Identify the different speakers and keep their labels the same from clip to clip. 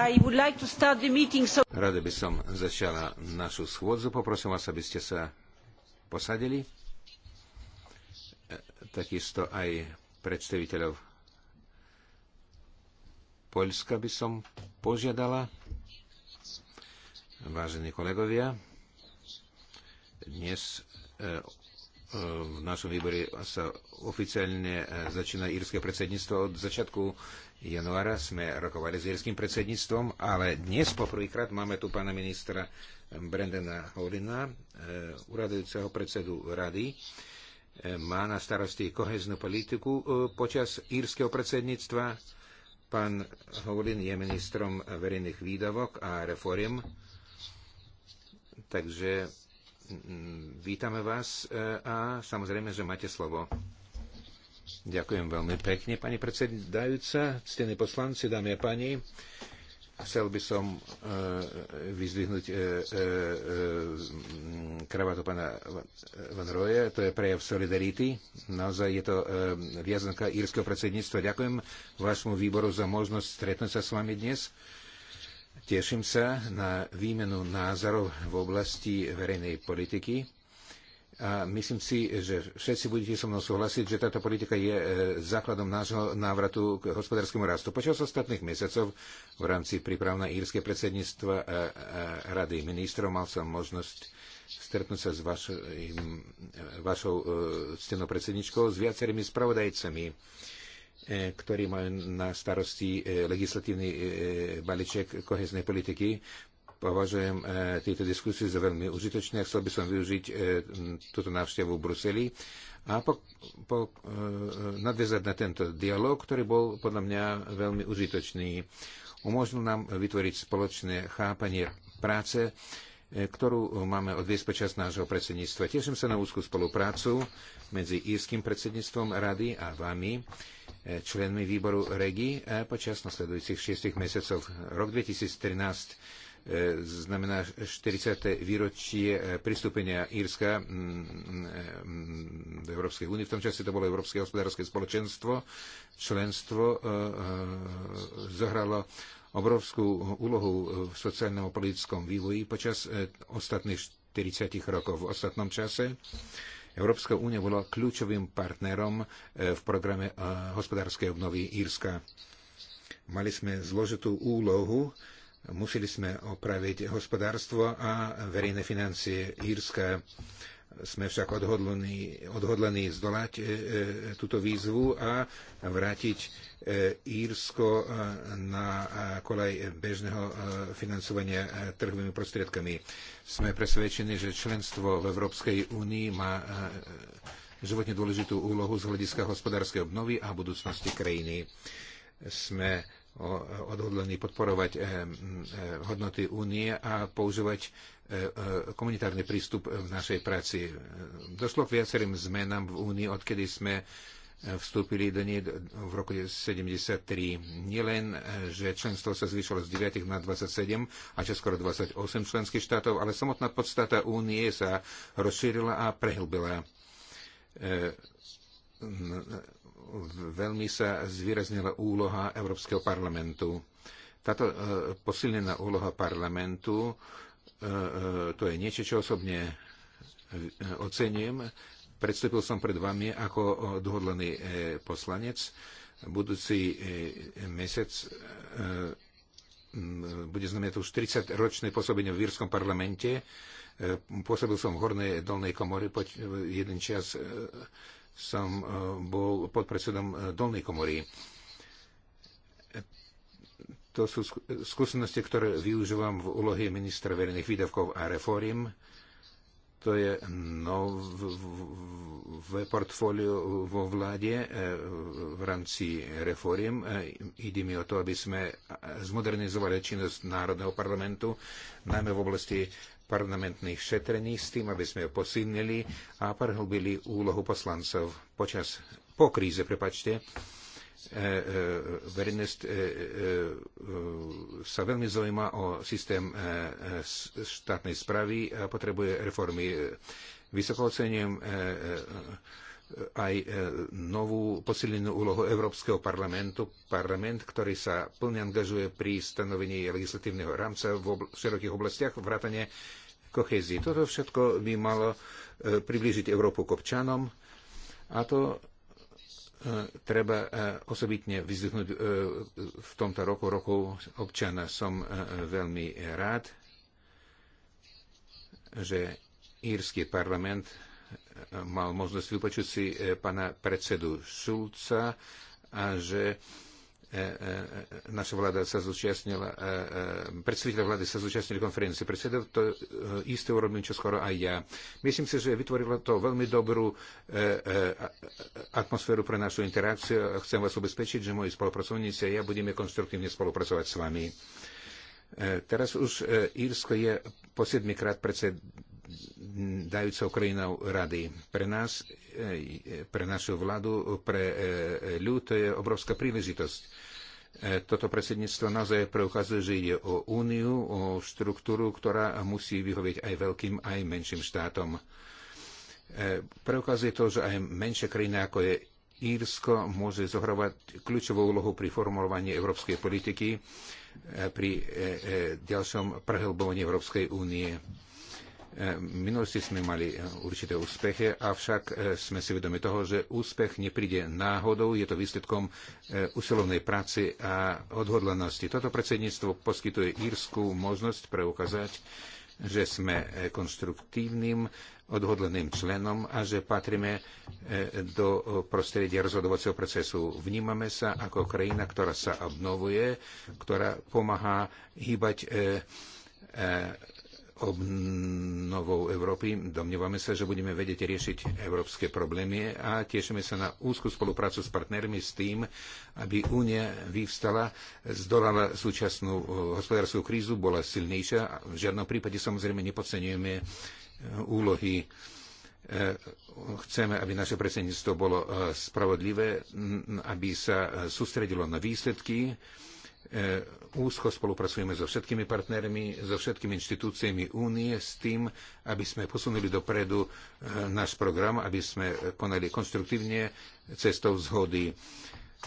Speaker 1: Rada
Speaker 2: by som začala našu schôdzu. Poprosím vás, aby ste sa posadili. E, takisto aj predstaviteľov Poľska by som požiadala. Vážení kolegovia, dnes e, v našom výbore sa oficiálne e, začína írske predsedníctvo. Od začiatku januára sme rokovali s írským predsedníctvom, ale dnes poprvýkrát máme tu pána ministra Brendana Holina, e, uradujúceho predsedu rady. E, má na starosti koheznú politiku e, počas írskeho predsedníctva. Pán Holin je ministrom verejných výdavok a reforiem. Takže vítame vás a samozrejme, že máte slovo. Ďakujem veľmi pekne, pani predsedajúca, ctení poslanci, dámy a páni. Chcel by som e, e, vyzvihnúť e, kravatu pana Van Roje, to je prejav solidarity. Naozaj je to viazanka írskeho predsedníctva. Ďakujem vášmu výboru za možnosť stretnúť sa s vami dnes. Teším sa na výmenu názorov v oblasti verejnej politiky a myslím si, že všetci budete so mnou súhlasiť, že táto politika je e, základom nášho návratu k hospodárskému rastu. Počas ostatných mesiacov v rámci príprav na írske predsedníctva e, e, Rady ministrov mal som možnosť stretnúť sa s vašou ctenou predsedničkou, s viacerými spravodajcami, ktorí majú na starosti legislatívny balíček koheznej politiky. Považujem e, tieto diskusie za veľmi užitočné. Chcel by som využiť e, túto návštevu v Bruseli a po, po, e, nadviezať na tento dialog, ktorý bol podľa mňa veľmi užitočný. Umožnil nám vytvoriť spoločné chápanie práce, ktorú máme odviesť počas nášho predsedníctva. Teším sa na úzkú spoluprácu medzi írským predsedníctvom rady a vami, členmi výboru REGI, počas nasledujúcich šiestich mesiacov. Rok 2013 E, znamená 40. výročie e, pristúpenia Írska e, do Európskej únie. V tom čase to bolo Európske hospodárske spoločenstvo. Členstvo zohralo obrovskú úlohu v sociálnom a politickom vývoji počas ostatných 40 rokov. V ostatnom čase Európska únia bola kľúčovým partnerom v programe hospodárskej obnovy Írska. Mali sme zložitú úlohu, Museli sme opraviť hospodárstvo a verejné financie Írska. Sme však odhodlení, odhodlení zdolať e, e túto výzvu a vrátiť e, Írsko e, na e, kolej bežného financovania trhovými prostriedkami. Sme presvedčení, že členstvo v Európskej únii má životne dôležitú úlohu z hľadiska hospodárskej obnovy a budúcnosti krajiny. Sme odhodlení podporovať e, e, hodnoty únie a používať e, komunitárny prístup v našej práci. Došlo k viacerým zmenám v únii, odkedy sme vstúpili do nej v roku 1973. Nielen, že členstvo sa zvýšilo z 9 na 27 a skoro 28 členských štátov, ale samotná podstata únie sa rozšírila a prehlbila veľmi sa zvýraznila úloha Európskeho parlamentu. Táto e, posilnená úloha parlamentu, e, e, to je niečo, čo osobne ocením. Predstúpil som pred vami ako dohodlený poslanec. Budúci mesiac bude znamenáť už 30-ročné pôsobenie v Výrskom parlamente. Pôsobil som v Hornej dolnej komory, jeden čas som eh, bol podpredsedom eh, dolnej komory. To sú skúsenosti, ktoré využívam v úlohe ministra verejných výdavkov a reforiem. To je nové portfólio vo vláde eh, v rámci reforiem. Ide mi o to, aby sme zmodernizovali činnosť Národného parlamentu, najmä v oblasti parlamentných šetrení s tým, aby sme posilnili a prehlbili úlohu poslancov počas, po kríze, prepačte, e, e, verejnosť e, sa veľmi zaujíma o systém štátnej správy a potrebuje reformy. Vysoko e, aj e, novú posilnenú úlohu Európskeho parlamentu, parlament, ktorý sa plne angažuje pri stanovení legislatívneho rámca v obl- širokých oblastiach, vrátane kohézii. Toto všetko by malo e, priblížiť Európu k občanom a to e, treba osobitne vyzdvihnúť v tomto roku, roku občana. Som veľmi rád, že írsky parlament mal možnosť vypočuť si e, pána predsedu Šulca a že e, e, naša vláda sa zúčastnila, predstaviteľ vlády sa zúčastnili konferencie predsedov, to isté urobím čo skoro aj ja. Myslím si, že vytvorilo to veľmi dobrú atmosféru pre našu interakciu a chcem vás ubezpečiť, že moji spolupracovníci a ja budeme konstruktívne spolupracovať s vami. Teraz už Írsko je po 7 krát predsed, dajúcou krajinou rady. Pre nás, eh, pre našu vládu, pre eh, ľud to je obrovská príležitosť. Eh, toto predsedníctvo naozaj preukazuje, že ide o úniu, o štruktúru, ktorá musí vyhovieť aj veľkým, aj menším štátom. Preukazuje to, že aj menšie krajiny, ako je Írsko, môže zohrávať kľúčovú úlohu pri formulovaní európskej politiky, pri ďalšom prehlbovaní Európskej únie E, v minulosti sme mali e, určité úspechy, avšak e, sme si vedomi toho, že úspech nepríde náhodou, je to výsledkom usilovnej práce a odhodlanosti. Toto predsedníctvo poskytuje Írsku možnosť preukázať, že sme konstruktívnym, odhodleným členom a že patríme do prostredia rozhodovacieho procesu. Vnímame sa ako krajina, ktorá sa obnovuje, ktorá pomáha hýbať obnovou Európy. Domnievame sa, že budeme vedieť riešiť európske problémy a tešíme sa na úzku spoluprácu s partnermi s tým, aby Únia vyvstala, zdolala súčasnú eh, hospodárskú krízu, bola silnejšia. V žiadnom prípade samozrejme nepodceňujeme eh, úlohy eh, chceme, aby naše predsedníctvo bolo spravodlivé, aby sa sústredilo na výsledky, E, úzko spolupracujeme so všetkými partnermi, so všetkými inštitúciami únie s tým, aby sme posunuli dopredu e, náš program, aby sme konali konstruktívne cestou zhody.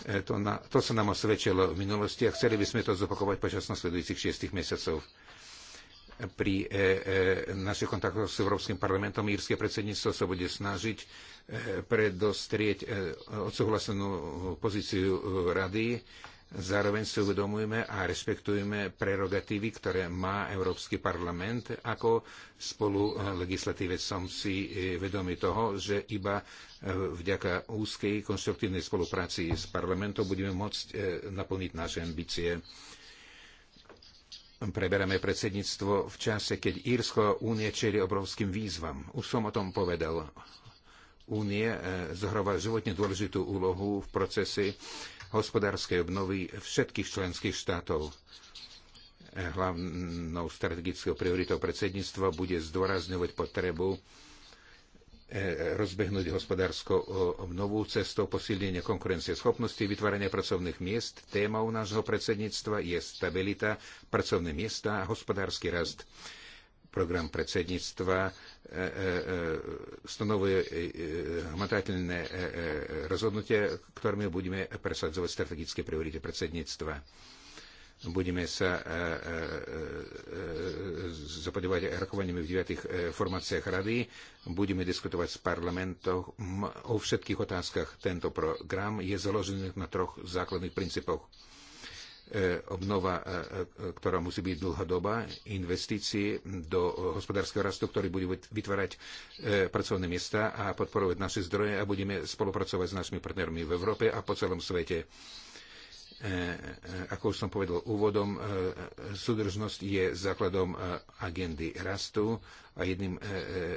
Speaker 2: E, to, na, to sa nám osvedčilo v minulosti a chceli by sme to zopakovať počas nasledujúcich šiestich mesiacov. Pri e, e, našich kontaktoch s Európskym parlamentom írske predsedníctvo sa bude snažiť e, predostrieť e, odsúhlasenú pozíciu rady e, Zároveň si uvedomujeme a respektujeme prerogatívy, ktoré má Európsky parlament. Ako spolu eh, legislatíve som si eh, vedomý toho, že iba eh, vďaka úzkej konstruktívnej spolupráci s parlamentom budeme môcť naplniť naše ambície. Preberáme predsedníctvo v čase, keď Írsko únie čeli obrovským výzvam. Už som o tom povedal. Únie zohráva životne dôležitú úlohu v procese hospodárskej obnovy všetkých členských štátov. Hlavnou strategickou prioritou predsedníctva bude zdôrazňovať potrebu e, rozbehnúť hospodárskú obnovu cestou posilnenia konkurencie schopnosti, vytvárania pracovných miest. Témou nášho predsedníctva je stabilita, pracovné miesta a hospodársky rast. Program predsedníctva e, e, e, stanovuje hmatateľné rozhodnutia, ktorými budeme presadzovať strategické priority predsedníctva budeme sa zapodovať rokovaniami v deviatých formáciách rady, budeme diskutovať s parlamentom o všetkých otázkach. Tento program je založený na troch základných princípoch. E, obnova, e, e, ktorá musí byť dlhodobá, investície do hospodárskeho rastu, ktorý bude vytvárať pracovné miesta a podporovať naše zdroje a budeme spolupracovať s našimi partnermi v Európe a po celom svete. Ako už som povedal úvodom, súdržnosť je základom agendy rastu a jedným,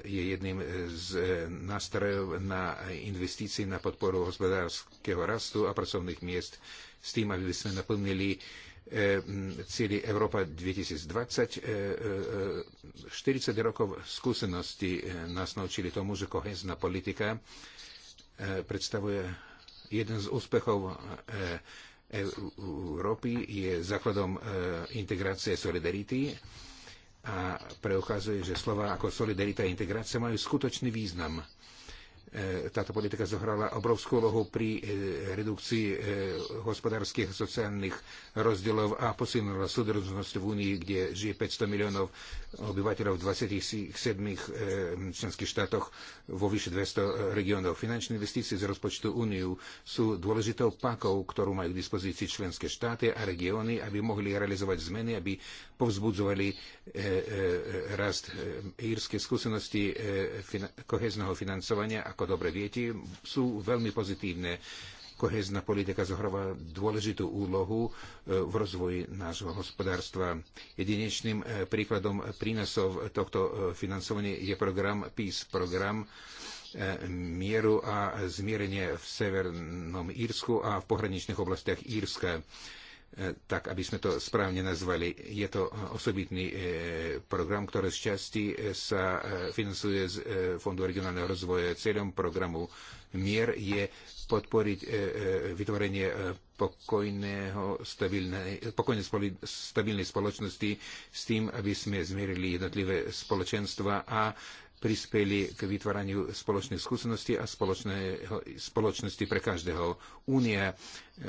Speaker 2: je jedným z nástrojov na investície na podporu hospodárskeho rastu a pracovných miest s tým, aby sme naplnili e, cieľi Európa 2020. 40 e, e, rokov skúsenosti nás naučili tomu, že kohezná politika predstavuje jeden z úspechov Európy, je základom integrácie solidarity a preukazuje, že slova ako solidarita a integrácia majú skutočný význam. E, táto politika zohrala obrovskú úlohu pri e, redukcii e, hospodárskych a sociálnych rozdielov a posilnila súdržnosť v Únii, kde žije 500 miliónov obyvateľov v 27 členských štátoch vo vyše 200 regiónov. Finančné investície z rozpočtu Úniu sú dôležitou pakou, ktorú majú k dispozícii členské štáty a regióny, aby mohli realizovať zmeny, aby povzbudzovali rast írskej skúsenosti kohezného financovania ako dobre viete, sú veľmi pozitívne. Kohezná politika zohráva dôležitú úlohu e, v rozvoji nášho hospodárstva. Jedinečným e, príkladom prínosov tohto e, financovania je program PIS, program mieru a zmierenie v Severnom Írsku a v pohraničných oblastiach Írska tak aby sme to správne nazvali. Je to osobitný e, program, ktorý z časti e, sa e, financuje z Fondu regionálneho rozvoja. Cieľom programu Mier je podporiť vytvorenie pokojného, stabilnej, pokojnej, stabilnej spoločnosti s tým, aby sme zmierili jednotlivé spoločenstva a prispeli k vytváraniu spoločnej skúsenosti a spoločnosti pre každého. Únia e,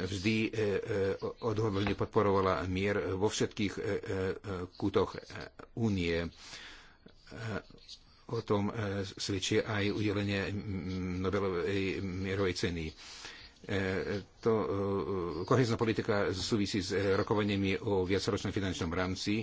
Speaker 2: vždy e, e, odhodlne podporovala mier vo všetkých kútoch únie. O tom svedčí aj udelenie Nobelovej mierovej ceny. E, to e, kohezná politika súvisí s e, rokovaniami o viacročnom finančnom rámci.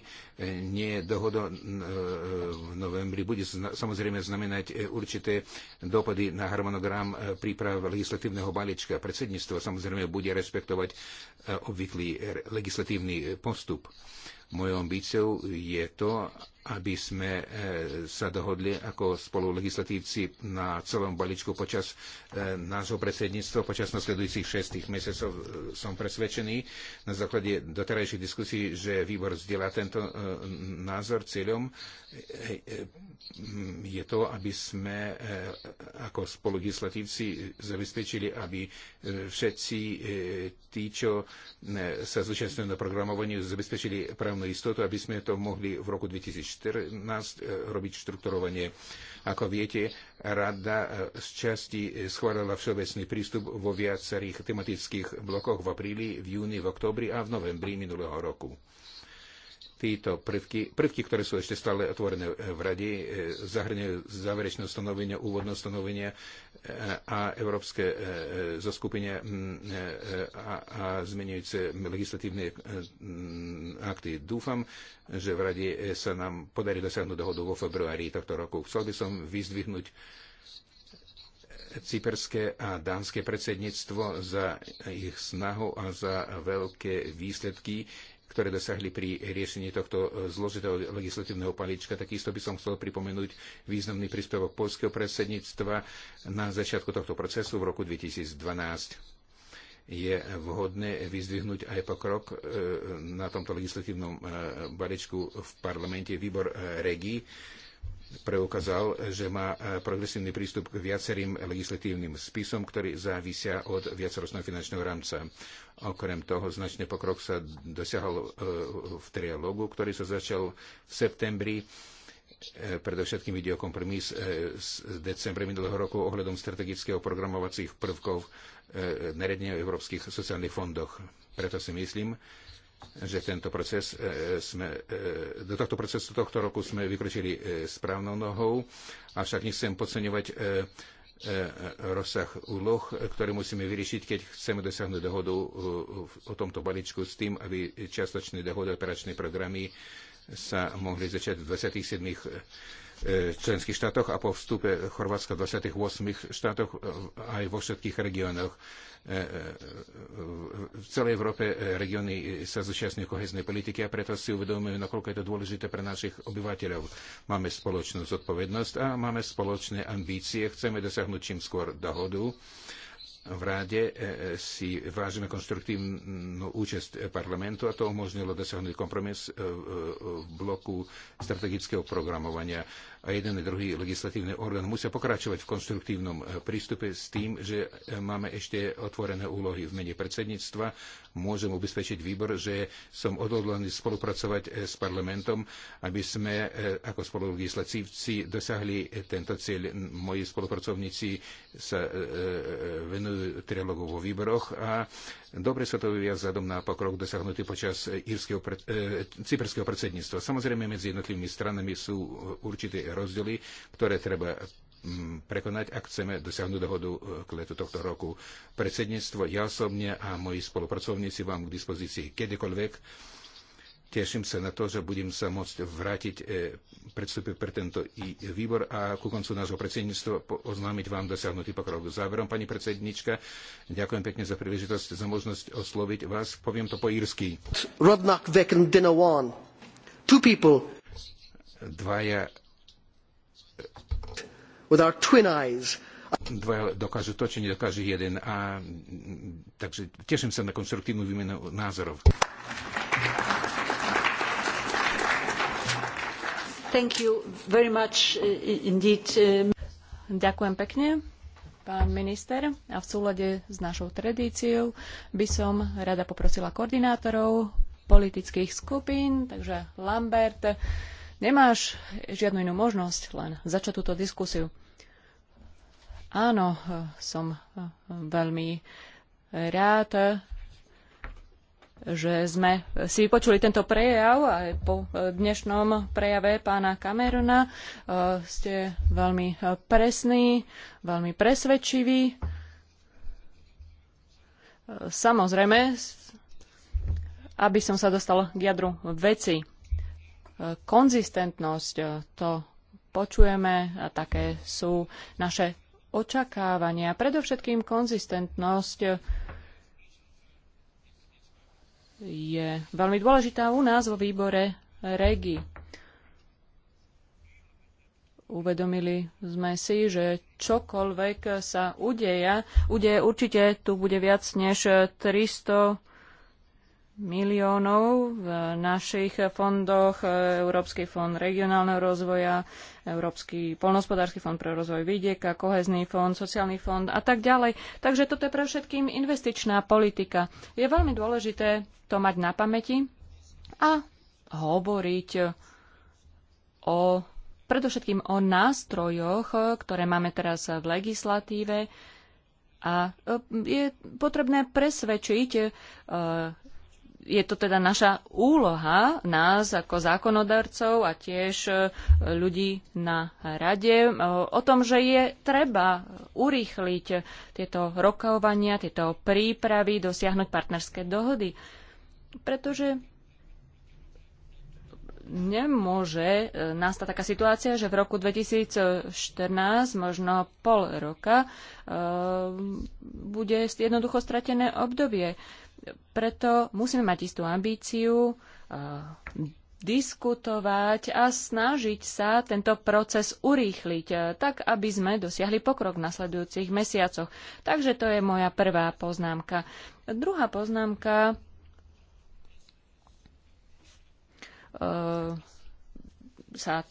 Speaker 2: Nie dohoda v novembri bude samozrejme znamenať určité dopady na harmonogram príprav legislatívneho balíčka. Predsedníctvo samozrejme bude respektovať obvyklý legislatívny postup. Mojou ambíciou je to, aby sme e, sa dohodli ako spolulegislatívci na celom balíčku počas e, nášho predsedníctva, počas nasledujúcich šestých mesiacov e, som presvedčený na základe doterajších diskusí, že výbor zdieľa tento názor cieľom. Je to, aby sme ako spolulegislatívci zabezpečili, aby všetci tí, čo sa zúčastňujú na programovaní, zabezpečili právnu istotu, aby sme to mohli v roku 2014 2014 e, robiť štrukturovanie. Ako viete, rada e, z časti schválila všeobecný prístup vo viacerých tematických blokoch v apríli, v júni, v oktobri a v novembri minulého roku. Títo prvky, prvky, ktoré sú ešte stále otvorené v Rade, zahrňujú záverečné stanovenia, úvodné stanovenia e, a európske e, zoskupenia e, a, a zmenujúce legislatívne akty. Dúfam, že v Rade sa nám podarí dosiahnuť dohodu vo februári tohto roku. Chcel by som vyzdvihnúť cyperské a dánske predsedníctvo za ich snahu a za veľké výsledky, ktoré dosahli pri riešení tohto e, zložitého legislatívneho palíčka. Takisto by som chcel pripomenúť významný príspevok polského predsedníctva na začiatku tohto procesu v roku 2012 je vhodné vyzdvihnúť aj pokrok e, na tomto legislatívnom e, balíčku v parlamente výbor regií preukázal, že má e, progresívny prístup k viacerým legislatívnym spisom, ktoré závisia od viacerostného finančného rámca. Okrem toho, značný pokrok sa dosiahol e, v trialógu, ktorý sa začal v septembri. E, predovšetkým ide o kompromis z decembra minulého roku ohľadom strategického programovacích prvkov nariadenia o európskych sociálnych fondoch. Preto si myslím, že tento proces e, sme, e, do tohto procesu tohto roku sme vykročili e, správnou nohou, avšak nechcem podceňovať rozsah úloh, ktoré musíme vyriešiť, keď chceme dosiahnuť dohodu o tomto balíčku s tým, aby čiastočné dohody operačné programy sa mohli začať v 27 členských štátoch a po vstupe Chorvátska v 28 štátoch aj vo všetkých regiónoch. E, e, e, v celej Európe regióny sa zúčastňujú koheznej politiky a preto si uvedomujú, nakoľko je to dôležité pre našich obyvateľov. Máme spoločnú zodpovednosť a máme spoločné ambície. Chceme dosiahnuť čím skôr dohodu. V ráde si vážime konstruktívnu účasť parlamentu a to umožnilo dosiahnuť kompromis v bloku strategického programovania a jeden a druhý legislatívny orgán musia pokračovať v konstruktívnom e, prístupe s tým, že e, máme ešte otvorené úlohy v mene predsedníctva. Môžem ubezpečiť výbor, že som odhodlaný spolupracovať e, s parlamentom, aby sme ako spolulegislatívci dosiahli tento cieľ. Moji spolupracovníci sa venujú trialogu vo výboroch a dobre sa to vyvíja vzhľadom na pokrok dosiahnutý počas írskeho, cyperského predsedníctva. Samozrejme, medzi jednotlivými stranami sú určité rozdiely, ktoré treba mm, prekonať, ak chceme dosiahnuť dohodu e, k letu tohto roku. Predsedníctvo, ja osobne a moji spolupracovníci vám k dispozícii kedykoľvek. Teším sa na to, že budem sa môcť vrátiť e, predstupy pre tento výbor a ku koncu nášho predsedníctva oznámiť vám dosiahnutý pokrok. Záverom, pani predsednička, ďakujem pekne za príležitosť, za možnosť osloviť vás. Poviem to po írsky. Dvaja
Speaker 1: With our twin eyes.
Speaker 2: Dvaja dokážu to, či nedokáže jeden. A, takže teším sa na konstruktívnu výmenu názorov.
Speaker 1: Thank you very much indeed. Uh, Ďakujem pekne pán minister. A v súlade s našou tradíciou by som rada poprosila koordinátorov politických skupín, takže Lambert, Nemáš žiadnu inú možnosť, len začať túto diskusiu. Áno, eh, som eh, veľmi rád, že sme si vypočuli tento prejav aj po eh, dnešnom prejave pána Kamerona. Ste veľmi presní, veľmi presvedčiví. Samozrejme, aby som sa dostal k jadru veci konzistentnosť. E, to počujeme a také sú naše očakávania. Predovšetkým konzistentnosť je veľmi dôležitá u nás vo výbore REGI. Uvedomili sme si, že čokoľvek sa udeja, udeje určite tu bude viac než 300 miliónov v našich fondoch, e, Európsky fond regionálneho rozvoja, Európsky polnospodársky fond pre rozvoj vidieka, kohezný fond, sociálny fond a tak ďalej. Takže toto je pre všetkým investičná politika. Je veľmi dôležité to mať na pamäti a hovoriť o predovšetkým o nástrojoch, ktoré máme teraz v legislatíve, a e, je potrebné presvedčiť e, je to teda naša úloha, nás ako zákonodarcov a tiež e, ľudí na rade, e, o tom, že je treba urýchliť tieto rokovania, tieto prípravy, dosiahnuť partnerské dohody. Pretože nemôže e, nastať taká situácia, že v roku 2014, možno pol roka, bude jednoducho stratené obdobie preto musíme mať istú ambíciu e, diskutovať a snažiť sa tento proces urýchliť, e, tak aby sme dosiahli pokrok v nasledujúcich mesiacoch. Takže to je moja prvá poznámka. Druhá poznámka. E, sa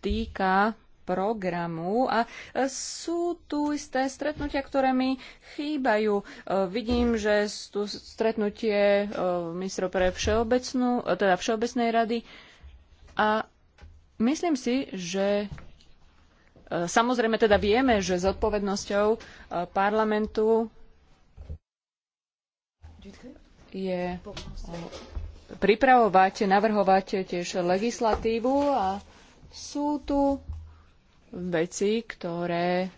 Speaker 1: týka programu a e, sú tu isté stretnutia, ktoré mi chýbajú. E, vidím, že tu stretnutie e, ministrov pre všeobecnú, teda Všeobecnej rady a myslím si, že Samozrejme teda vieme, že s odpovednosťou parlamentu je pripravovať, navrhovať tiež legislatívu a sú tu veci, ktoré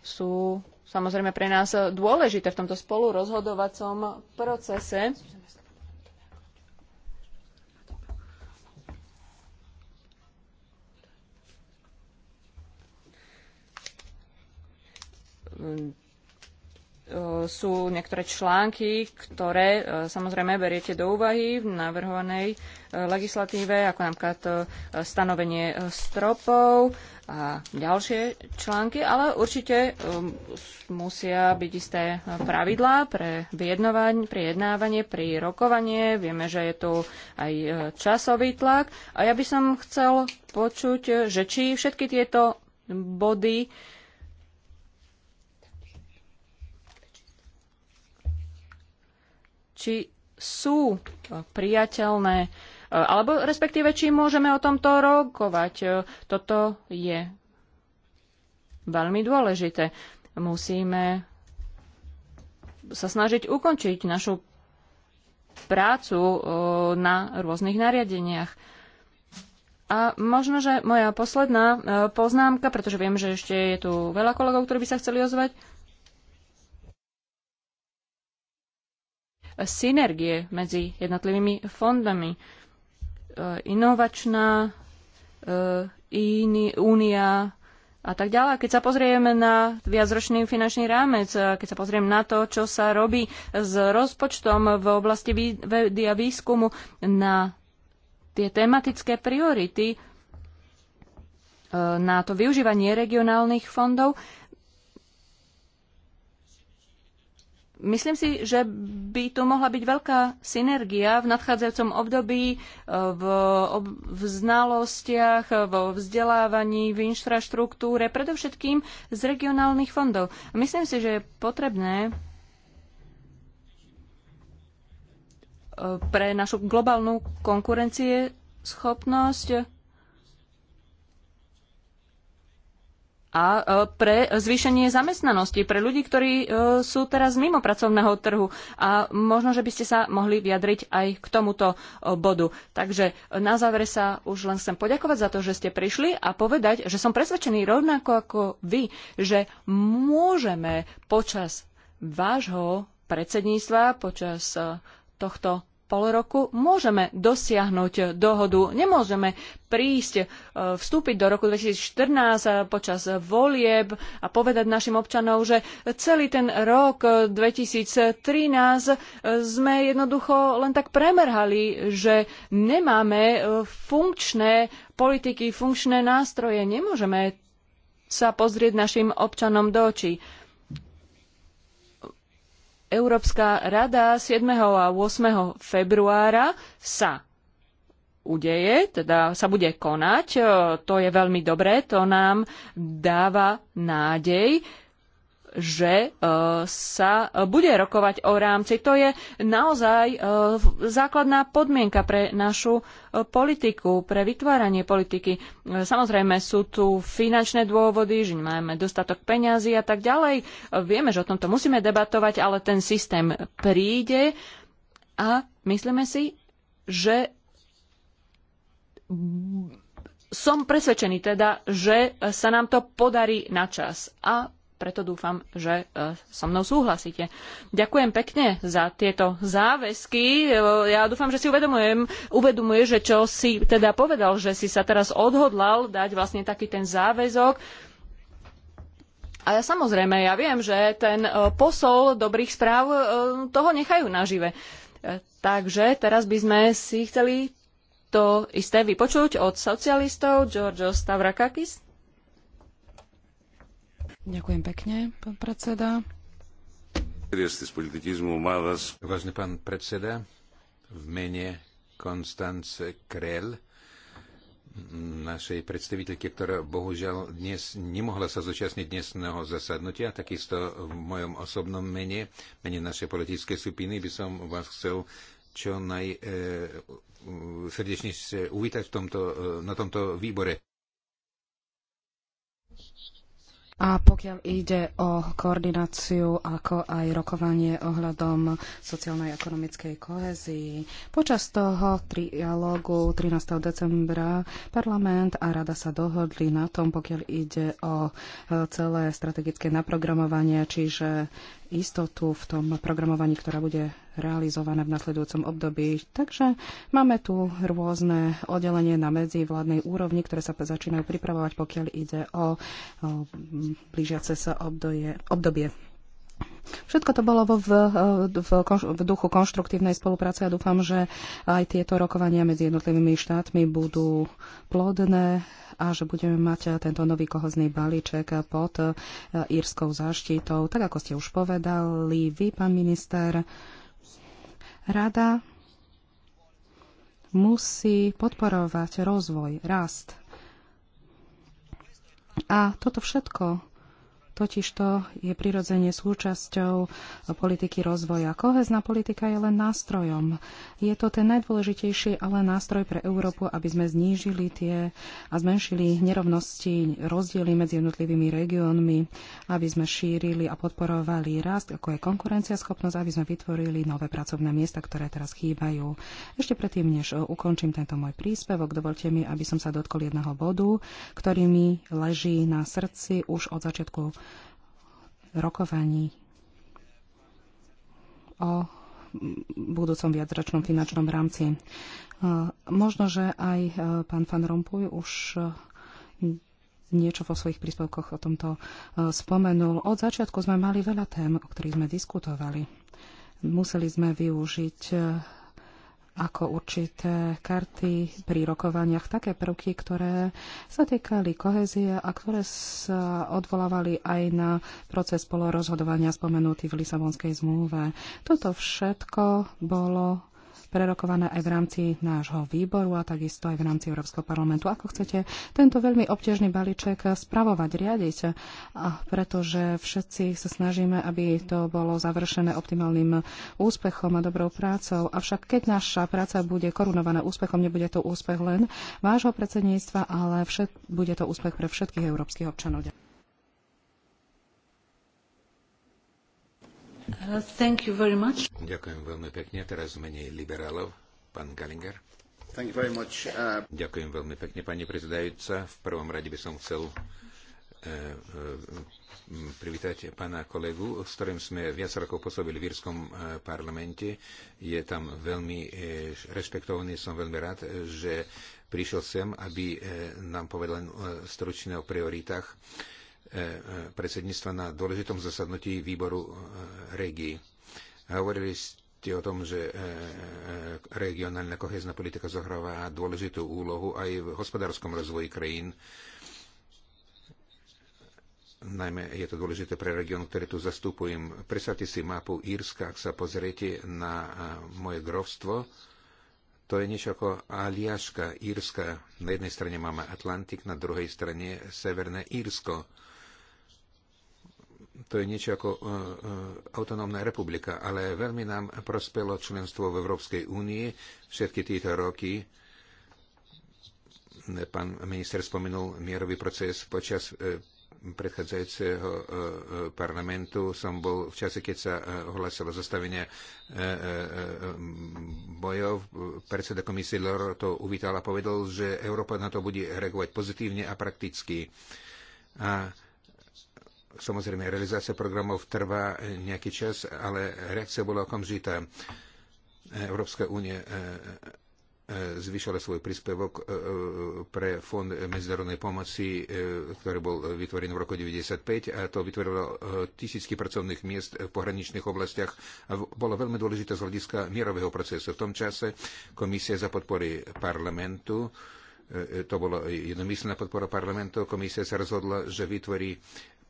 Speaker 1: sú samozrejme pre nás dôležité v tomto spolurozhodovacom procese sú niektoré články, ktoré e, samozrejme beriete do úvahy v navrhovanej e, legislatíve, ako napríklad e, stanovenie stropov a ďalšie články, ale určite musia byť isté pravidlá pre vyjednávanie, pri rokovanie. Vieme, že je tu aj časový tlak a ja by som chcel počuť, že či všetky tieto body či sú e, priateľné, e, alebo respektíve, či môžeme o tomto rokovať. E, toto je veľmi dôležité. Musíme sa snažiť ukončiť našu prácu na rôznych nariadeniach. A možno, že moja posledná poznámka, pretože viem, že ešte je tu veľa kolegov, ktorí by sa chceli ozvať, synergie medzi jednotlivými fondami. E, inovačná e, únia a tak ďalej. Keď sa pozrieme na viacročný finančný rámec, e, keď sa pozrieme na to, čo sa robí s rozpočtom v oblasti vedy a výskumu na tie tematické priority, na to využívanie regionálnych fondov, Myslím si, že by tu mohla byť veľká synergia v nadchádzajúcom období e, v, v znalostiach, e, vo vzdelávaní, v infraštruktúre, predovšetkým z regionálnych fondov. Myslím si, že je potrebné e, pre našu globálnu konkurencie schopnosť a e, pre zvýšenie zamestnanosti, pre ľudí, ktorí e, sú teraz mimo pracovného trhu. A možno, že by ste sa mohli vyjadriť aj k tomuto e, bodu. Takže na záver sa už len chcem poďakovať za to, že ste prišli a povedať, že som presvedčený rovnako ako vy, že môžeme počas vášho predsedníctva, počas tohto pol roku môžeme dosiahnuť dohodu. Nemôžeme prísť, e, vstúpiť do roku 2014 e, počas volieb a povedať našim občanov, že celý ten rok 2013 e, sme jednoducho len tak premerhali, že nemáme funkčné politiky, funkčné nástroje. Nemôžeme sa pozrieť našim občanom do očí. Európska rada 7. a 8. februára sa udeje, teda sa bude konať. E, to je veľmi dobré, to nám dáva nádej, že e, sa e, bude rokovať o rámci. To je naozaj e, základná podmienka pre našu politiku, pre vytváranie politiky. Samozrejme sú tu finančné dôvody, že máme dostatok peňazí a tak ďalej. Vieme, že o tomto musíme debatovať, ale ten systém príde a myslíme si, že som presvedčený teda, že sa nám to podarí na čas. A preto dúfam, že e, so mnou súhlasíte. Ďakujem pekne za tieto záväzky. E, ja dúfam, že si uvedomujem, uvedomuje, že čo si teda povedal, že si sa teraz odhodlal dať vlastne taký ten záväzok. A ja samozrejme, ja viem, že ten e, posol dobrých správ toho nechajú nažive. Takže teraz by sme si chceli to isté vypočuť od socialistov Georgios Stavrakakis.
Speaker 3: Ďakujem pekne, pán predseda.
Speaker 2: Vážený pán predseda, v mene Konstance Krell, našej predstaviteľky, ktorá bohužiaľ dnes nemohla sa zúčastniť dnesného zasadnutia, takisto v mojom osobnom mene, mene našej politickej skupiny, by som vás chcel čo najsrdečnejšie eh, e, uvítať v tomto, e, na tomto výbore.
Speaker 3: A pokiaľ ide o koordináciu, ako aj rokovanie ohľadom sociálnej a ekonomickej kohezii, počas toho trialógu 13. decembra parlament a rada sa dohodli na tom, pokiaľ ide o e, celé strategické naprogramovanie, čiže istotu v tom programovaní, ktorá bude realizovaná v nasledujúcom období. Takže máme tu rôzne oddelenie na vládnej úrovni, ktoré sa začínajú pripravovať, pokiaľ ide o, o blížiace sa obdobie. obdobie. Všetko to bolo v, eh, v, v, v duchu konštruktívnej spolupráce a dúfam, že aj tieto rokovania medzi jednotlivými štátmi budú plodné a že budeme mať tento nový kohozný balíček pod eh, írskou záštitou. Tak ako ste už povedali vy, pán minister, rada musí podporovať rozvoj, rast. A toto všetko totižto je prirodzene súčasťou politiky rozvoja. Kohezná politika je len nástrojom. Je to ten najdôležitejší ale nástroj pre Európu, aby sme znížili tie a zmenšili nerovnosti, rozdiely medzi jednotlivými regiónmi, aby sme šírili a podporovali rast, ako je konkurenciaschopnosť, aby sme vytvorili nové pracovné miesta, ktoré teraz chýbajú. Ešte predtým, než ukončím tento môj príspevok, dovolte mi, aby som sa dotkol jedného bodu, ktorý mi leží na srdci už od začiatku rokovaní o budúcom viacročnom finančnom rámci. E, možno, že aj e, pán Van Rompuy už e, niečo vo svojich príspevkoch o tomto spomenul. Od začiatku sme mali veľa tém, o ktorých sme diskutovali. Museli sme využiť ako určité karty pri rokovaniach, také prvky, ktoré sa týkali kohezie a ktoré sa odvolávali aj na proces polorozhodovania spomenutý v Lisabonskej zmluve. Toto všetko bolo prerokované aj v rámci nášho výboru a takisto aj v rámci Európskeho parlamentu. Ako chcete tento veľmi obťažný balíček spravovať, riadiť, a pretože všetci sa snažíme, aby to bolo završené optimálnym úspechom a dobrou prácou. Avšak keď naša práca bude korunovaná úspechom, nebude to úspech len vášho predsedníctva, ale všet, bude to úspech pre všetkých európskych občanov.
Speaker 1: Uh,
Speaker 2: Ďakujem veľmi pekne. Teraz menej liberálov. Pán Gallinger. Uh, Ďakujem veľmi pekne, pani prezidajúca. V prvom rade by som chcel uh, privítať pána kolegu, s ktorým sme viac rokov pôsobili v írskom parlamente. Je tam veľmi rešpektovaný, som veľmi rád, že prišiel sem, aby nám povedal stručne o prioritách E, e, predsedníctva na dôležitom zasadnutí výboru e, regií. Hovorili ste o tom, že regionálna kohezná politika zohráva dôležitú úlohu aj v hospodárskom rozvoji krajín. Najmä je to dôležité pre región, ktorý tu zastupujem. Predstavte si mapu Írska, ak sa pozriete na moje grovstvo, to je niečo ako Aliaška, Írska. Na jednej strane máme Atlantik, na druhej strane Severné Írsko to je niečo ako e, e, autonómna republika, ale veľmi nám prospelo členstvo v Európskej únii všetky tieto roky. Pán minister spomenul mierový proces počas e, predchádzajúceho parlamentu som bol v čase, keď sa ohlasilo zastavenie bojov. Predseda komisie Loro to uvítal a povedal, že Európa na to bude reagovať pozitívne a prakticky. A Samozrejme, realizácia programov trvá nejaký čas, ale reakcia bola okamžitá. Európska únie e, e, zvyšila svoj príspevok e, pre fond medzinárodnej pomoci, ktorý bol vytvorený v roku 1995 a to vytvorilo tisícky pracovných miest v pohraničných oblastiach a bolo veľmi dôležité z hľadiska mierového procesu. V tom čase komisia za podpory parlamentu to bola jednomyslná podpora parlamentu. Komisia sa rozhodla, že vytvorí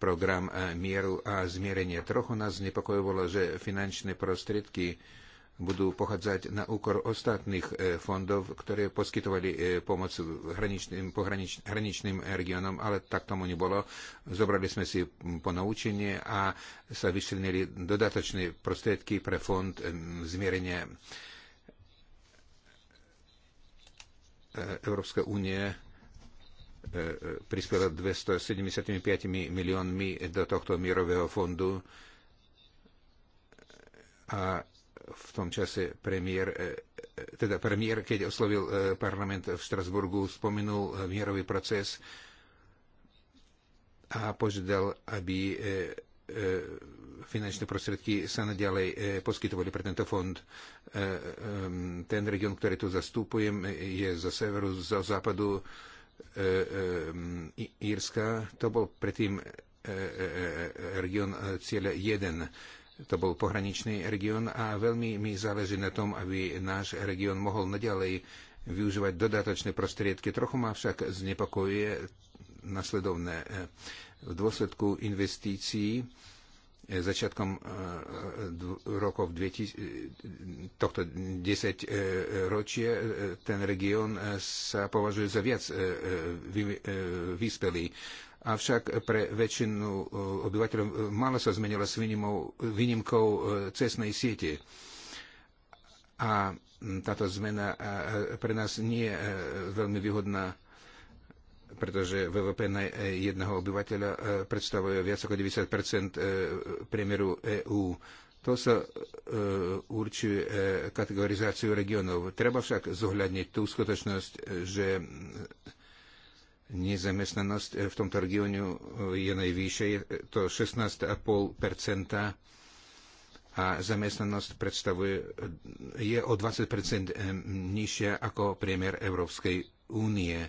Speaker 2: program e, mieru a zmierenia. Trochu nás znepokojovalo, že finančné prostriedky budú pochádzať na úkor ostatných e, fondov, ktoré poskytovali e, pomoc hraničným, pohranič, hraničným regiónom, ale tak tomu nebolo. Zobrali sme si ponaučenie a sa vyšlenili dodatočné prostriedky pre fond zmierenia. Európska únie E, prispela 275 miliónmi do tohto mierového fondu a v tom čase premiér, e, e, teda premiér, keď oslovil parlament v Strasburgu, spomenul mierový proces a požiadal, aby finančné prostriedky sa naďalej poskytovali pre tento fond. Ten region, ktorý tu zastupujem, je zo severu, zo západu, E, e, Írska, to bol predtým e, region cieľa 1. To bol pohraničný región a veľmi mi záleží na tom, aby náš región mohol naďalej využívať dodatočné prostriedky. Trochu ma však znepokojuje nasledovné. V dôsledku investícií začiatkom e, e, rokov 2000, e, tohto 10 ročie ten región sa považuje za viac vyspelý. Avšak pre väčšinu obyvateľov málo sa zmenilo s výnimkou cestnej siete. A táto zmena pre nás nie je veľmi výhodná pretože VVP na jedného obyvateľa e, predstavuje viac ako 90 e, priemeru EÚ. To sa e, určuje kategorizáciu regionov. Treba však zohľadniť tú skutočnosť, že nezamestnanosť v tomto regióne je najvyššia, je to 16,5 a zamestnanosť predstavuje, je o 20 nižšia ako priemer Európskej únie.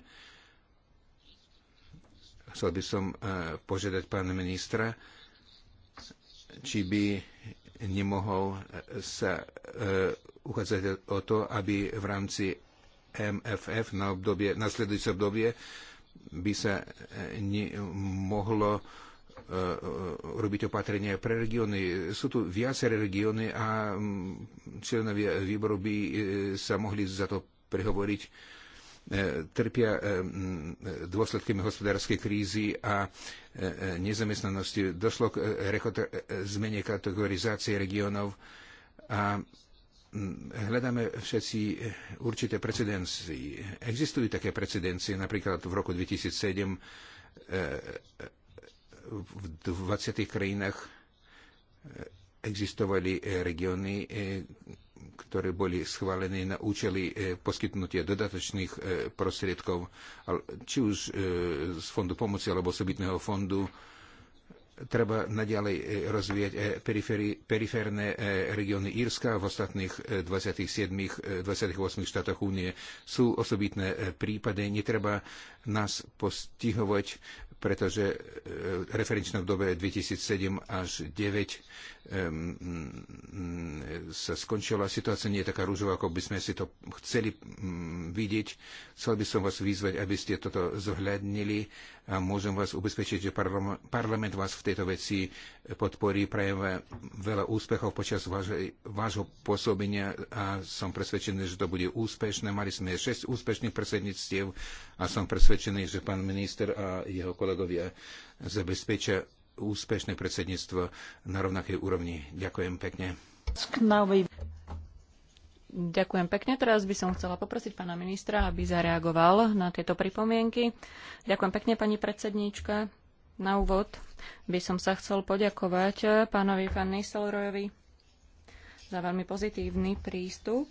Speaker 2: Chcel by som e, požiadať pána ministra, či by nemohol sa e, uchádzať o to, aby v rámci MFF na obdobie, nasledujúce obdobie by sa e, mohlo robiť opatrenia pre regióny. Sú tu viaceré regióny a členovia výboru by sa mohli za to prehovoriť E, trpia e, e, dôsledkami hospodárskej krízy a nezamestnanosti. Došlo k zmene kategorizácie regiónov a hľadáme všetci určité precedencie. Existujú také precedencie, napríklad v roku 2007 v 20 krajinách existovali regióny, ktoré boli schválené na účely e, poskytnutia dodatočných e, prostriedkov, či už e, z fondu pomoci alebo osobitného fondu, treba naďalej rozvíjať periférne regióny Írska v ostatných 27, 28 štátoch únie. Sú osobitné prípady, netreba nás postihovať pretože e, referenčne v dobe 2007 až 2009 mm, mm, sa skončila. Situácia nie je taká rúžová, ako by sme si to chceli mm, vidieť. Chcel by som vás vyzvať, aby ste toto zohľadnili a môžem vás ubezpečiť, že parlament vás v tejto veci podporí. Prajem veľa úspechov počas vášho pôsobenia a som presvedčený, že to bude úspešné. Mali sme 6 úspešných predsedníctiev a som presvedčený, že pán minister a jeho kolegovia zabezpečia úspešné predsedníctvo na rovnakej úrovni. Ďakujem pekne.
Speaker 1: Ďakujem pekne. Teraz by som chcela poprosiť pána ministra, aby zareagoval na tieto pripomienky. Ďakujem pekne, pani predsedníčka. Na úvod by som sa chcel poďakovať pánovi pán Nyselrojovi za veľmi pozitívny prístup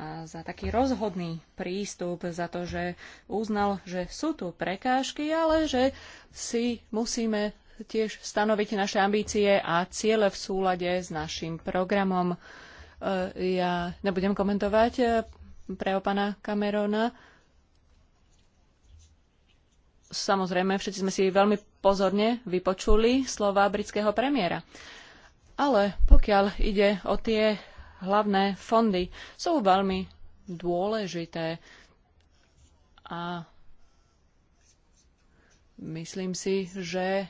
Speaker 1: a za taký rozhodný prístup, za to, že uznal, že sú tu prekážky, ale že si musíme tiež stanoviť naše ambície a ciele v súlade s našim programom E, ja nebudem komentovať e, pre pána Camerona. Samozrejme, všetci sme si veľmi pozorne vypočuli slova britského premiéra. Ale pokiaľ ide o tie hlavné fondy, sú veľmi dôležité a myslím si, že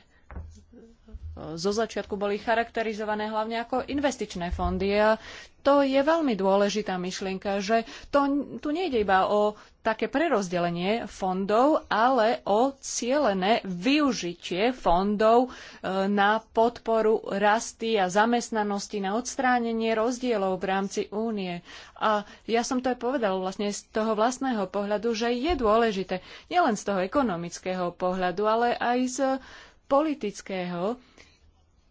Speaker 1: zo začiatku boli charakterizované hlavne ako investičné fondy. A to je veľmi dôležitá myšlienka, že to, tu nejde iba o také prerozdelenie fondov, ale o cielené využitie fondov e, na podporu rasty a zamestnanosti, na odstránenie rozdielov v rámci únie. A ja som to aj povedal vlastne z toho vlastného pohľadu, že je dôležité nielen z toho ekonomického pohľadu, ale aj z politického,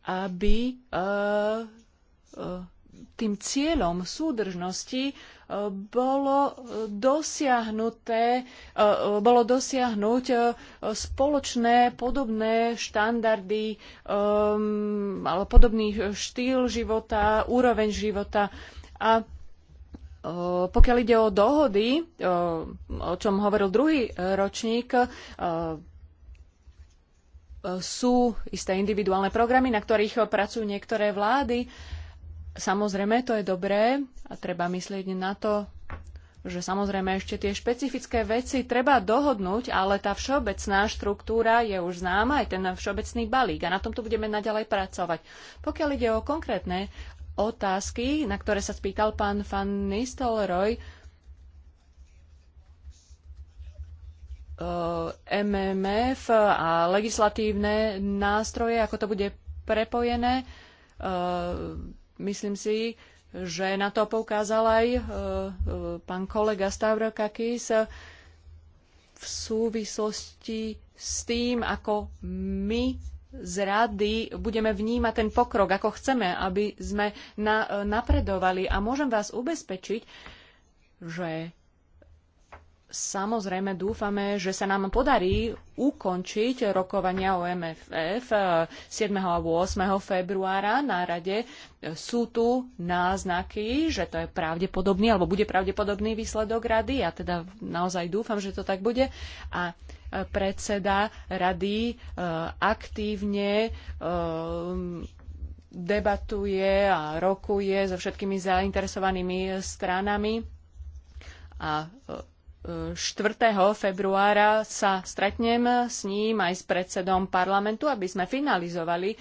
Speaker 1: aby e, e, tým cieľom súdržnosti e, bolo dosiahnuté, bolo dosiahnuť spoločné podobné štandardy alebo podobný štýl života, úroveň života a pokiaľ ide o dohody, o čom hovoril druhý ročník, sú isté individuálne programy, na ktorých pracujú niektoré vlády. Samozrejme, to je dobré a treba myslieť na to, že samozrejme ešte tie špecifické veci treba dohodnúť, ale tá všeobecná štruktúra je už známa, aj ten všeobecný balík a na tomto budeme naďalej pracovať. Pokiaľ ide o konkrétne otázky, na ktoré sa spýtal pán Van Nistelrooy, Eh, MMF a legislatívne nástroje, ako to bude prepojené. Eh, myslím si, že na to poukázal aj eh, pán kolega Stavrokakis v súvislosti s tým, ako my z rady budeme vnímať ten pokrok, ako chceme, aby sme na, napredovali. A môžem vás ubezpečiť, že Samozrejme dúfame, že sa nám podarí ukončiť rokovania o MFF 7. Eh, a 8. februára na rade. Sú tu náznaky, že to je pravdepodobný alebo bude pravdepodobný výsledok rady. Ja teda naozaj dúfam, že to tak bude. A eh, predseda rady eh, aktívne debatuje a rokuje so všetkými zainteresovanými stranami a 4. februára sa stretnem s ním aj s predsedom parlamentu, aby sme finalizovali e,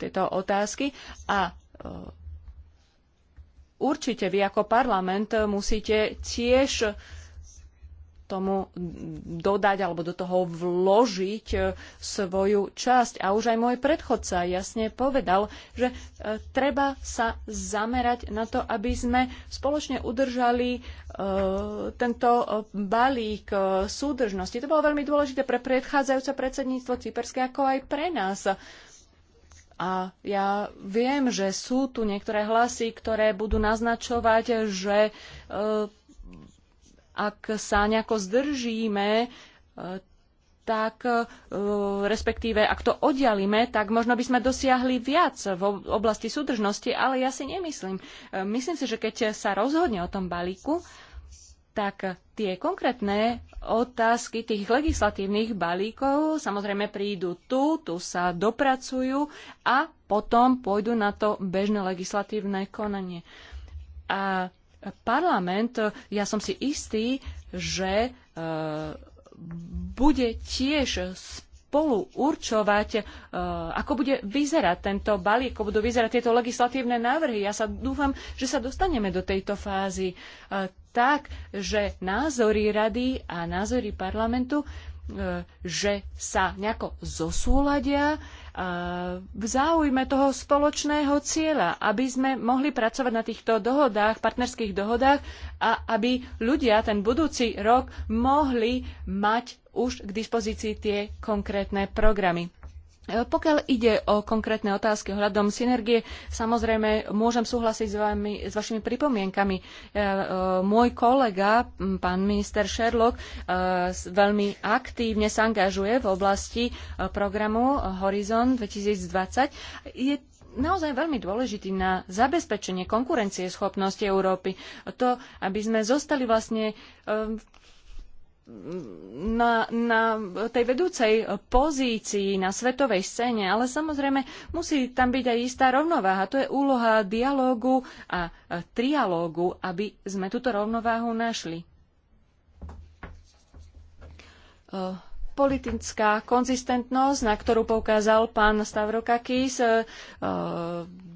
Speaker 1: tieto otázky a e, určite vy ako parlament musíte tiež tomu dodať alebo do toho vložiť e, svoju časť. A už aj môj predchodca jasne povedal, že e, treba sa zamerať na to, aby sme spoločne udržali e, tento balík súdržnosti. To bolo veľmi dôležité pre predchádzajúce predsedníctvo Cyperské, ako aj pre nás. A ja viem, že sú tu niektoré hlasy, ktoré budú naznačovať, že ak sa nejako zdržíme, e, tak e, respektíve ak to oddialíme, tak možno by sme dosiahli viac v oblasti súdržnosti, ale ja si nemyslím. E, myslím si, že keď sa rozhodne o tom balíku, tak tie konkrétne otázky tých legislatívnych balíkov samozrejme prídu tu, tu sa dopracujú a potom pôjdu na to bežné legislatívne konanie. A parlament, ja som si istý, že e, bude tiež spolu určovať, e, ako bude vyzerať tento balík, ako budú vyzerať tieto legislatívne návrhy. Ja sa dúfam, že sa dostaneme do tejto fázy e, tak, že názory rady a názory parlamentu že sa nejako zosúladia v záujme toho spoločného cieľa, aby sme mohli pracovať na týchto dohodách, partnerských dohodách a aby ľudia ten budúci rok mohli mať už k dispozícii tie konkrétne programy. E, pokiaľ ide o konkrétne otázky ohľadom synergie, samozrejme môžem súhlasiť s, vami, s vašimi pripomienkami. E, e, môj kolega, pán minister Sherlock, veľmi aktívne sa angažuje v oblasti programu Horizon 2020. Je naozaj veľmi dôležitý na zabezpečenie konkurencie schopnosti Európy. To, aby sme zostali vlastne na, na tej vedúcej pozícii na svetovej scéne, ale samozrejme musí tam byť aj istá rovnováha. To je úloha dialógu a trialógu, aby sme túto rovnováhu našli politická konzistentnosť, na ktorú poukázal pán Stavrokakis. E, e,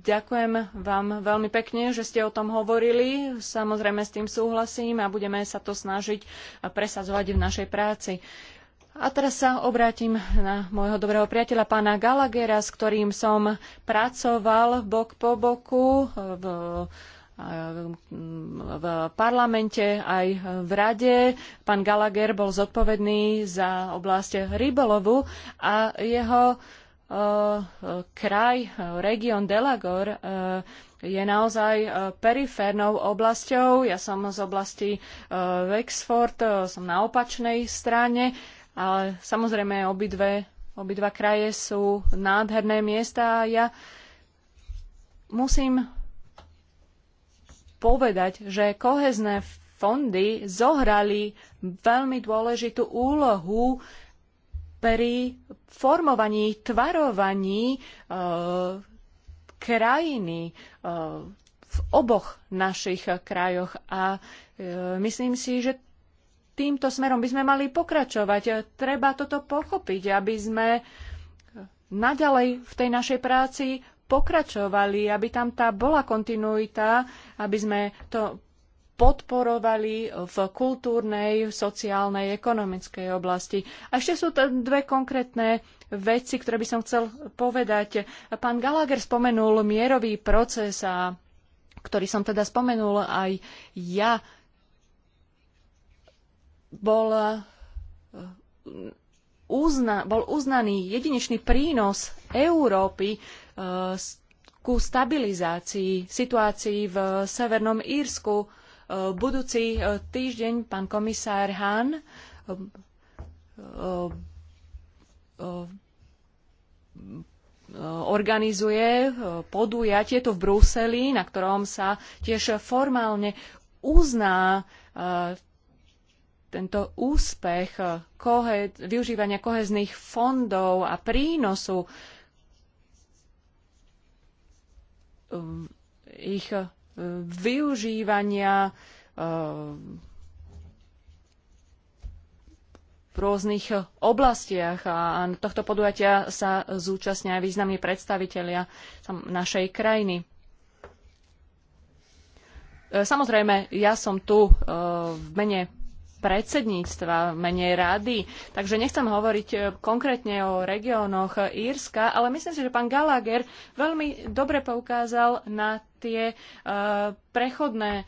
Speaker 1: ďakujem vám veľmi pekne, že ste o tom hovorili. Samozrejme s tým súhlasím a budeme sa to snažiť presadzovať v našej práci. A teraz sa obrátim na môjho dobrého priateľa pána Galagera, s ktorým som pracoval bok po boku v v parlamente aj v rade. Pán Gallagher bol zodpovedný za oblasť rybolovu a jeho eh, kraj, región Delagor, eh, je naozaj eh, periférnou oblasťou. Ja som z oblasti Wexford, som na opačnej strane, ale samozrejme obidve, obidva kraje sú nádherné miesta a ja musím povedať, že kohezné fondy zohrali veľmi dôležitú úlohu pri formovaní, tvarovaní e, krajiny e, v oboch našich krajoch. A e, myslím si, že týmto smerom by sme mali pokračovať. Treba toto pochopiť, aby sme naďalej v tej našej práci pokračovali, aby tam tá bola kontinuita, aby sme to podporovali v kultúrnej, sociálnej, ekonomickej oblasti. A ešte sú tam dve konkrétne veci, ktoré by som chcel povedať. Pán Gallagher spomenul mierový proces, a, ktorý som teda spomenul aj ja. Bol, e, uzna, bol uznaný jedinečný prínos Európy ku stabilizácii situácií v Severnom Írsku. E, budúci e, týždeň pán komisár Hahn e, organizuje podujatie tu v Bruseli, na ktorom sa tiež formálne uzná tento úspech využívania kohezných fondov a prínosu Eh, ich eh, využívania eh, v rôznych oblastiach a tohto podujatia sa zúčastnia aj významní predstavitelia našej krajiny. Samozrejme, ja som tu v mene predsedníctva, menej rady. Takže nechcem hovoriť e, konkrétne o regiónoch e, Írska, ale myslím si, že pán Gallagher veľmi dobre poukázal na tie e, prechodné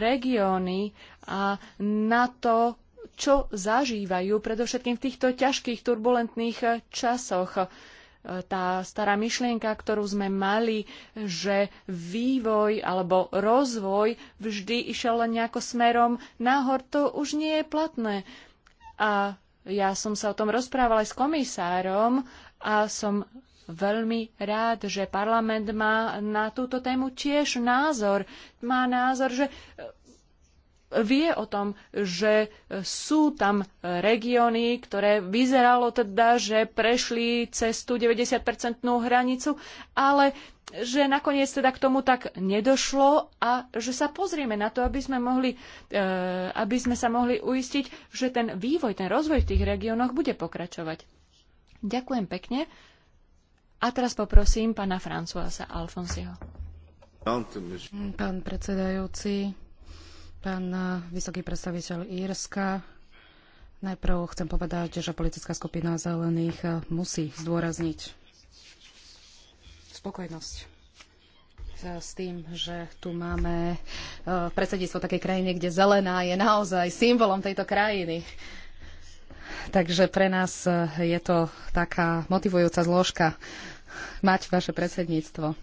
Speaker 1: regióny a na to, čo zažívajú predovšetkým v týchto ťažkých, turbulentných časoch tá stará myšlienka, ktorú sme mali, že vývoj alebo rozvoj vždy išiel len nejako smerom nahor, to už nie je platné. A ja som sa o tom rozprávala aj s komisárom a som veľmi rád, že parlament má na túto tému tiež názor. Má názor, že vie o tom, že sú tam regióny, ktoré vyzeralo teda, že prešli cez tú 90-percentnú hranicu, ale že nakoniec teda k tomu tak nedošlo a že sa pozrieme na to, aby sme, mohli, e, aby sme sa mohli uistiť, že ten vývoj, ten rozvoj v tých regiónoch bude pokračovať. Ďakujem pekne. A teraz poprosím pána Francuasa Alfonsiho. Pán predsedajúci,
Speaker 3: Pán eh, vysoký predstaviteľ Írska, najprv chcem povedať, že politická skupina zelených eh, musí zdôrazniť spokojnosť eh, s tým, že tu máme predsedníctvo takej krajiny, kde zelená je naozaj symbolom tejto krajiny. Takže pre nás je to taká motivujúca zložka mať vaše predsedníctvo.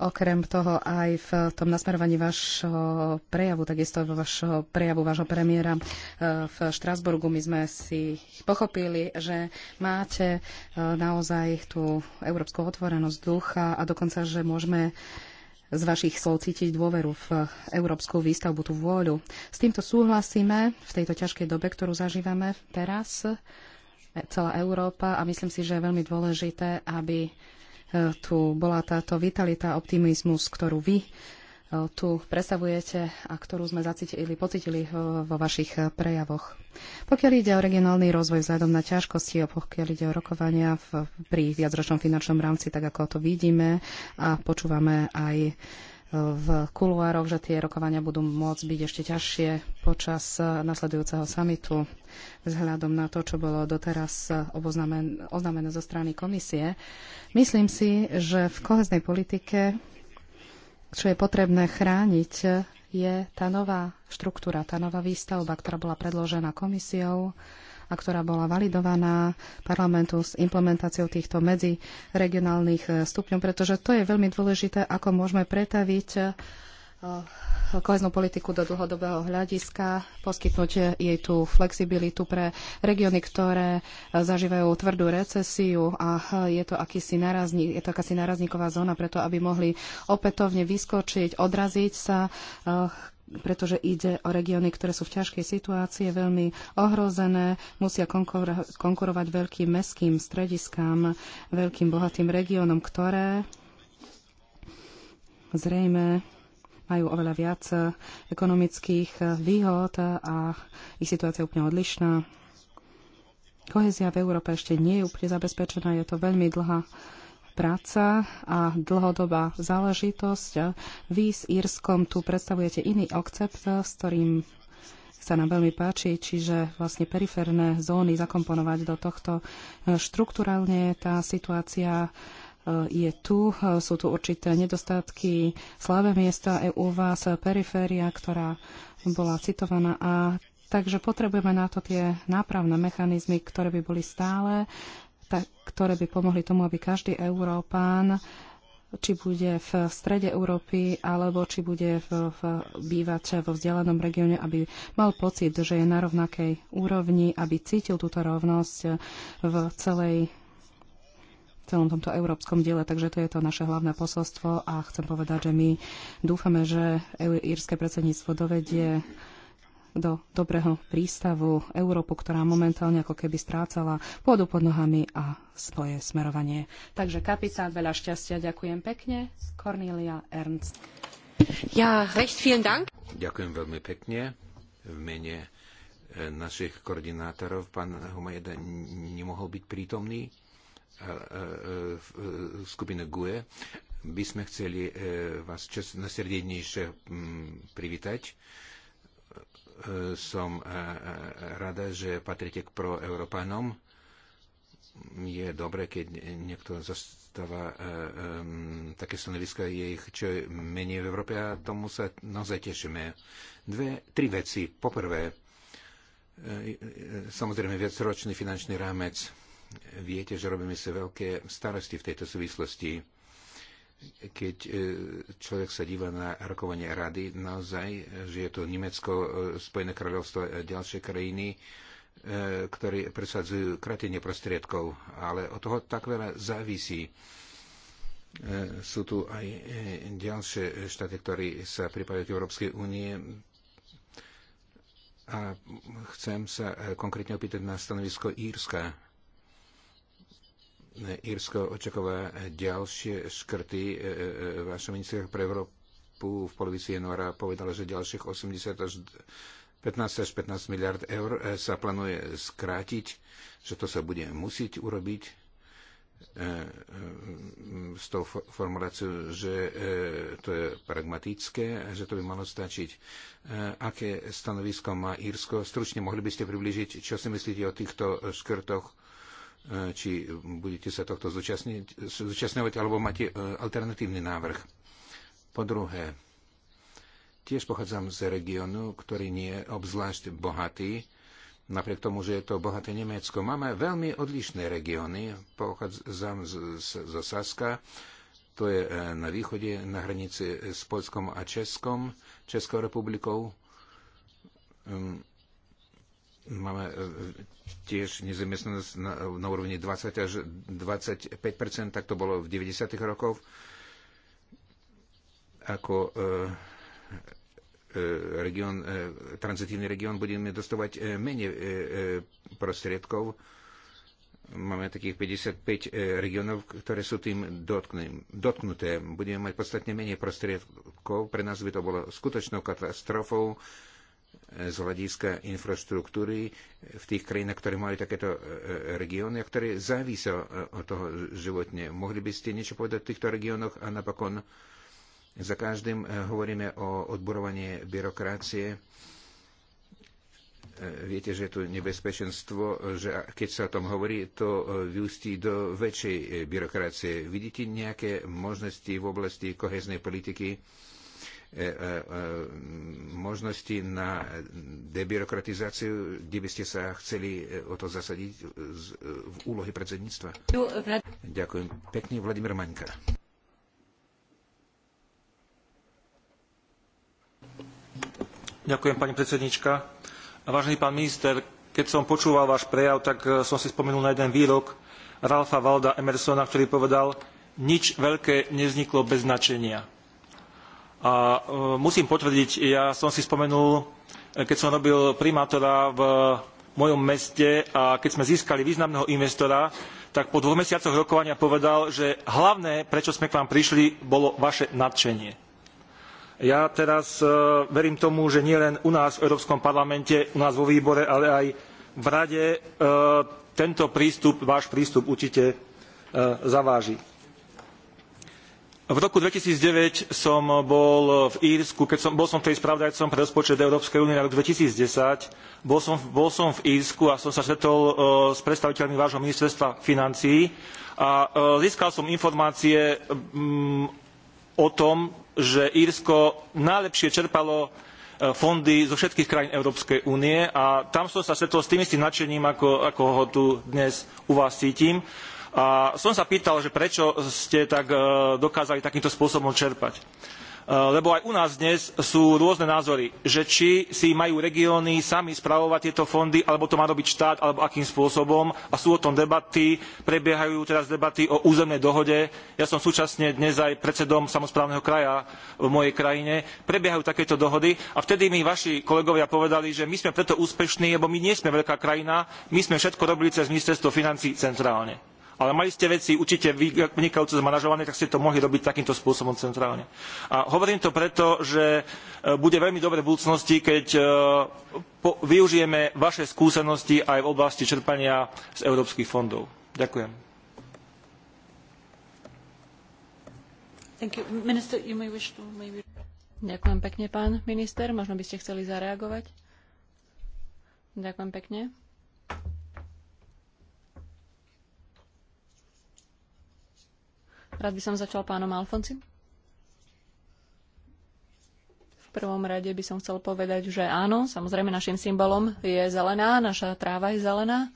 Speaker 3: Okrem toho aj v tom nasmerovaní vášho prejavu, takisto vo vašho prejavu vášho premiéra e, v Štrásburgu, my sme si pochopili, že máte e, naozaj tú európsku otvorenosť ducha a dokonca, že môžeme z vašich slov cítiť dôveru v európsku výstavbu, tú vôľu. S týmto súhlasíme v tejto ťažkej dobe, ktorú zažívame teraz, e, celá Európa a myslím si, že je veľmi dôležité, aby tu bola táto vitalita, optimizmus, ktorú vy e, tu predstavujete a ktorú sme zacítili, pocitili e, vo vašich e, prejavoch. Pokiaľ ide o regionálny rozvoj vzhľadom na ťažkosti a pokiaľ ide o rokovania v, pri viacročnom finančnom rámci, tak ako to vidíme a počúvame aj v kuluároch, že tie rokovania budú môcť byť ešte ťažšie počas nasledujúceho samitu vzhľadom na to, čo bolo doteraz oznámené zo strany komisie. Myslím si, že v koheznej politike, čo je potrebné chrániť, je tá nová štruktúra, tá nová výstavba, ktorá bola predložená komisiou a ktorá bola validovaná parlamentu s implementáciou týchto medziregionálnych eh, stupňov, pretože to je veľmi dôležité, ako môžeme pretaviť eh, koheznú politiku do dlhodobého hľadiska, poskytnúť jej tú flexibilitu pre regióny, ktoré eh, zažívajú tvrdú recesiu a je to, akýsi narazník, je to akási narazníková zóna preto, aby mohli opätovne vyskočiť, odraziť sa pretože ide o regióny, ktoré sú v ťažkej situácii, veľmi ohrozené, musia konkurovať veľkým mestským strediskám, veľkým bohatým regiónom, ktoré zrejme majú oveľa viac ekonomických výhod a ich situácia je úplne odlišná. Kohezia v Európe ešte nie je úplne zabezpečená, je to veľmi dlhá práca a dlhodobá záležitosť. Vy s Írskom tu predstavujete iný akcept, s ktorým sa nám veľmi páči, čiže vlastne periférne zóny zakomponovať do tohto. Štruktúralne tá situácia e, je tu, sú tu určité nedostatky, slabé miesta je u vás, periféria, ktorá bola citovaná a Takže potrebujeme na to tie nápravné mechanizmy, ktoré by boli stále tak, ktoré by pomohli tomu, aby každý Európán či bude v strede Európy, alebo či bude v, v, bývať vo vzdialenom regióne, aby mal pocit, že je na rovnakej úrovni, aby cítil túto rovnosť v celej celom tomto európskom diele, takže to je to naše hlavné posolstvo a chcem povedať, že my dúfame, že e- írske predsedníctvo dovedie do dobrého prístavu Európu, ktorá momentálne ako keby strácala pôdu pod nohami a svoje smerovanie. Takže kapitán, veľa šťastia, ďakujem pekne. Cornelia Ernst. Ja, recht vielen Dank.
Speaker 2: Ďakujem veľmi pekne. V mene e, našich koordinátorov pán Humajeda nemohol byť prítomný e, e, skupine GUE by sme chceli vás čas na srdiednejšie privítať som e, e, rada, že patríte k proeurópanom. Je dobre, keď niekto zastáva e, také stanoviska, je ich čo je menej v Európe a tomu sa naozaj tešíme. Dve, tri veci. Poprvé, samozrejme viacročný finančný rámec. Viete, že robíme si veľké starosti v tejto súvislosti keď e, človek sa díva na rokovanie rady, naozaj, že je to Nemecko, e, Spojené kráľovstvo a ďalšie krajiny, e, ktorí presadzujú kratenie prostriedkov, ale od toho tak veľa závisí. Sú tu aj ďalšie štáty, ktorí sa pripájajú k Európskej únie. A chcem sa konkrétne opýtať na stanovisko Írska Írsko očakáva ďalšie škrty. E, e, e, vaša ministerka pre Európu v polovici januára povedala, že ďalších 80 až 15 až 15 miliard eur sa plánuje skrátiť, že to sa bude musieť urobiť s tou formuláciou, že to je pragmatické, že to by malo stačiť. Aké stanovisko má Írsko? Stručne mohli by ste približiť, čo si myslíte o týchto škrtoch? E, či budete sa tohto zúčastňovať, alebo máte e, alternatívny návrh. Po druhé, tiež pochádzam z regiónu, ktorý nie je obzvlášť bohatý, napriek tomu, že je to bohaté Nemecko. Máme veľmi odlišné regióny. Pochádzam z, z, zo Saska, to je e, na východe, na hranici s Polskom a Českom, Českou republikou. Hm, Máme e, tiež nezamestnanosť na, na úrovni 20 až 25 tak to bolo v 90. rokoch. Ako e, e, region, tranzitívny región budeme dostávať menej prostriedkov. Máme takých 55 regionov, ktoré sú tým dotknuté. Budeme mať podstatne menej prostriedkov. Pre nás by to bolo skutočnou katastrofou z hľadiska infraštruktúry v tých krajinách, ktoré majú takéto e, e, regióny a ktoré závisia e, od toho životne. Mohli by ste niečo povedať v týchto regiónoch a napokon za každým hovoríme o odborovanie byrokracie. Viete, že je tu nebezpečenstvo, že keď sa o tom hovorí, to vyústí do väčšej byrokracie. Vidíte nejaké možnosti v oblasti koheznej politiky? E, e, e, možnosti na debirokratizáciu, kde by ste sa chceli o to zasadiť v úlohy predsedníctva? Ďakujem pekne, Vladimír Maňka.
Speaker 4: Ďakujem, pani predsednička. Vážený pán minister, keď som počúval váš prejav, tak som si spomenul na jeden výrok Ralfa Valda Emersona, ktorý povedal, nič veľké nevzniklo bez značenia a e, musím potvrdiť, ja som si spomenul, e, keď som robil primátora v mojom meste a keď sme získali významného investora, tak po dvoch mesiacoch rokovania povedal, že hlavné, prečo sme k vám prišli, bolo vaše nadšenie. Ja teraz e, verím tomu, že nielen u nás v Európskom parlamente, u nás vo výbore, ale aj v rade tento prístup, váš prístup určite zaváži. V roku 2009 som bol v Írsku, keď som, bol som vtedy spravodajcom pre rozpočet Európskej únie na rok 2010. Bol som, bol som v Írsku a som sa stretol e, s predstaviteľmi vášho ministerstva financií a e, získal som informácie mm, o tom, že Írsko najlepšie čerpalo e, fondy zo všetkých krajín Európskej únie a tam som sa stretol s tým istým nadšením, ako, ako ho tu dnes u vás cítim a som sa pýtal, že prečo ste tak e, dokázali takýmto spôsobom čerpať. E, lebo aj u nás dnes sú rôzne názory, že či si majú regióny sami spravovať tieto fondy, alebo to má robiť štát, alebo akým spôsobom. A sú o tom debaty, prebiehajú teraz debaty o územnej dohode. Ja som súčasne dnes aj predsedom samozprávneho kraja v mojej krajine. Prebiehajú takéto dohody a vtedy mi vaši kolegovia povedali, že my sme preto úspešní, lebo my nie sme veľká krajina, my sme všetko robili cez ministerstvo financí centrálne ale mali ste veci určite vynikajúco zmanažované, tak ste to mohli robiť takýmto spôsobom centrálne. A hovorím to preto, že e, bude veľmi dobre v budúcnosti, keď e, využijeme vaše skúsenosti aj v oblasti čerpania z európskych fondov. Ďakujem.
Speaker 1: Ďakujem pekne, pán minister. Možno by ste chceli zareagovať. Ďakujem pekne. Rád by som začal pánom Alfonsim. V prvom rade by som chcel povedať, že áno, samozrejme našim symbolom je zelená, naša tráva je zelená,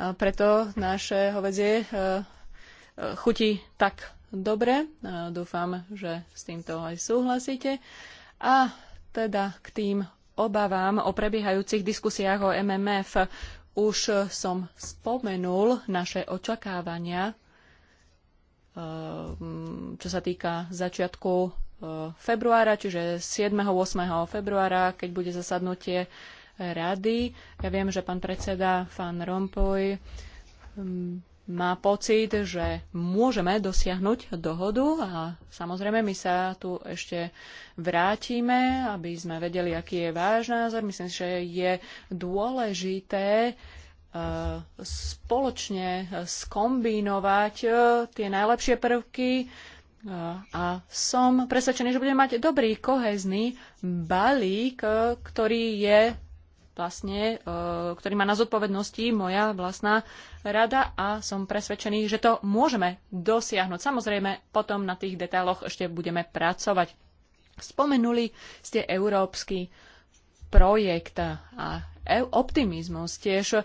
Speaker 1: a preto naše hovedzie e, e, chutí tak dobre. Dúfam, že s týmto aj súhlasíte. A teda k tým obavám o prebiehajúcich diskusiách o MMF už som spomenul naše očakávania Ehm, čo sa týka začiatku e, februára, čiže 7. 8. februára, keď bude zasadnutie rady. Ja viem, že pán predseda Fan Rompuy ehm, má pocit, že môžeme dosiahnuť dohodu a samozrejme my sa tu ešte vrátime, aby sme vedeli, aký je váš názor. Myslím, že je dôležité E, spoločne skombinovať e, tie najlepšie prvky e, a som presvedčený, že budeme mať dobrý kohezný balík, ktorý je vlastne, ktorý má na zodpovednosti moja vlastná rada a som presvedčený, že to môžeme dosiahnuť. Samozrejme, potom na tých detailoch ešte budeme pracovať. Spomenuli ste európsky projekt a optimizmus tiež. E,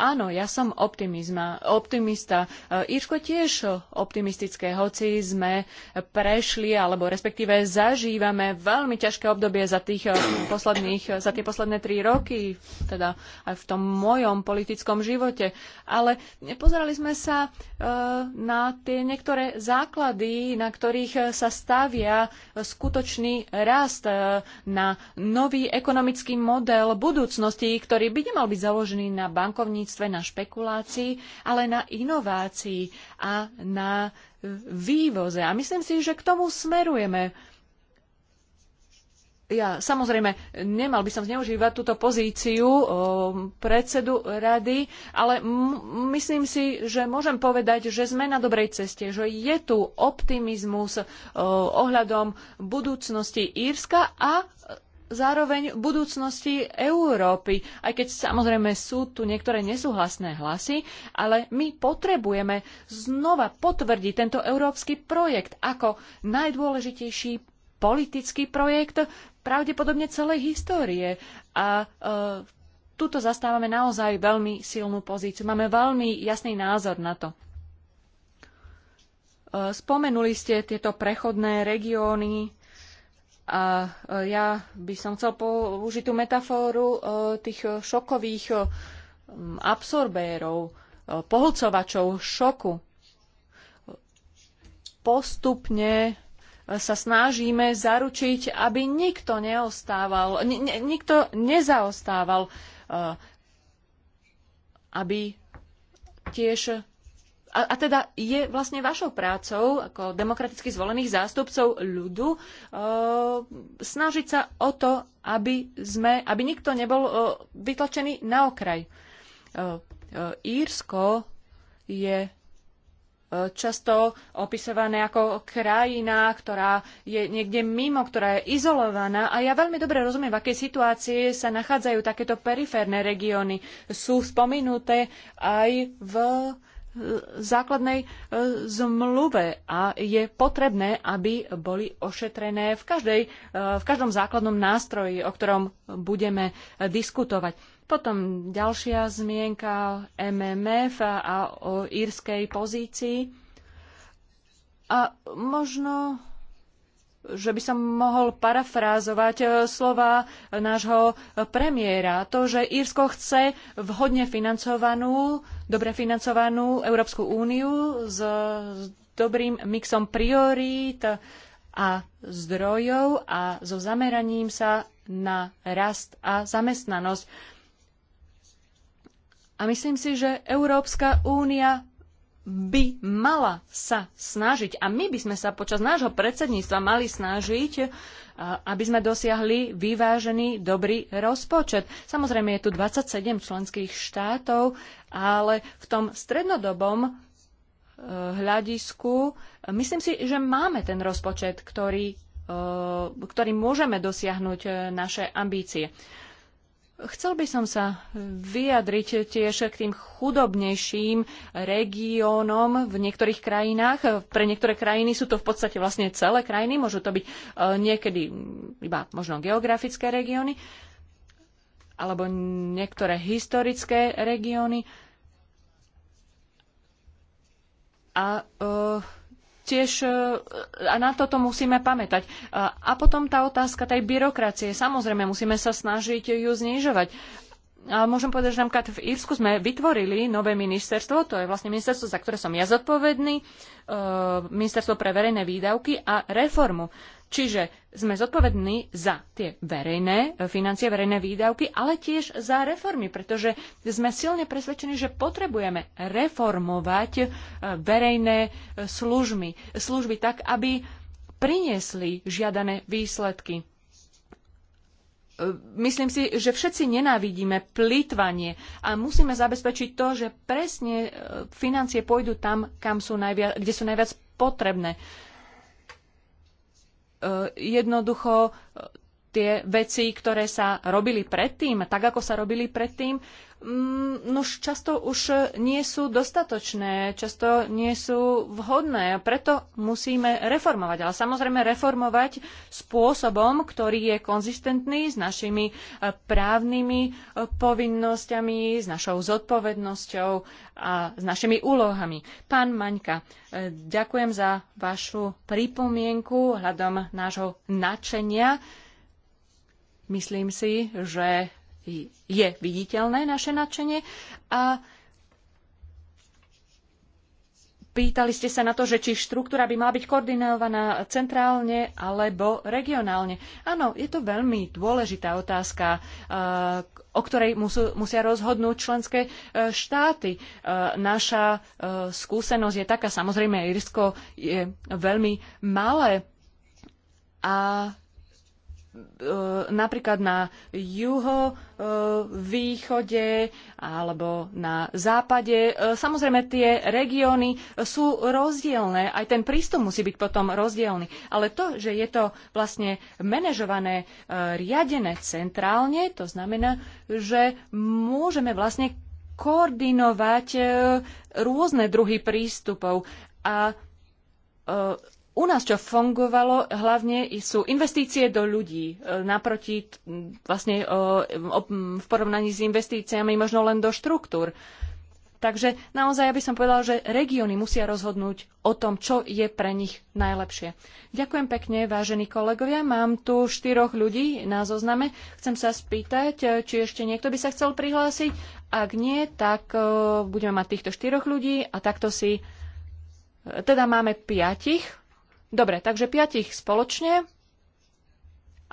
Speaker 1: áno, ja som optimizma, optimista. E, Írsko tiež optimistické, hoci sme prešli, alebo respektíve zažívame veľmi ťažké obdobie za, tých e, posledných, za tie posledné tri roky, teda aj v tom mojom politickom živote. Ale pozerali sme sa na tie niektoré základy, na ktorých sa stavia skutočný rast na nový ekonomický model budúcnosti ktorý by nemal byť založený na bankovníctve, na špekulácii, ale na inovácii a na vývoze. A myslím si, že k tomu smerujeme. Ja samozrejme nemal by som zneužívať túto pozíciu o, predsedu rady, ale myslím si, že môžem povedať, že sme na dobrej ceste, že je tu optimizmus o, ohľadom budúcnosti Írska a zároveň budúcnosti Európy. Aj keď samozrejme sú tu niektoré nesúhlasné hlasy, ale my potrebujeme znova potvrdiť tento európsky projekt ako najdôležitejší politický projekt pravdepodobne celej histórie. A e, tuto zastávame naozaj veľmi silnú pozíciu. Máme veľmi jasný názor na to. E, spomenuli ste tieto prechodné regióny, a e, ja by som chcel použiť tú metaforu e, tých e, šokových absorbérov, pohlcovačov šoku. Postupne sa snažíme zaručiť, aby nikto neostával, nikto nezaostával, aby tiež a, a teda je vlastne vašou prácou ako demokraticky zvolených zástupcov ľudu e, snažiť sa o to, aby, sme, aby nikto nebol e, vytlačený na okraj. E, e, Írsko je e, často opisované ako krajina, ktorá je niekde mimo, ktorá je izolovaná. A ja veľmi dobre rozumiem, v akej situácii sa nachádzajú takéto periférne regióny. Sú spomenuté aj v základnej e, zmluve a je potrebné, aby boli ošetrené v, každej, e, v každom základnom nástroji, o ktorom budeme e, diskutovať. Potom ďalšia zmienka MMF a o írskej pozícii. A možno že by som mohol parafrázovať e, slova nášho premiéra. To, že Írsko chce vhodne financovanú, dobre financovanú Európsku úniu s, s dobrým mixom priorít a zdrojov a so zameraním sa na rast a zamestnanosť. A myslím si, že Európska únia by mala sa snažiť a my by sme sa počas nášho predsedníctva mali snažiť, aby sme dosiahli vyvážený, dobrý rozpočet. Samozrejme je tu 27 členských štátov, ale v tom strednodobom e, hľadisku myslím si, že máme ten rozpočet, ktorý, e, ktorý môžeme dosiahnuť e, naše ambície. Chcel by som sa vyjadriť tiež k tým chudobnejším regiónom v niektorých krajinách. Pre niektoré krajiny sú to v podstate vlastne celé krajiny, môžu to byť e, niekedy iba možno geografické regióny alebo niektoré historické regióny. A uh, tiež e, a na toto musíme pamätať. A potom tá otázka tej byrokracie. Samozrejme, musíme sa snažiť ju znižovať a môžem povedať, že napríklad v Írsku sme vytvorili nové ministerstvo, to je vlastne ministerstvo, za ktoré som ja zodpovedný, e, ministerstvo pre verejné výdavky a reformu. Čiže sme zodpovední za tie verejné e, financie, verejné výdavky, ale tiež za reformy, pretože sme silne presvedčení, že potrebujeme reformovať e, verejné služby, služby tak, aby priniesli žiadané výsledky myslím si, že všetci nenávidíme plýtvanie a musíme zabezpečiť to, že presne e, financie pôjdu tam, kam sú najviac, kde sú najviac potrebné. E, jednoducho e, tie veci, ktoré sa robili predtým, tak ako sa robili predtým, Mm, nož často už nie sú dostatočné, často nie sú vhodné. Preto musíme reformovať. Ale samozrejme reformovať spôsobom, ktorý je konzistentný s našimi e, právnymi e, povinnosťami, s našou zodpovednosťou a s našimi úlohami. Pán Maňka, e, ďakujem za vašu pripomienku hľadom nášho nadšenia. Myslím si, že je viditeľné naše nadšenie. A pýtali ste sa na to, že či štruktúra by mala byť koordinovaná centrálne alebo regionálne. Áno, je to veľmi dôležitá otázka, e, o ktorej musia rozhodnúť členské e, štáty. E, naša skúsenosť je taká, samozrejme, Irsko je veľmi malé a E, napríklad na juho e, východe alebo na západe. E, samozrejme, tie regióny sú rozdielne, aj ten prístup musí byť potom rozdielny. Ale to, že je to vlastne manažované, riadené centrálne, to znamená, že môžeme vlastne koordinovať rôzne druhy prístupov a u nás, čo fungovalo, hlavne sú investície do ľudí. E, naproti vlastne e, v porovnaní s investíciami možno len do štruktúr. Takže naozaj, aby som povedala, že regióny musia rozhodnúť o tom, čo je pre nich najlepšie. Ďakujem pekne, vážení kolegovia. Mám tu štyroch ľudí na zozname. Chcem sa spýtať, e, či ešte niekto by sa chcel prihlásiť. Ak nie, tak budeme mať týchto štyroch ľudí a takto si... Teda máme piatich Dobre, takže piatich spoločne.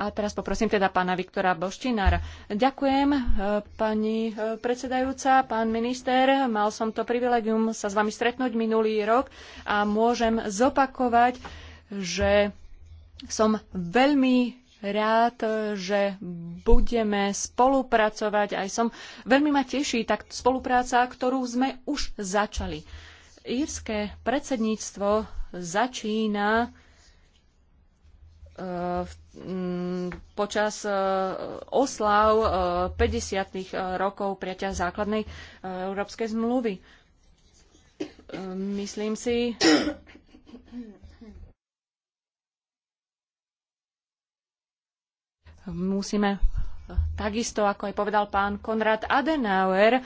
Speaker 1: A teraz poprosím teda pána Viktora Boštinára. Ďakujem, e, pani e, predsedajúca, pán minister. Mal som to privilegium sa s vami stretnúť minulý rok a môžem zopakovať, že som veľmi rád, že budeme spolupracovať. Aj som veľmi ma teší tak spolupráca, ktorú sme už začali. Írske predsedníctvo začína e, počas e, oslav 50. E, rokov priatia základnej Európskej zmluvy. Myslím si, musíme takisto, ako aj povedal pán Konrad Adenauer,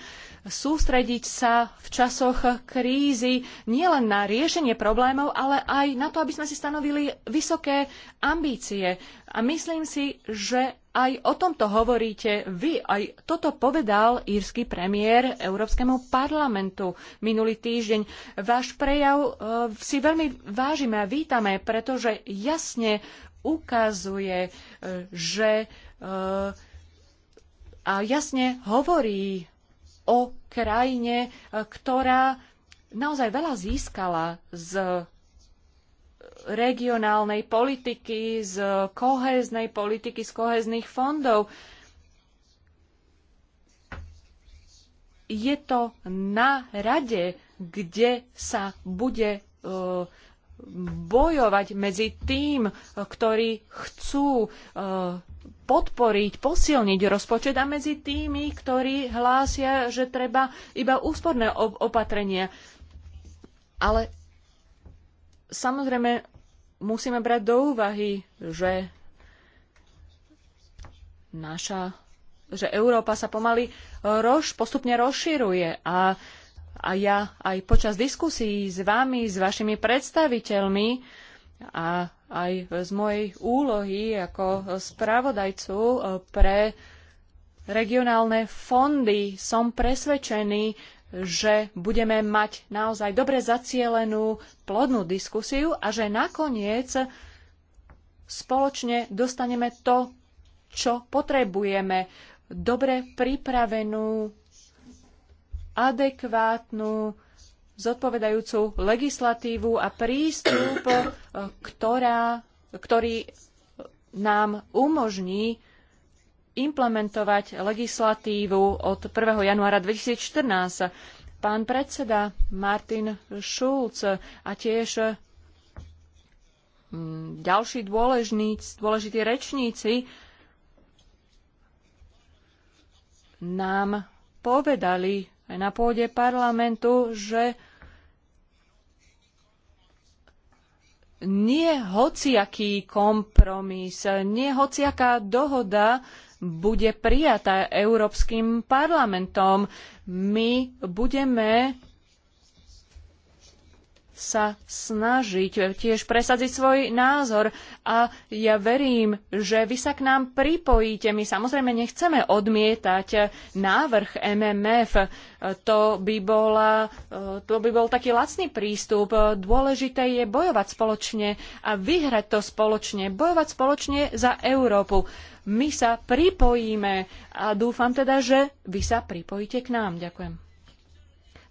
Speaker 1: sústrediť sa v časoch krízy nielen na riešenie problémov, ale aj na to, aby sme si stanovili vysoké ambície. A myslím si, že aj o tomto hovoríte vy. Aj toto povedal írsky premiér Európskemu parlamentu minulý týždeň. Váš prejav e, si veľmi vážime a vítame, pretože jasne ukazuje, e, že e, a jasne hovorí o krajine, e, ktorá naozaj veľa získala z regionálnej politiky, z kohéznej politiky, z kohéznych fondov. Je to na rade, kde sa bude e, bojovať medzi tým, e, ktorí chcú podporiť, posilniť rozpočet a medzi tými, ktorí hlásia, že treba iba úsporné opatrenia. Ale samozrejme musíme brať do úvahy, že naša, že Európa sa pomaly roz, postupne rozširuje a, a ja aj počas diskusí s vami, s vašimi predstaviteľmi a aj z mojej úlohy ako spravodajcu eh, pre regionálne fondy som presvedčený, že budeme mať naozaj dobre zacielenú plodnú diskusiu a že nakoniec spoločne dostaneme to, čo potrebujeme. Dobre pripravenú, adekvátnu, zodpovedajúcu legislatívu a prístup, eh, ktorá, ktorý nám umožní implementovať legislatívu od 1. januára 2014. Pán predseda Martin Schulz a tiež mm, ďalší dôležití rečníci nám povedali, aj na pôde parlamentu, že nie hociaký kompromis, nie hociaká dohoda bude prijatá Európskym parlamentom. My budeme sa snažiť eh, tiež presadiť svoj názor a ja verím, že vy sa k nám pripojíte. My samozrejme nechceme odmietať eh, návrh MMF. Eh, to by, bola, to by bol taký lacný prístup. Dôležité je bojovať spoločne a vyhrať to spoločne. Bojovať spoločne za Európu. My sa pripojíme a dúfam teda, že vy sa pripojíte k nám. Ďakujem.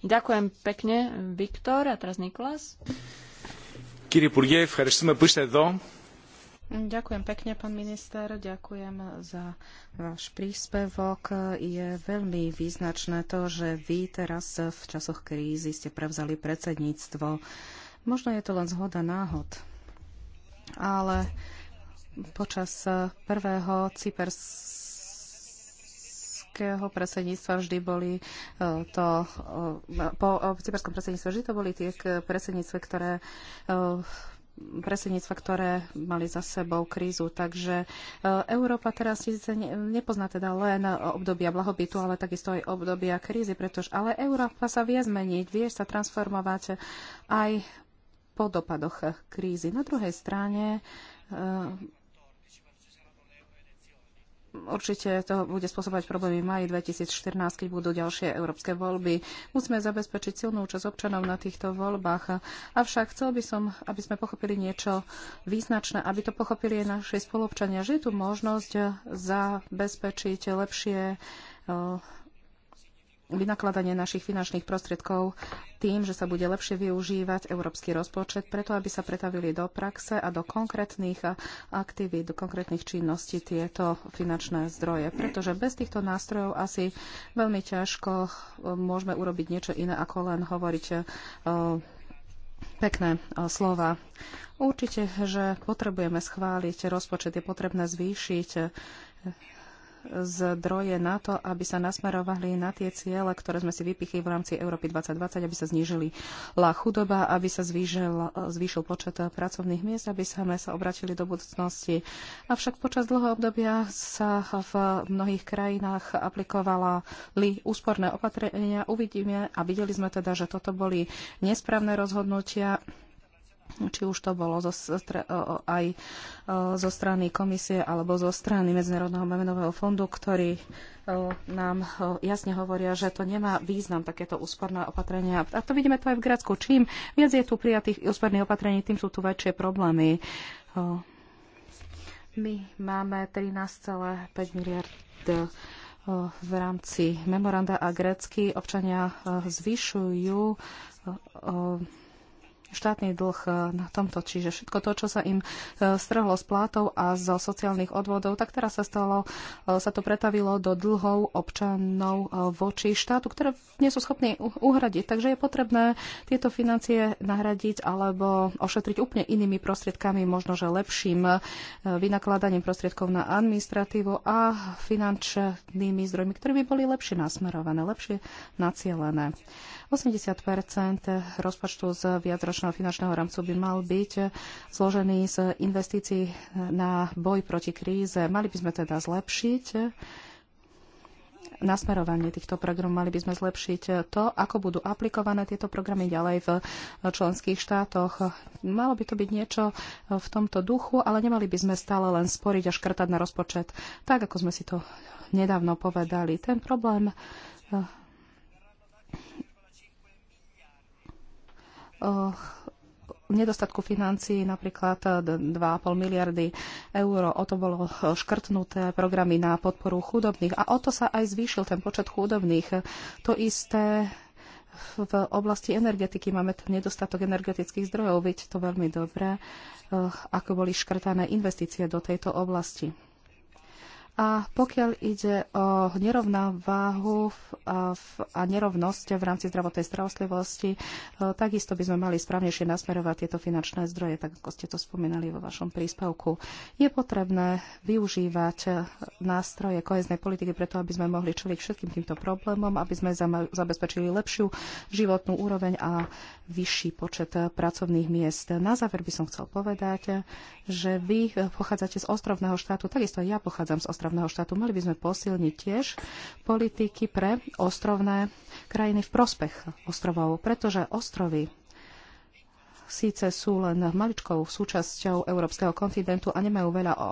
Speaker 1: Ďakujem pekne, Viktor. A teraz Nikolas. Kýri Ďakujem pekne, pán minister. Ďakujem
Speaker 3: za váš príspevok. Je veľmi význačné to, že vy teraz v časoch krízy ste prevzali predsedníctvo. Možno je to len zhoda náhod, ale počas prvého cypers cyperského predsedníctva vždy boli e, to, e, po e, cyperskom predsedníctve vždy to boli tie predsedníctve, ktoré predsedníctva, ktoré mali za sebou krízu. Takže Európa teraz síce nepozná teda len obdobia blahobytu, ale takisto aj obdobia krízy, pretože ale Európa sa vie zmeniť, vie sa transformovať aj po dopadoch krízy. Na druhej strane Určite to bude spôsobovať problémy v maji 2014, keď budú ďalšie európske voľby. Musíme zabezpečiť silnú účasť občanov na týchto voľbách. Avšak chcel by som, aby sme pochopili niečo význačné, aby to pochopili aj naši spolupčania, že je tu možnosť zabezpečiť lepšie eh, vynakladanie našich finančných prostriedkov tým, že sa bude lepšie využívať európsky rozpočet, preto aby sa pretavili do praxe a do konkrétnych aktivít, do konkrétnych činností tieto finančné zdroje. Pretože bez týchto nástrojov asi veľmi ťažko e, môžeme urobiť niečo iné, ako len hovoriť e, pekné e, slova. Určite, že potrebujeme schváliť rozpočet, je potrebné zvýšiť zdroje na to, aby sa nasmerovali na tie ciele, ktoré sme si vypichli v rámci Európy 2020, aby sa znížila chudoba, aby sa zvýšil, zvýšil počet pracovných miest, aby sme sa obratili do budúcnosti. Avšak počas dlhého obdobia sa v mnohých krajinách aplikovala li úsporné opatrenia. Uvidíme a videli sme teda, že toto boli nesprávne rozhodnutia či už to bolo zo, aj zo strany komisie alebo zo strany Medzinárodného menového fondu, ktorí nám jasne hovoria, že to nemá význam takéto úsporné opatrenia. A to vidíme to aj v Grécku. Čím viac je tu prijatých úsporných opatrení, tým sú tu väčšie problémy. My máme 13,5 miliard v rámci memoranda a grécky občania zvyšujú štátny dlh e, na tomto. Čiže všetko to, čo sa im e, strhlo z plátov a zo sociálnych odvodov, tak teraz sa, stalo, e, sa to pretavilo do dlhov občanov voči štátu, ktoré nie sú schopní uhradiť. Takže je potrebné tieto financie nahradiť alebo ošetriť úplne inými prostriedkami, možno že lepším vynakladaním prostriedkov na administratívu a finančnými zdrojmi, ktoré by boli lepšie nasmerované, lepšie nacielené. 80 rozpočtu z viacročného finančného rámcu by mal byť zložený z investícií na boj proti kríze. Mali by sme teda zlepšiť nasmerovanie týchto programov. Mali by sme zlepšiť to, ako budú aplikované tieto programy ďalej v členských štátoch. Malo by to byť niečo v tomto duchu, ale nemali by sme stále len sporiť a škrtať na rozpočet, tak ako sme si to nedávno povedali. Ten problém Eh, nedostatku financií napríklad 2,5 eh, miliardy eur. O to bolo eh, škrtnuté programy na podporu chudobných a o to sa aj zvýšil ten počet chudobných. To isté v oblasti energetiky máme ten nedostatok energetických zdrojov, veď to veľmi dobre, ako boli škrtané investície do tejto oblasti. A pokiaľ ide o nerovnováhu a, a nerovnosť v rámci zdravotnej starostlivosti, e, takisto by sme mali správnejšie nasmerovať tieto finančné zdroje, tak ako ste to spomínali vo vašom príspevku. Je potrebné využívať e, nástroje koheznej politiky preto, aby sme mohli čeliť všetkým týmto problémom, aby sme zabezpečili lepšiu životnú úroveň a vyšší počet e, pracovných miest. Na záver by som chcel povedať, že vy pochádzate z ostrovného štátu, takisto ja pochádzam z ostrovného ostrovného štátu. Mali by sme posilniť tiež politiky pre ostrovné krajiny v prospech ostrovov, pretože ostrovy síce sú len maličkou súčasťou európskeho kontinentu a nemajú veľa o, o,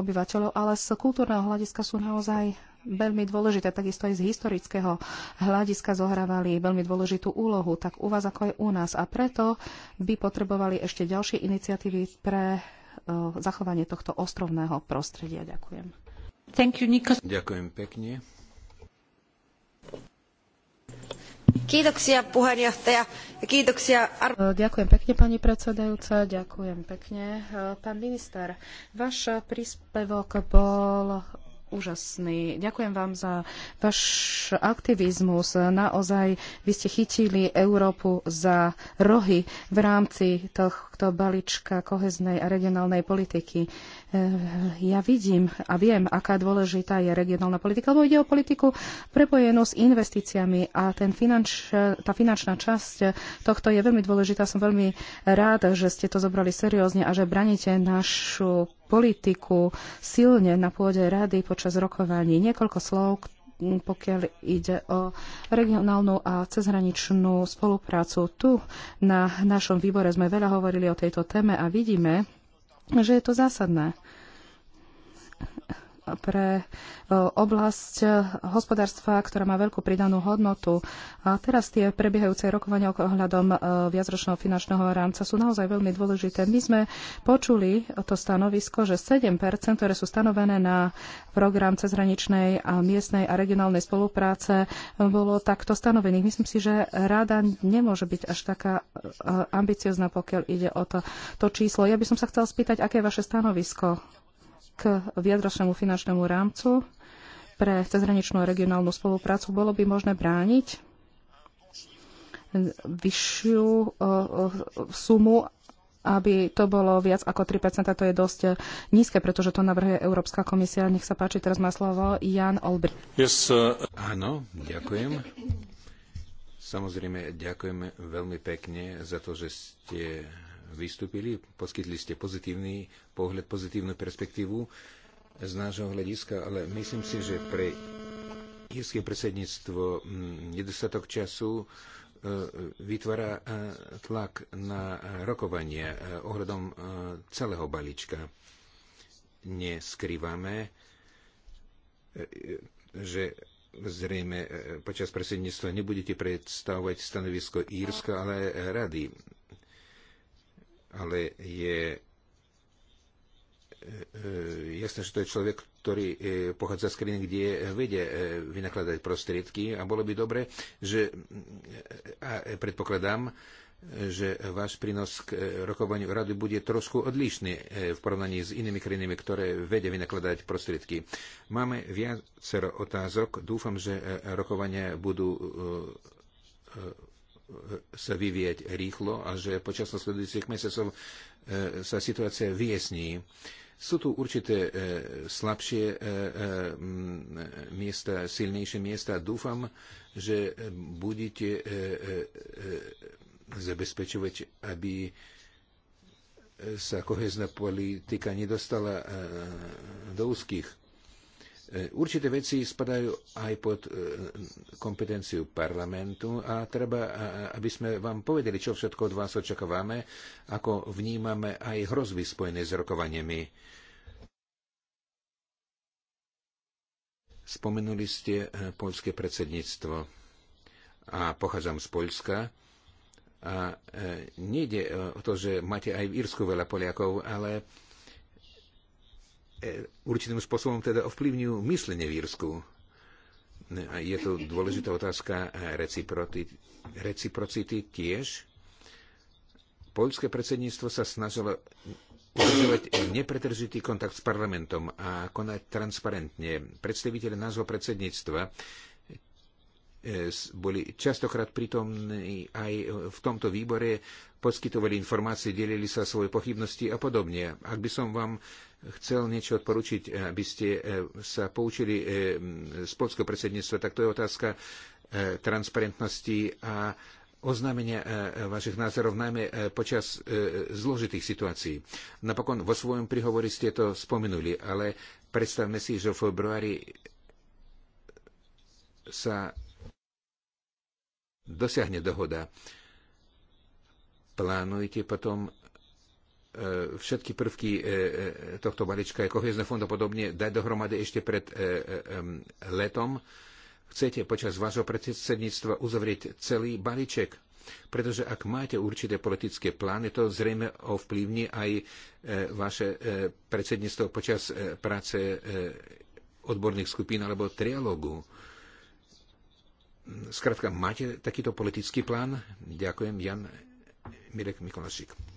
Speaker 3: obyvateľov, ale z kultúrneho hľadiska sú naozaj veľmi dôležité, takisto aj z historického hľadiska zohrávali veľmi dôležitú úlohu, tak u vás ako aj u nás. A preto by potrebovali ešte ďalšie iniciatívy pre E, zachovanie tohto ostrovného prostredia. Ďakujem. Thank
Speaker 2: you, Ďakujem pekne.
Speaker 3: E, ďakujem pekne pani predsedajúca, ďakujem pekne e, pán minister. Váš príspevok bol úžasný. Ďakujem vám za váš aktivizmus. Naozaj vy ste chytili Európu za rohy v rámci tohto balíčka koheznej a regionálnej politiky. Eh, ja vidím a viem, aká dôležitá je regionálna politika, lebo ide o politiku prepojenú s investíciami a ten finanč, tá finančná časť tohto je veľmi dôležitá. Som veľmi rád, že ste to zobrali seriózne a že braníte našu politiku silne na pôde rady počas rokovaní. Niekoľko slov, pokiaľ ide o regionálnu a cezhraničnú spoluprácu. Tu na našom výbore sme veľa hovorili o tejto téme a vidíme, že je to zásadné pre e, oblasť e, hospodárstva, ktorá má veľkú pridanú hodnotu. A teraz tie prebiehajúce rokovania ohľadom e, viacročného finančného rámca sú naozaj veľmi dôležité. My sme počuli to stanovisko, že 7 ktoré sú stanovené na program cezhraničnej a miestnej a regionálnej spolupráce, bolo takto stanovených. Myslím si, že rada nemôže byť až taká ambiciozná, pokiaľ ide o to, to číslo. Ja by som sa chcel spýtať, aké je vaše stanovisko k viadrošnému finančnému rámcu pre cezhraničnú a regionálnu spoluprácu bolo by možné brániť vyššiu sumu aby to bolo viac ako 3%, to je dosť nízke, pretože to navrhuje Európska komisia. Nech sa páči, teraz má slovo Jan Olbry.
Speaker 2: Yes, uh... Áno, ďakujem. Samozrejme, ďakujeme veľmi pekne za to, že ste vystúpili, poskytli ste pozitívny pohľad, pozitívnu perspektívu z nášho hľadiska, ale myslím si, že pre írske predsedníctvo mm, nedostatok času e, vytvára e, tlak na rokovanie e, ohľadom celého balíčka. Neskrývame, že zrejme počas predsedníctva nebudete predstavovať stanovisko Írska, ale rady ale je e, e, jasné, že to je človek, ktorý e, pochádza z krajiny, kde vedie vynakladať prostriedky a bolo by dobre, že a predpokladám, že váš prínos k rokovaniu rady bude trošku odlišný v porovnaní s inými krajinami, ktoré vedia vynakladať prostriedky. Máme viacero otázok. Dúfam, že rokovania budú sa vyvieť rýchlo a že počas nasledujúcich mesiacov e, sa situácia vyjasní. Sú tu určité e, slabšie e, miesta, silnejšie miesta. Dúfam, že budete zabezpečovať, aby sa kohezná politika nedostala do úzkých E, určité veci spadajú aj pod e, kompetenciu parlamentu a treba, aby sme vám povedali, čo všetko od vás očakávame, ako vnímame aj hrozby spojené s rokovaniami. Spomenuli ste e, poľské predsedníctvo a pochádzam z Poľska. A nejde o to, že máte aj v Írsku veľa Poliakov, ale E, určitým spôsobom teda ovplyvňujú myslenie v Írsku. Je to dôležitá otázka e, reciprocity tiež. Poľské predsedníctvo sa snažilo udržovať nepretržitý kontakt s parlamentom a konať transparentne. Predstaviteľe nášho predsedníctva e, boli častokrát pritomní aj v tomto výbore, poskytovali informácie, delili sa svoje pochybnosti a podobne. Ak by som vám chcel niečo odporučiť, eh, aby ste eh, sa poučili eh, z polského predsedníctva, tak to je otázka transparentnosti a oznámenia vašich názorov, najmä počas zložitých situácií. Napokon vo svojom prihovore ste to spomenuli, ale predstavme si, že v februári sa dosiahne dohoda. Plánujete potom E, všetky prvky e, e, tohto balíčka, ako kohezné fond a podobne, dať dohromady ešte pred letom. Chcete počas vášho predsedníctva uzavrieť celý balíček? Pretože ak máte určité politické plány, to zrejme ovplyvní aj vaše predsedníctvo počas práce odborných skupín alebo trialógu. Skrátka, máte takýto politický plán? Ďakujem, Jan Mirek Mikolašik.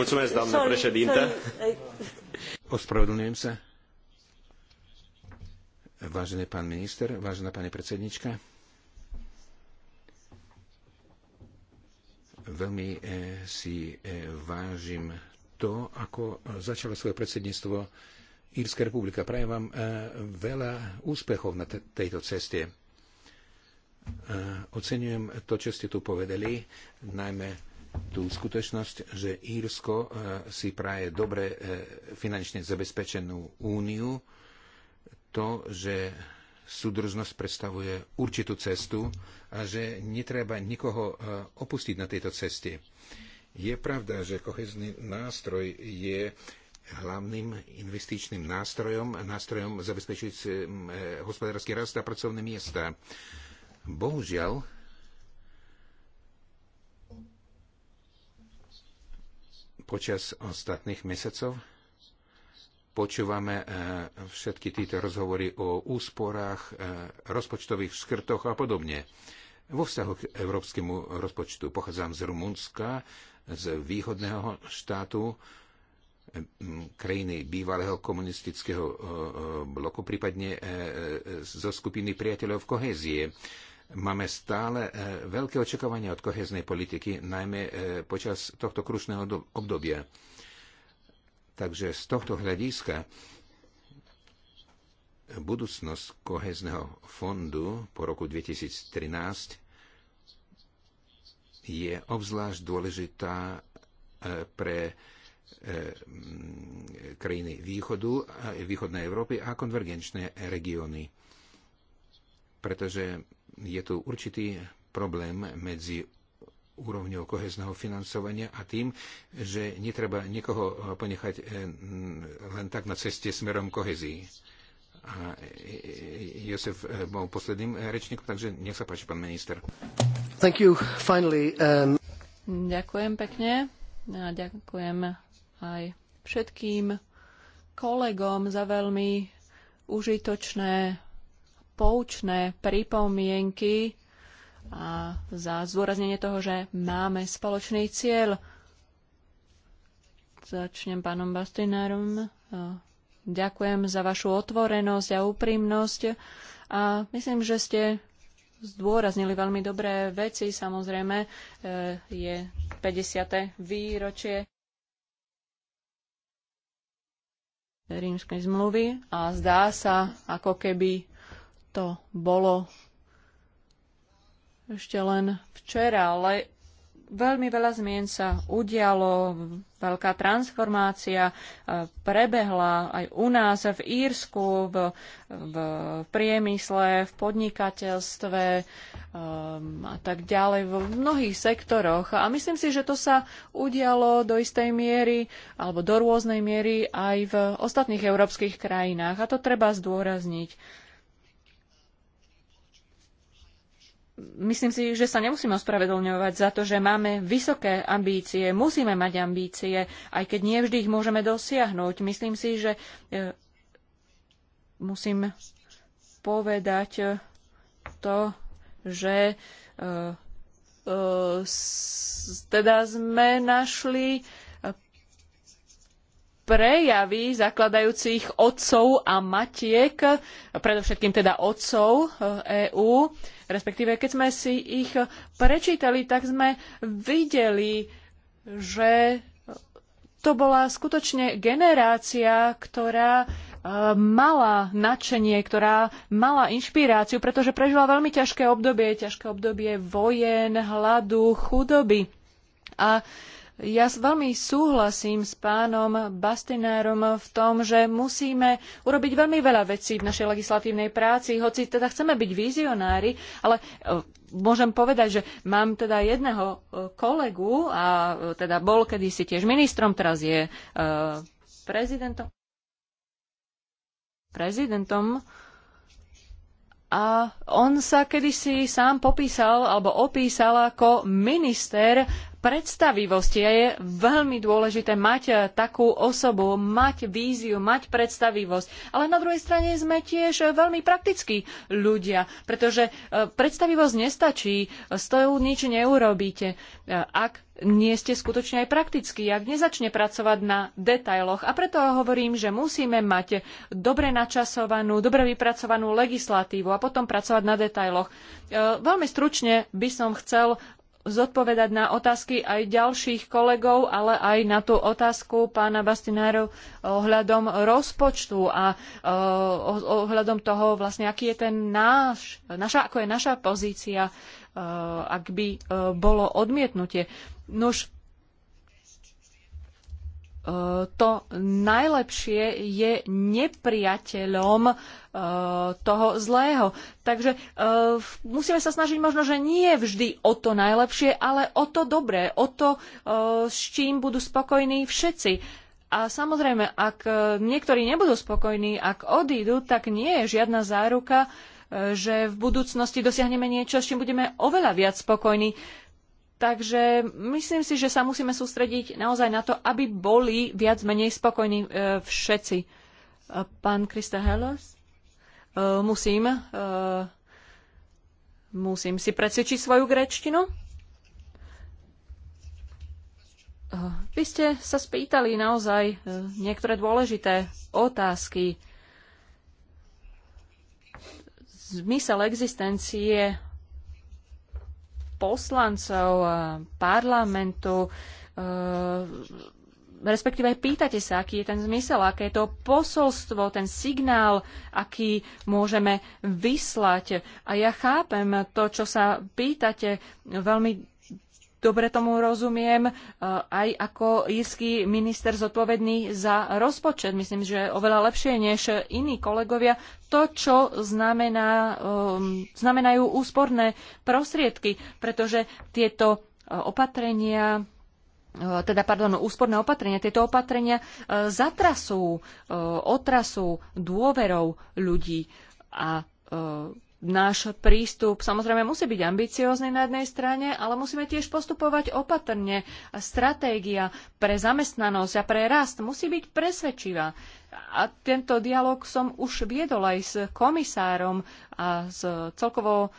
Speaker 2: Ospravedlňujem sa. Vážený pán minister, vážená pani predsedníčka veľmi e, si e, vážim to, ako začalo svoje predsedníctvo Írska republika. Prajem vám e, veľa úspechov na tejto ceste. Oceňujem to, čo ste tu povedali, najmä tú skutočnosť, že Írsko e, si praje dobre e, finančne zabezpečenú úniu, to, že súdržnosť predstavuje určitú cestu a že netreba nikoho e, opustiť na tejto ceste. Je pravda, že kohezný nástroj je hlavným investičným nástrojom, nástrojom zabezpečujúcim hospodársky rast a pracovné miesta. Bohužiaľ, Počas ostatných mesiacov počúvame e, všetky tieto rozhovory o úsporách, e, rozpočtových škrtoch a podobne. Vo vzťahu k európskemu rozpočtu pochádzam z Rumunska, z východného štátu, krajiny bývalého komunistického e, bloku, prípadne zo skupiny priateľov kohézie. Máme stále e, veľké očakávania od koheznej politiky, najmä e, počas tohto krušného obdobia. Takže z tohto hľadiska budúcnosť kohezného fondu po roku 2013 je obzvlášť dôležitá e, pre krajiny východu, východnej Európy a konvergenčné regióny. Pretože je tu určitý problém medzi úrovňou kohezného financovania a tým, že netreba niekoho eh, ponechať eh, len tak na ceste smerom kohezii. A eh, Josef bol posledným rečníkom, takže nech sa páči, pán minister.
Speaker 1: Thank
Speaker 3: you. Finally, um...
Speaker 1: Ďakujem pekne a ďakujem aj všetkým kolegom za veľmi užitočné poučné pripomienky a za zdôraznenie toho, že máme spoločný cieľ. Začnem pánom Bastinárom. E, ďakujem za vašu otvorenosť a úprimnosť a myslím, že ste zdôraznili veľmi dobré veci. Samozrejme, e, je 50. výročie rímskej zmluvy a zdá sa, ako keby to bolo ešte len včera, ale veľmi veľa zmien sa udialo, veľká transformácia e, prebehla aj u nás v Írsku, v, v priemysle, v podnikateľstve e, a tak ďalej, v mnohých sektoroch. A myslím si, že to sa udialo do istej miery alebo do rôznej miery aj v ostatných európskych krajinách. A to treba zdôrazniť myslím si, že sa nemusíme ospravedlňovať za to, že máme vysoké ambície, musíme mať ambície, aj keď nie vždy ich môžeme dosiahnuť. Myslím si, že e, musím povedať e, to, že e, s, teda sme našli prejavy zakladajúcich otcov a matiek, predovšetkým teda otcov EÚ, eh, e respektíve keď sme si ich prečítali, tak sme videli, že to bola skutočne generácia, ktorá eh, mala nadšenie, ktorá mala inšpiráciu, pretože prežila veľmi ťažké obdobie, ťažké obdobie vojen, hladu, chudoby. A uh, ja veľmi súhlasím s pánom Bastinárom v tom, že musíme urobiť veľmi veľa vecí v našej legislatívnej práci, hoci teda chceme byť vizionári, ale e, môžem povedať, že mám teda jedného e, kolegu a e, teda bol kedysi tiež ministrom, teraz je prezidentom prezidentom a on sa kedysi sám popísal alebo opísal ako minister predstavivosti. A je veľmi dôležité mať eh, takú osobu, mať víziu, mať predstavivosť. Ale na druhej strane sme tiež eh, veľmi praktickí ľudia, pretože eh, predstavivosť nestačí, s tou nič neurobíte. Ak nie ste skutočne aj praktickí, ak nezačne pracovať na detailoch. A preto hovorím, že musíme mať dobre načasovanú, dobre vypracovanú legislatívu a potom pracovať na detailoch. Veľmi stručne by som chcel zodpovedať na otázky aj ďalších kolegov, ale aj na tú otázku pána Bastinárov ohľadom rozpočtu a eh, ohľadom toho vlastne, aký je ten náš, naša, ako je naša pozícia, eh, ak by eh, bolo odmietnutie. Nož to najlepšie je nepriateľom e, toho zlého. Takže e, musíme sa snažiť možno, že nie vždy o to najlepšie, ale o to dobré, o to, e, s čím budú spokojní všetci. A samozrejme, ak niektorí nebudú spokojní, ak odídu, tak nie je žiadna záruka, že v budúcnosti dosiahneme niečo, s čím budeme oveľa viac spokojní. Takže myslím si, že sa musíme sústrediť naozaj na to, aby boli viac menej spokojní e, všetci. E, pán Krista Helos? E, musím, musím si predsvičiť svoju grečtinu. Vy ste sa spýtali naozaj niektoré dôležité otázky. Zmysel existencie poslancov eh, parlamentu, eh, respektíve pýtate sa, aký je ten zmysel, aké je to posolstvo, ten signál, aký môžeme vyslať. A ja chápem to, čo sa pýtate veľmi dobre tomu rozumiem, e, aj ako írsky minister zodpovedný za rozpočet. Myslím, že oveľa lepšie než iní kolegovia to, čo znamená, um, znamenajú úsporné prostriedky, pretože tieto e, opatrenia e, teda, pardon, úsporné opatrenia. Tieto opatrenia zatrasú, otrasú dôverou ľudí a náš prístup samozrejme musí byť ambiciózny na jednej strane, ale musíme tiež postupovať opatrne. Stratégia pre zamestnanosť a pre rast musí byť presvedčivá. A tento dialog som už viedol aj s komisárom a s celkovo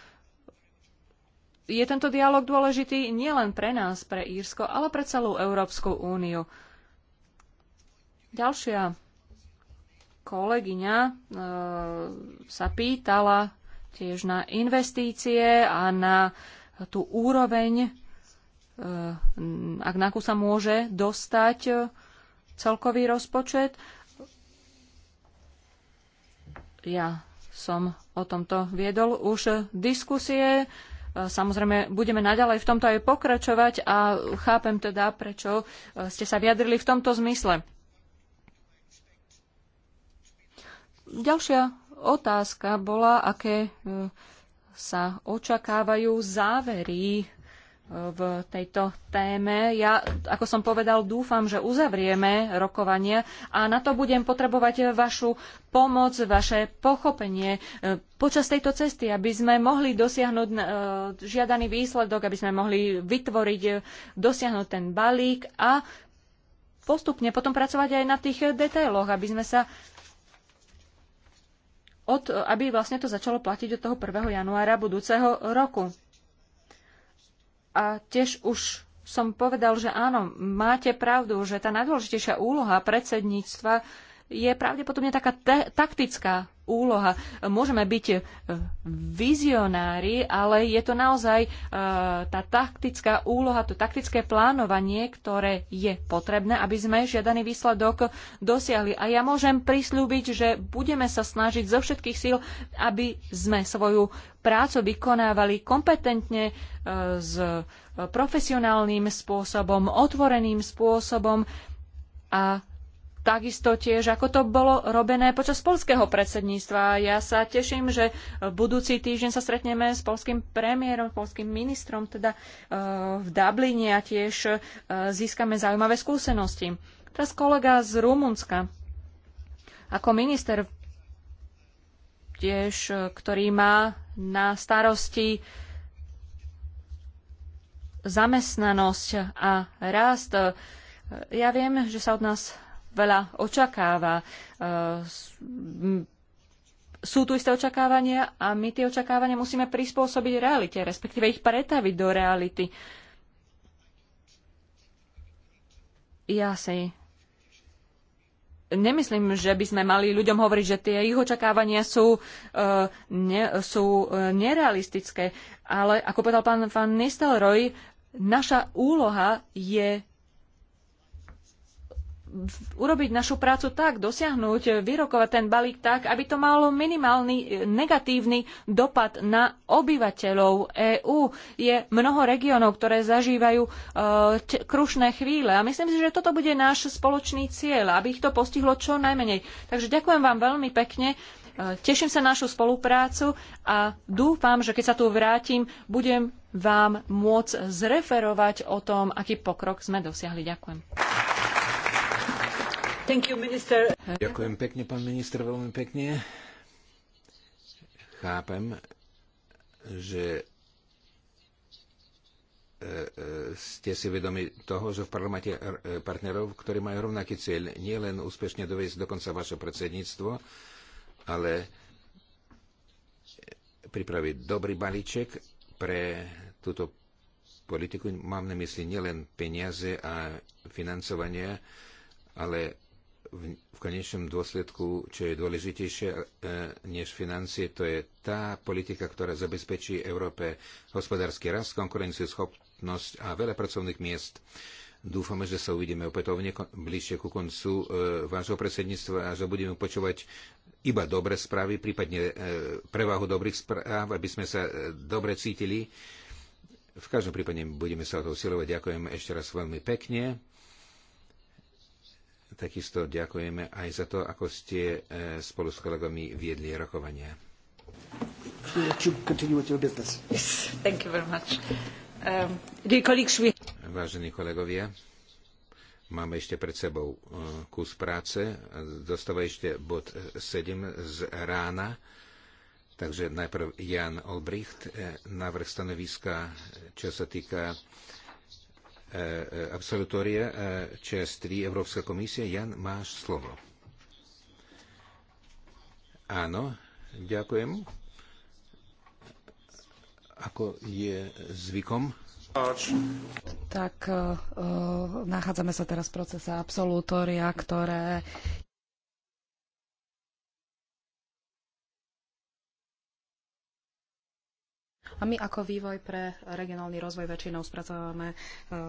Speaker 1: je tento dialog dôležitý nielen pre nás, pre Írsko, ale pre celú Európsku úniu. Ďalšia kolegyňa e, sa pýtala tiež na investície a na tú úroveň, e, ak na akú sa môže dostať e, celkový rozpočet. Ja som o tomto viedol už diskusie. E, samozrejme, budeme naďalej v tomto aj pokračovať a chápem teda, prečo ste sa vyjadrili v tomto zmysle. Ďalšia otázka bola, aké e, sa očakávajú závery e, v tejto téme. Ja, ako som povedal, dúfam, že uzavrieme rokovania a na to budem potrebovať vašu pomoc, vaše pochopenie e, počas tejto cesty, aby sme mohli dosiahnuť žiadaný výsledok, aby sme mohli vytvoriť, dosiahnuť ten balík a postupne potom pracovať aj na tých detailoch, aby sme sa od, aby vlastne to začalo platiť od toho 1. januára budúceho roku. A tiež už som povedal, že áno, máte pravdu, že tá najdôležitejšia úloha predsedníctva je pravdepodobne taká taktická úloha. Môžeme byť e, vizionári, ale je to naozaj e, tá taktická úloha, to taktické plánovanie, ktoré je potrebné, aby sme žiadaný výsledok dosiahli. A ja môžem prislúbiť, že budeme sa snažiť zo všetkých síl, aby sme svoju prácu vykonávali kompetentne, e, s profesionálnym spôsobom, otvoreným spôsobom a takisto tiež, ako to bolo robené počas polského predsedníctva. Ja sa teším, že budúci týždeň sa stretneme s polským premiérom, s polským ministrom teda e, v Dubline a tiež e, získame zaujímavé skúsenosti. Teraz kolega z Rumunska. Ako minister tiež, e, ktorý má na starosti zamestnanosť a rast. Ja viem, že sa od nás veľa očakáva. E, sú tu isté očakávania a my tie očakávania musíme prispôsobiť realite, respektíve ich pretaviť do reality. Ja si nemyslím, že by sme mali ľuďom hovoriť, že tie ich očakávania sú, uh, ne, sú uh, nerealistické. Ale ako povedal pán Van Nistelrooy, naša úloha je urobiť našu prácu tak, dosiahnuť, eh, vyrokovať ten balík tak, aby to malo minimálny eh, negatívny dopad na obyvateľov EÚ. Je mnoho regiónov, ktoré zažívajú e, krušné chvíle a myslím si, že toto bude náš spoločný cieľ, aby ich to postihlo čo najmenej. Takže ďakujem vám veľmi pekne. Teším sa na našu spoluprácu a dúfam, že keď sa tu vrátim, budem vám môcť zreferovať o tom, aký pokrok sme dosiahli. Ďakujem. Ďakujem
Speaker 2: pekne, pán minister, veľmi pekne. Chápem, že e, e, ste si vedomi toho, že v parlamente e, partnerov, ktorí majú rovnaký cieľ, nie len úspešne dovieť do konca vaše predsedníctvo, ale pripraviť dobrý balíček pre túto politiku. Mám na mysli nielen peniaze a financovanie, ale v, v konečnom dôsledku, čo je dôležitejšie e, než financie, to je tá politika, ktorá zabezpečí Európe hospodársky rast, konkurencieschopnosť a veľa pracovných miest. Dúfame, že sa uvidíme opätovne bližšie ku koncu e, vášho predsedníctva a že budeme počúvať iba dobré správy, prípadne e, prevahu dobrých správ, aby sme sa e, dobre cítili. V každom prípade budeme sa o to usilovať. Ďakujem ešte raz veľmi pekne. Takisto ďakujeme aj za to, ako ste e, spolu s kolegami viedli rokovania. Um, Vážení kolegovia, máme ešte pred sebou e, kus práce. Dostáva ešte bod 7 z rána. Takže najprv Jan Olbricht, e, návrh stanoviska, čo sa týka Eh, absolutória eh, ČS3 Európska komisia. Jan, máš slovo. Áno, ďakujem. Ako je zvykom?
Speaker 3: Tak eh, nachádzame sa teraz v procese absolutória, ktoré A my ako vývoj pre regionálny rozvoj väčšinou spracovávame e,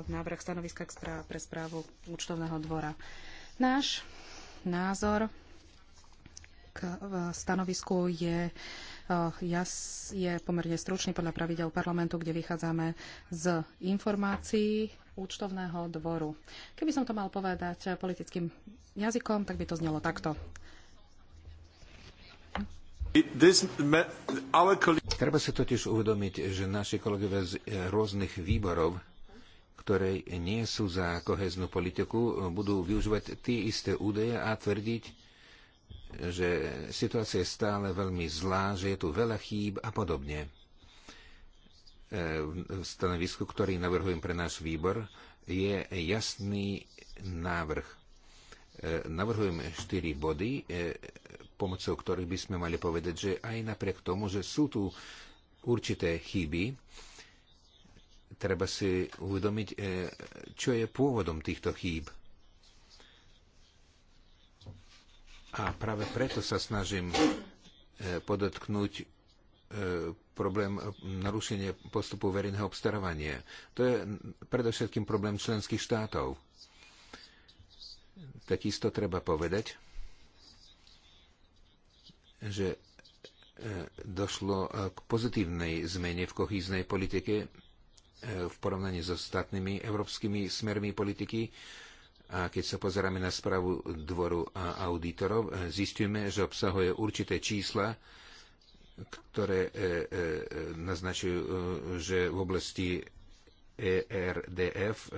Speaker 3: návrh stanoviska pre správu účtovného dvora. Náš názor k e, stanovisku je, e, je pomerne stručný podľa pravidel parlamentu, kde vychádzame z informácií účtovného dvoru. Keby som to mal povedať politickým jazykom, tak by to znelo takto.
Speaker 2: Treba si totiž uvedomiť, že naši kolegovia z e, rôznych výborov, ktoré nie sú za koheznú politiku, e, budú využívať tie isté údaje a tvrdiť, že situácia je stále veľmi zlá, že je tu veľa chýb a podobne. E, v stanovisku, ktorý navrhujem pre náš výbor, je jasný návrh. Navrhujem štyri body pomocou ktorých by sme mali povedať, že aj napriek tomu, že sú tu určité chyby, treba si uvedomiť, e, čo je pôvodom týchto chýb. A práve preto sa snažím e, podotknúť e, problém narušenia postupu verejného obstarovania. To je predovšetkým problém členských štátov. Takisto treba povedať, že e, došlo e, k pozitívnej zmene v kohíznej politike e, v porovnaní so ostatnými európskymi smermi politiky. A keď sa pozeráme na správu dvoru a auditorov, zistíme, že obsahuje určité čísla, ktoré naznačujú, že v oblasti ERDF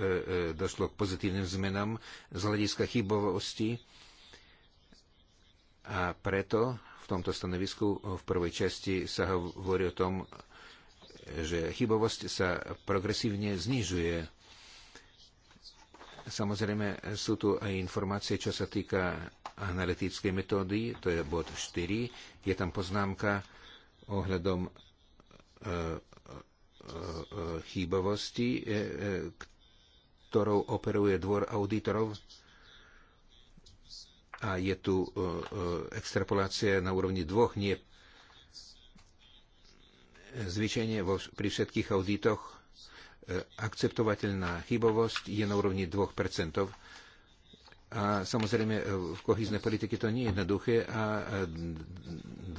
Speaker 2: došlo k pozitívnym zmenám z hľadiska chybovosti a preto v tomto stanovisku. V prvej časti sa hovorí o tom, že chybovosť sa progresívne znižuje. Samozrejme sú tu aj informácie, čo sa týka analytickej metódy, to je bod 4. Je tam poznámka ohľadom e, e, e, chýbovosti, ktorou operuje dvor auditorov a je tu e, e, extrapolácia na úrovni dvoch, nie zvyčajne vo, pri všetkých auditoch e, akceptovateľná chybovosť je na úrovni 2%. A samozrejme v kohíznej politike to nie je jednoduché a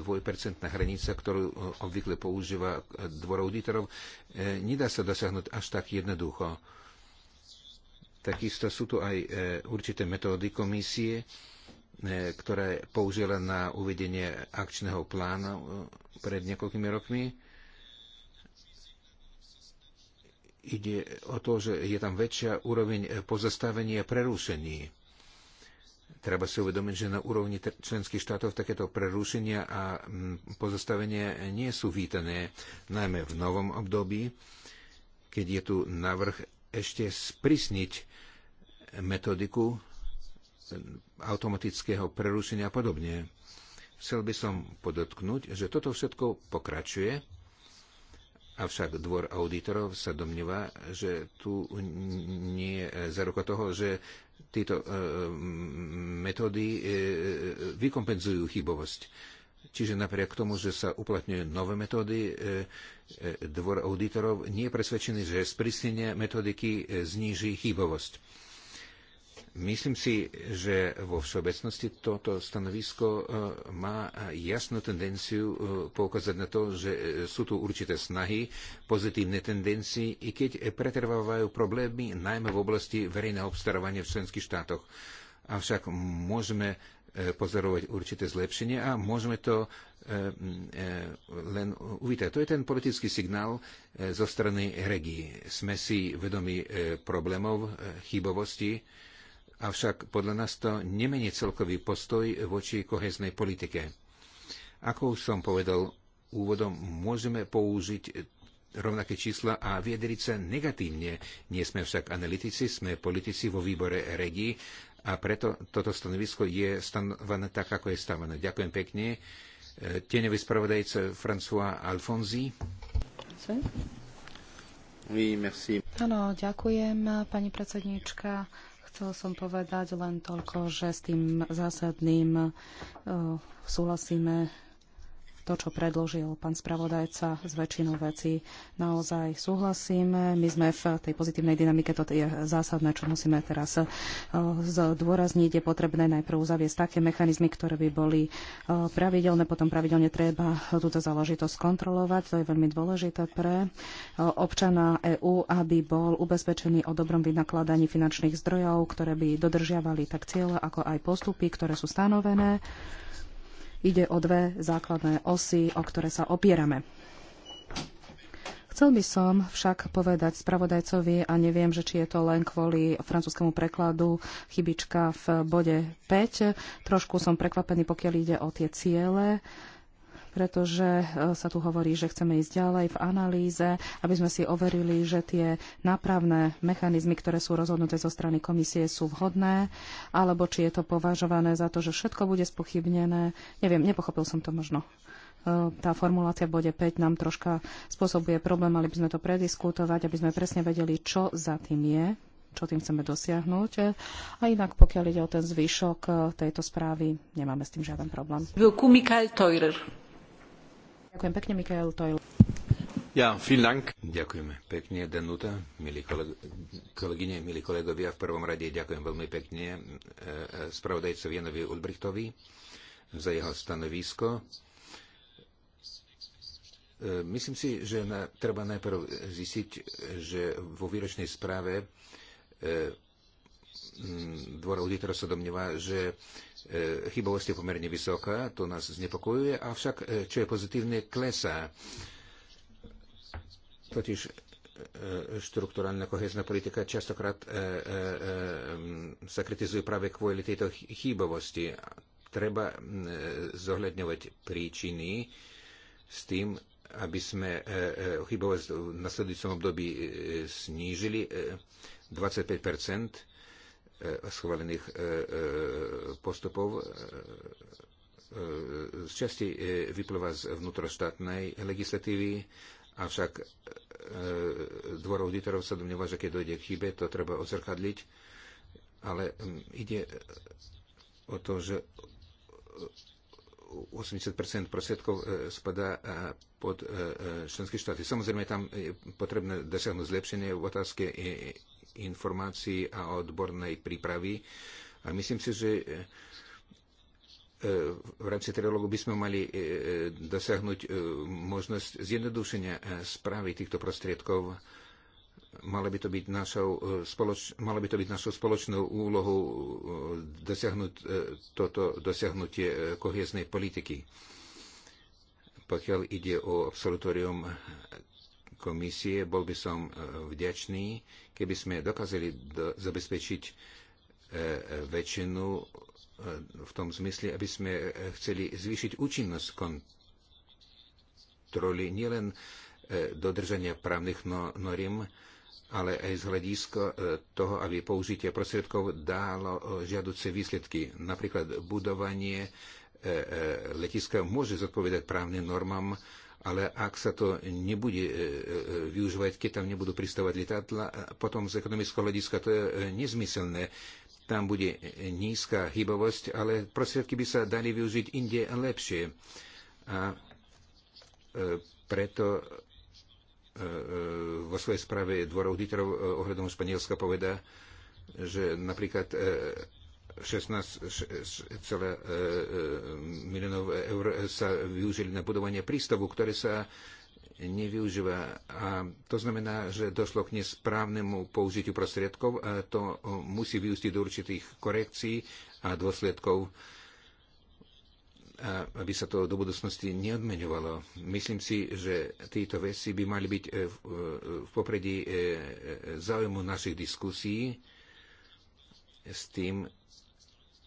Speaker 2: dvojpercentná hranica, ktorú obvykle používa dvor auditorov, nedá sa dosiahnuť až tak jednoducho. Takisto sú tu aj určité metódy komisie, E, ktoré použila na uvedenie akčného plánu e, pred niekoľkými rokmi. Ide o to, že je tam väčšia úroveň pozastavenia prerušení. Treba si uvedomiť, že na úrovni členských štátov takéto prerušenia a pozastavenie nie sú vítané, najmä v novom období, keď je tu navrh ešte sprísniť metodiku automatického prerušenia a podobne. Chcel by som podotknúť, že toto všetko pokračuje, avšak dvor auditorov sa domnieva, že tu nie je ruka toho, že tieto e, metódy e, vykompenzujú chybovosť. Čiže napriek tomu, že sa uplatňujú nové metódy, e, dvor auditorov nie je presvedčený, že sprísnenie metodiky zníži chybovosť. Myslím si, že vo všeobecnosti toto stanovisko e, má jasnú tendenciu e, poukázať na to, že e, sú tu určité snahy, pozitívne tendencie, i keď pretrvávajú problémy najmä v oblasti verejného obstarávania v členských štátoch. Avšak môžeme pozorovať určité zlepšenie a môžeme to len uvítať. To je ten politický signál zo strany regii. Sme si vedomi problémov, chybovosti, avšak podľa nás to nemení celkový postoj voči koheznej politike. Ako už som povedal úvodom, môžeme použiť rovnaké čísla a vyjadriť sa negatívne. Nie sme však analytici, sme politici vo výbore regí a preto toto stanovisko je stanovené tak, ako je stavené. Ďakujem pekne. E, Tenevý spravodajca François Alfonzi. Oui, merci.
Speaker 3: Áno, ďakujem, pani predsedníčka. Chcel som povedať len toľko, že s tým zásadným eh, súhlasíme to, čo predložil pán spravodajca s väčšinou vecí. Naozaj súhlasíme. My sme v tej pozitívnej dynamike, to je zásadné, čo musíme teraz eh, zdôrazniť. Je potrebné najprv zaviesť také mechanizmy, ktoré by boli eh, pravidelné, potom pravidelne treba túto záležitosť kontrolovať. To je veľmi dôležité pre eh, občana EÚ, aby bol ubezpečený o dobrom vynakladaní finančných zdrojov, ktoré by dodržiavali tak cieľe, ako aj postupy, ktoré sú stanovené. Ide o dve základné osy, o ktoré sa opierame. Chcel by som však povedať spravodajcovi, a neviem, že či je to len kvôli francúzskému prekladu chybička v bode 5. Trošku som prekvapený, pokiaľ ide o tie ciele. Uh, pretože e, sa tu hovorí, že chceme ísť ďalej v analýze, aby sme si overili, že tie nápravné mechanizmy, ktoré sú rozhodnuté zo strany komisie, sú vhodné, alebo či je to považované za to, že všetko bude spochybnené. Neviem, nepochopil som to možno e, tá formulácia v bode 5 nám troška spôsobuje problém, mali by sme to prediskutovať, aby sme presne vedeli, čo za tým je, čo tým chceme dosiahnuť. A inak, pokiaľ ide o ten zvyšok e, tejto správy, nemáme s tým žiaden problém. Teurer. Ďakujem pekne, Mikael Toil.
Speaker 2: Ja, vielen Dank. Ďakujeme pekne, Danuta, milí koleg- kolegyne, milí kolegovia. V prvom rade ďakujem veľmi pekne e, spravodajcovi Janovi Ulbrichtovi za jeho stanovisko. E, myslím si, že na, treba najprv zistiť, že vo výročnej správe e, dvor auditora sa domnieva, že E, chybovosť je pomerne vysoká, to nás znepokojuje, avšak, e, čo je pozitívne, klesá. Totiž e, štruktúralna kohezná politika častokrát sa kritizuje práve kvôli tejto chybovosti. Treba zohľadňovať príčiny s tým, aby sme chybovosť v nasledujúcom období snížili 25 E, schválených e, e, postupov z časti vyplýva z vnútroštátnej legislatívy, avšak dvor auditorov sa domnieva, že keď dojde k chybe, to treba odzrkadliť, ale ide o to, že 80 prostriedkov spadá pod členské štáty. Samozrejme, tam je potrebné dosiahnuť zlepšenie v otázke informácií a odbornej prípravy. A myslím si, že e, e, v rámci trilógu by sme mali e, dosiahnuť možnosť zjednodušenia správy týchto prostriedkov. Mala by to byť našou, spoloč, mala by to byť našou spoločnou úlohou dosiahnuť toto dosiahnutie koheznej politiky. Pokiaľ ide o absolutorium komisie, bol by som e, vďačný, keby sme dokázali do, zabezpečiť e, e, väčšinu v tom zmysle, aby sme chceli zvýšiť účinnosť kontroly nielen dodržania právnych no, noriem, ale aj z hľadiska toho, aby použitie prostriedkov dalo žiaduce výsledky. Napríklad budovanie letiska môže zodpovedať právnym normám, ale ak sa to nebude e, e, využívať, keď tam nebudú pristávať lietadla, potom z ekonomického hľadiska to je e, nezmyselné. Tam bude nízka chybovosť, ale prostriedky by sa dali využiť inde lepšie. A preto vo svojej správe dvora auditorov ohľadom Španielska poveda, že napríklad 16,7 miliónov eur sa využili na budovanie prístavu, ktoré sa nevyužíva. A to znamená, že došlo k nesprávnemu použitiu prostriedkov a to musí vyústiť do určitých korekcií a dôsledkov, a aby sa to do budúcnosti neodmeňovalo. Myslím si, že tieto veci by mali byť v popredí záujmu našich diskusí s tým,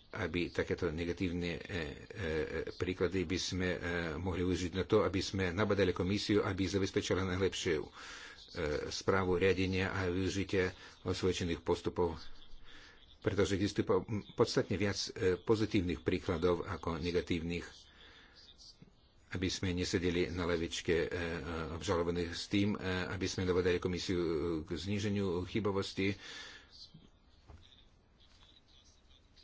Speaker 2: aby takéto negatívne e, e, e, príklady by sme mohli využiť na to, aby sme nabadali komisiu, aby zabezpečila najlepšiu správu riadenia a využitia osvojčených postupov pretože existuje podstatne viac pozitívnych príkladov ako negatívnych, aby sme nesedeli na levičke obžalovaných s tým, aby sme dovedali komisiu k zníženiu chybovosti,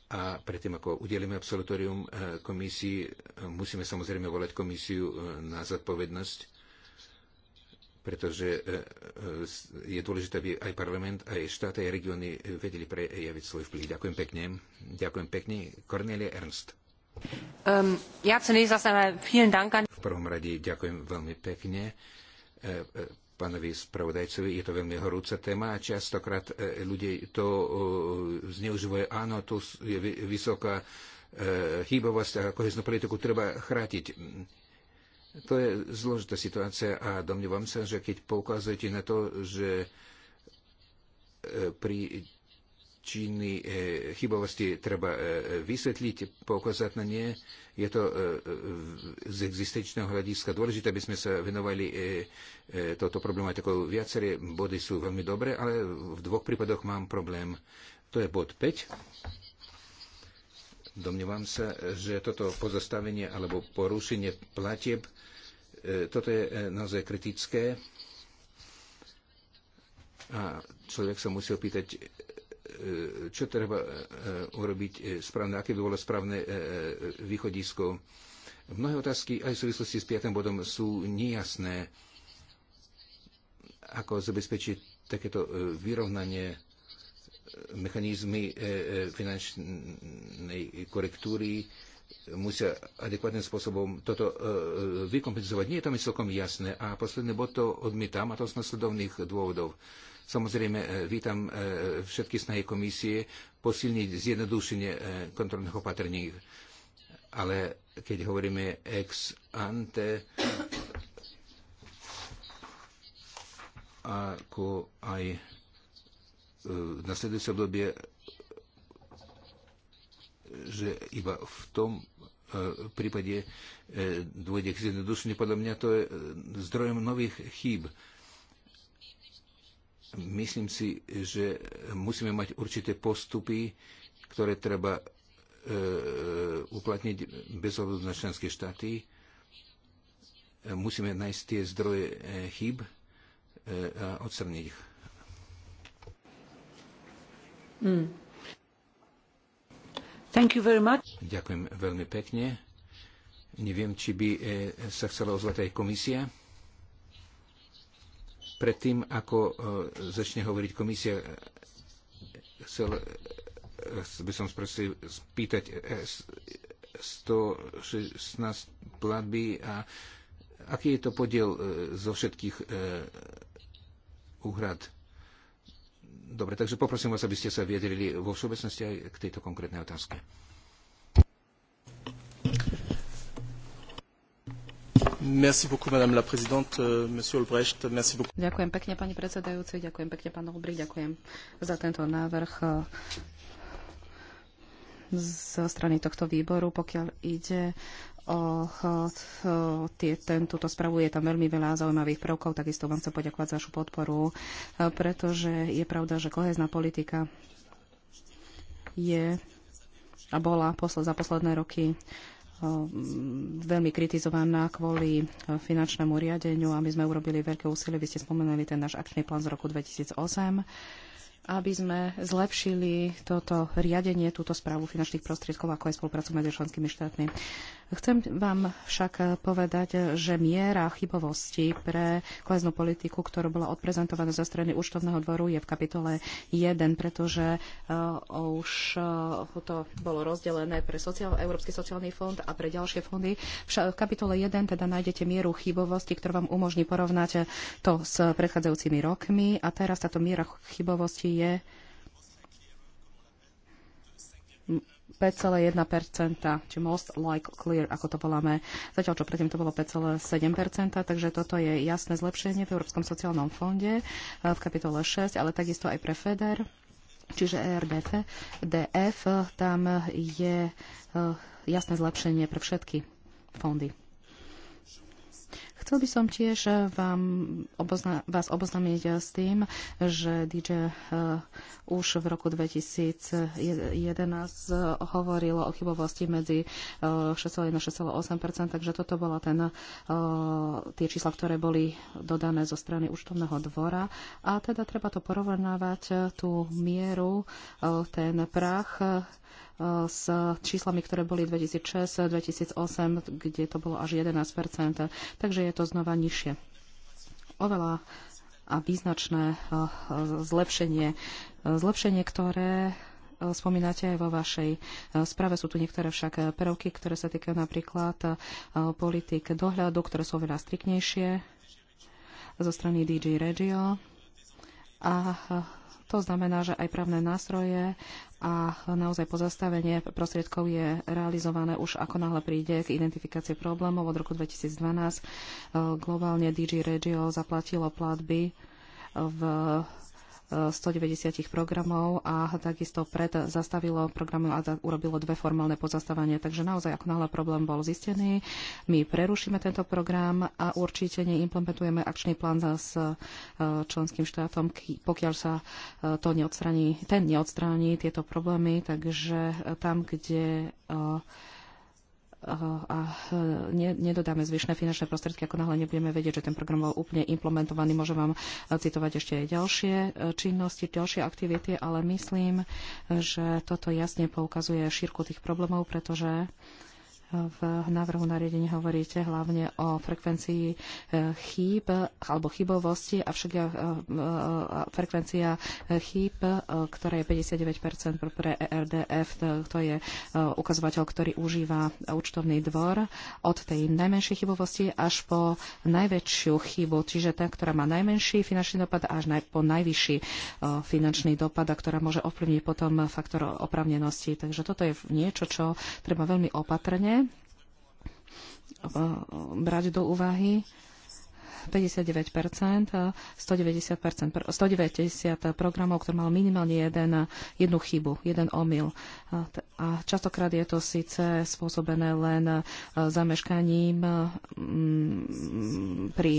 Speaker 2: a predtým, ako udelíme absolutorium eh, komisii, eh, musíme samozrejme volať komisiu eh, na zodpovednosť, pretože je dôležité, aby aj parlament, aj štát, aj regióny vedeli prejaviť svoj vplyv. Ďakujem pekne. Ďakujem pekne. Cornelia Ernst.
Speaker 1: Um, ja zunächst vielen Dank an...
Speaker 2: V prvom rade ďakujem veľmi pekne pánovi spravodajcovi. Je to veľmi horúca téma a častokrát e, ľudia to e, zneužívajú. Áno, tu je vysoká e, chybovosť a koheznú politiku treba chrátiť. To je zložitá situácia a domnívam sa, že keď poukazujete na to, že pri príčiny e, chybovosti treba e, vysvetliť, poukázať na nie. Je to e, z existenčného hľadiska dôležité, aby sme sa venovali toto problematikou. Viaceré body sú veľmi dobré, ale v dvoch prípadoch mám problém. To je bod 5. Domnievam sa, že toto pozastavenie alebo porušenie platieb, toto je naozaj kritické. A človek sa musí opýtať, E, čo treba e, e, urobiť správne, aké by bolo správne východisko. Mnohé otázky aj v súvislosti s piatým bodom sú nejasné, ako zabezpečiť takéto vyrovnanie mechanizmy finančnej korektúry musia adekvátnym spôsobom toto vykompenzovať. Nie je to mi celkom jasné. A posledný bod to odmietam, a to z nasledovných dôvodov Samozrejme, e, vítam e, všetky snahy komisie posilniť zjednodušenie e, kontrolných opatrení. Ale keď hovoríme ex ante, ako aj v nasledujúcej obdobie, že iba v tom prípade dôjde k zjednodušeniu, podľa mňa to je zdrojom nových chýb. Myslím si, že musíme mať určité postupy, ktoré treba e, uplatniť bez ohľadu na členské štáty. E, musíme nájsť tie zdroje e, chyb e, a odstraniť ich. Mm.
Speaker 1: Thank you very much.
Speaker 2: Ďakujem veľmi pekne. Neviem, či by e, sa chcela ozvať aj komisia. Predtým, ako e, začne hovoriť komisia, e, e, chcel by som sprosil spýtať 116 platby a aký je to podiel zo všetkých úhrad? Dobre, takže poprosím vás, aby ste sa viedrili vo všeobecnosti aj k tejto konkrétnej otázke. Merci beaucoup, madame la présidente, euh, monsieur Olbrecht, merci beaucoup.
Speaker 3: Ďakujem pekne, pani predsedajúci, ďakujem pekne, pán Olbrich, ďakujem za tento návrh eh, zo strany tohto výboru, pokiaľ ide o, eh, tie, ten, túto spravu. Je tam veľmi veľa zaujímavých prvkov, takisto vám chcem poďakovať za vašu podporu, eh, pretože je pravda, že kohezná politika je a bola posled, za posledné roky Eh, veľmi kritizovaná kvôli eh, finančnému riadeniu a my sme urobili veľké úsilie. Vy ste spomenuli ten náš akčný plán z roku 2008 aby sme zlepšili toto riadenie, túto správu finančných prostriedkov, ako aj spoluprácu medzi členskými štátmi. Chcem vám však povedať, že miera chybovosti pre koheznú politiku, ktorá bola odprezentovaná zo strany účtovného dvoru, je v kapitole 1, pretože uh, už uh, to bolo rozdelené pre sociál, Európsky sociálny fond a pre ďalšie fondy. Vša, v kapitole 1 teda nájdete mieru chybovosti, ktorá vám umožní porovnať to s predchádzajúcimi rokmi a teraz táto miera chybovosti je 5,1%, či most like clear, ako to voláme. Zatiaľ, čo predtým to bolo 5,7%, takže toto je jasné zlepšenie v Európskom sociálnom fonde eh, v kapitole 6, ale takisto aj pre FEDER, čiže ERDF. DF, tam je eh, jasné zlepšenie pre všetky fondy. Chcel by som tiež eh, vám obozna- vás oboznámiť eh, s tým, že DJ eh, už v roku 2011 hovorilo o chybovosti medzi 6,1 a 6,8 takže toto bola ten, tie čísla, ktoré boli dodané zo strany účtovného dvora. A teda treba to porovnávať tú mieru, ten prach s číslami, ktoré boli 2006, 2008, kde to bolo až 11 takže je to znova nižšie. Oveľa a význačné e, zlepšenie, e, zlepšenie, ktoré e, spomínate aj vo vašej správe. Sú tu niektoré však perovky, ktoré sa týkajú napríklad politik dohľadu, ktoré sú oveľa striknejšie zo strany DG Regio a to znamená, že aj právne nástroje a naozaj pozastavenie prostriedkov je realizované už ako náhle príde k identifikácii problémov. Od roku 2012 eh, globálne DG Regio zaplatilo platby v 190 programov a takisto pred zastavilo programy a urobilo dve formálne pozastavanie. Takže naozaj, ako náhle problém bol zistený, my prerušíme tento program a určite neimplementujeme akčný plán s e, členským štátom, pokiaľ sa e, to neodstraní, ten neodstraní tieto problémy, takže e, tam, kde a e, nedodáme zvyšné finančné prostriedky, ako náhle nebudeme vedieť, že ten program bol úplne implementovaný. Môžem vám e, citovať ešte aj ďalšie e, činnosti, ďalšie aktivity, ale myslím, že toto jasne poukazuje šírku tých problémov, pretože v návrhu nariadenia hovoríte hlavne o frekvencii e, chýb alebo chybovosti, avšak ja, e, e, frekvencia chýb, ktorá je 59% pre ERDF, to je ukazovateľ, ktorý užíva účtovný dvor od tej najmenšej chybovosti až po najväčšiu chybu, čiže tá, ktorá má najmenší finančný dopad až po najvyšší finančný dopad, a ktorá môže ovplyvniť potom faktor opravnenosti. Takže toto je niečo, čo treba veľmi opatrne Eh, brať do úvahy 59 190, 190 programov, ktoré mal minimálne jeden, eh, jednu chybu, jeden omyl. Eh, a častokrát je to síce spôsobené len zameškaním pri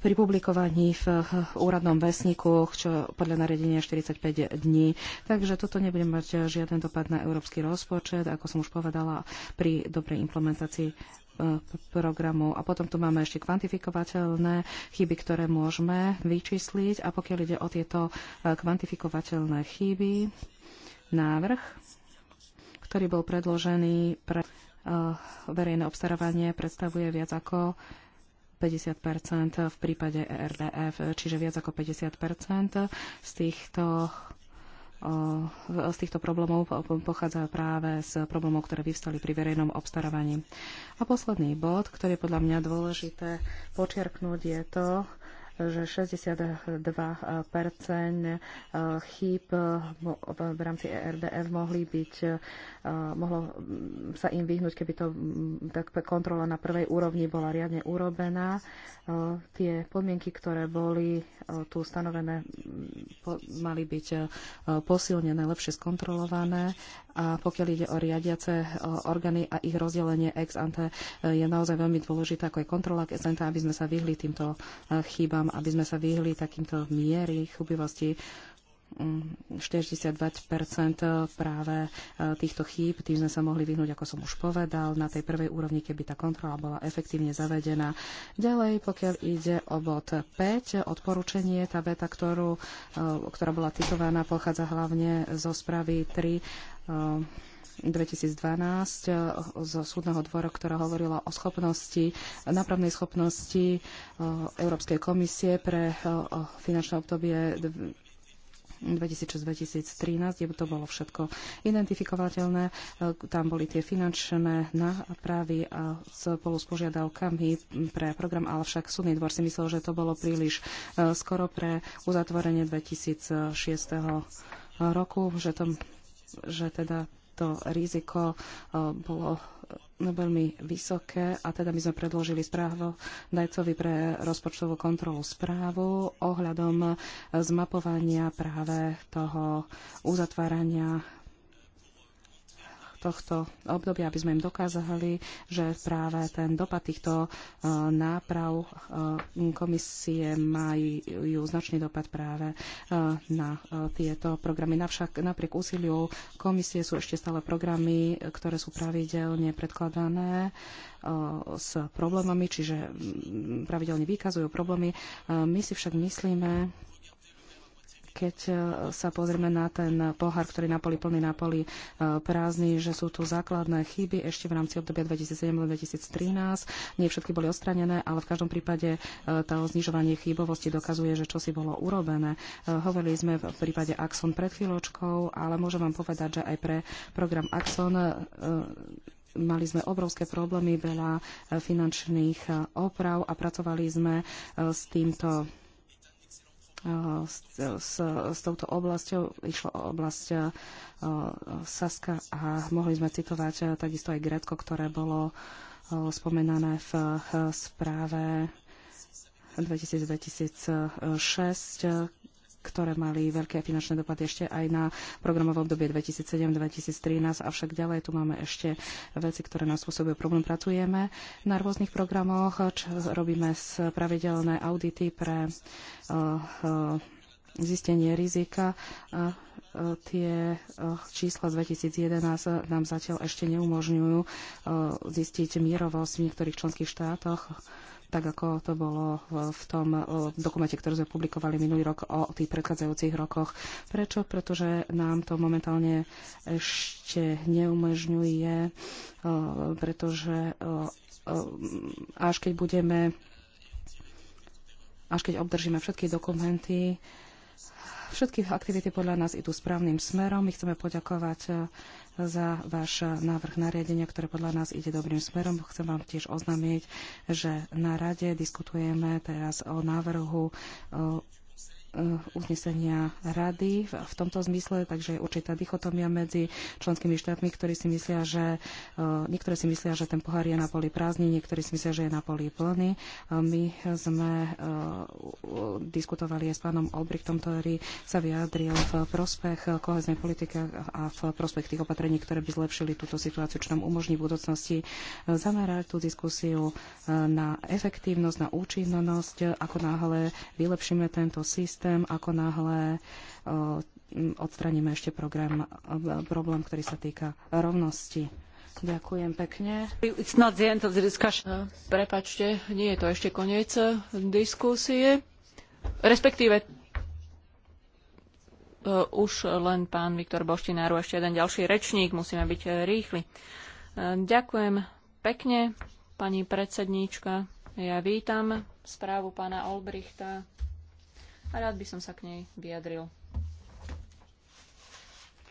Speaker 3: pri publikovaní v úradnom vesniku, čo podľa nariadenia 45 dní. Takže toto nebude mať žiaden dopad na európsky rozpočet, ako som už povedala, pri dobrej implementácii e, programu. A potom tu máme ešte kvantifikovateľné chyby, ktoré môžeme vyčísliť. A pokiaľ ide o tieto e, kvantifikovateľné chyby, návrh, ktorý bol predložený pre e, verejné obstarávanie, predstavuje viac ako 50 v prípade ERDF, čiže viac ako 50 z týchto z týchto problémov pochádza práve z problémov, ktoré vyvstali pri verejnom obstarávaní. A posledný bod, ktorý je podľa mňa dôležité počiarknúť, je to, že 62 eh, chýb eh, v rámci ERDF mohli byť, eh, mohlo mm, sa im vyhnúť, keby to mm, tak kontrola na prvej úrovni bola riadne urobená. Tie podmienky, ktoré boli tu stanovené, mm, mali byť posilnené, lepšie skontrolované a pokiaľ ide o riadiace e, orgány a ich rozdelenie ex ante, e, je naozaj veľmi dôležitá ako je kontrola ex ante, aby sme sa vyhli týmto e, chybám, aby sme sa vyhli takýmto miery chubivosti 42 práve e, týchto chýb, tým sme sa mohli vyhnúť, ako som už povedal, na tej prvej úrovni, keby tá kontrola bola efektívne zavedená. Ďalej, pokiaľ ide o bod 5, odporúčenie, tá beta, ktorú, e, ktorá bola titovaná, pochádza hlavne zo správy 3 2012 e, zo súdneho dvora, ktorá hovorila o schopnosti, nápravnej schopnosti Európskej komisie pre finančné obdobie 2006-2013, kde to bolo všetko identifikovateľné. E, tam boli tie finančné nápravy a spolu s požiadavkami pre program, ale však súdny dvor si myslel, že to bolo príliš e, skoro pre uzatvorenie 2006 roku, že, to, že teda to riziko eh, bolo eh, veľmi vysoké a teda my sme predložili správo dajcovi pre rozpočtovú kontrolu správu ohľadom eh, zmapovania práve toho uzatvárania tohto obdobia, aby sme im dokázali, že práve ten dopad týchto e, náprav e, komisie majú značný dopad práve e, na tieto programy. Navšak napriek úsiliu komisie sú ešte stále programy, ktoré sú pravidelne predkladané s problémami, čiže pravidelne vykazujú problémy. My si však myslíme, keď e, sa pozrieme na ten pohár, ktorý na poli plný, na poli e, prázdny, že sú tu základné chyby ešte v rámci obdobia 2007-2013. Nie všetky boli odstranené, ale v každom prípade e, tá znižovanie chybovosti dokazuje, že čo si bolo urobené. Hovorili sme v prípade Axon pred chvíľočkou, ale môžem vám povedať, že aj pre program Axon mali sme obrovské problémy, veľa finančných oprav a pracovali sme s týmto s, s, s touto oblasťou. Išlo o oblasť e, Saska a mohli sme citovať e, takisto aj Grécko, ktoré bolo e, spomenané v správe 2000-2006, ktoré mali veľké finančné dopady ešte aj na programové obdobie 2007-2013, avšak ďalej tu máme ešte veci, ktoré nás spôsobujú problém. Pracujeme na rôznych programoch, čo robíme pravidelné audity pre uh, uh, zistenie rizika. Uh, tie čísla z 2011 nám zatiaľ ešte neumožňujú zistiť mierovosť v niektorých členských štátoch tak ako to bolo v tom eh, dokumente, ktorý sme publikovali minulý rok o tých predchádzajúcich rokoch. Prečo? Pretože nám to momentálne ešte neumožňuje, eh, pretože eh, až keď budeme až keď obdržíme všetky dokumenty, všetky aktivity podľa nás idú správnym smerom. My chceme poďakovať za váš návrh nariadenia, ktoré podľa nás ide dobrým smerom. Chcem vám tiež oznámiť, že na rade diskutujeme teraz o návrhu Eh, uznesenia rady v, tomto zmysle, takže je určitá dichotomia medzi členskými štátmi, ktorí si myslia, že eh, niektorí si myslia, že ten pohár je na poli prázdny, niektorí si myslia, že je na poli plný. Eh, my sme diskutovali aj s pánom Olbrichtom, ktorý sa vyjadril v prospech koheznej politiky a v prospech tých opatrení, ktoré by zlepšili túto situáciu, čo nám umožní v budúcnosti zamerať tú diskusiu na efektívnosť, na účinnosť, ako náhle vylepšíme tento systém systém, ako náhle odstraníme ešte program, e, problém, ktorý sa týka rovnosti. Ďakujem pekne.
Speaker 1: No, prepačte, nie je to ešte koniec e, diskusie. Respektíve e, už len pán Viktor Boštináru, ešte jeden ďalší rečník, musíme byť rýchli. Ďakujem pekne, pani predsedníčka. Ja vítam správu pána Olbrichta a rád by som sa k nej vyjadril.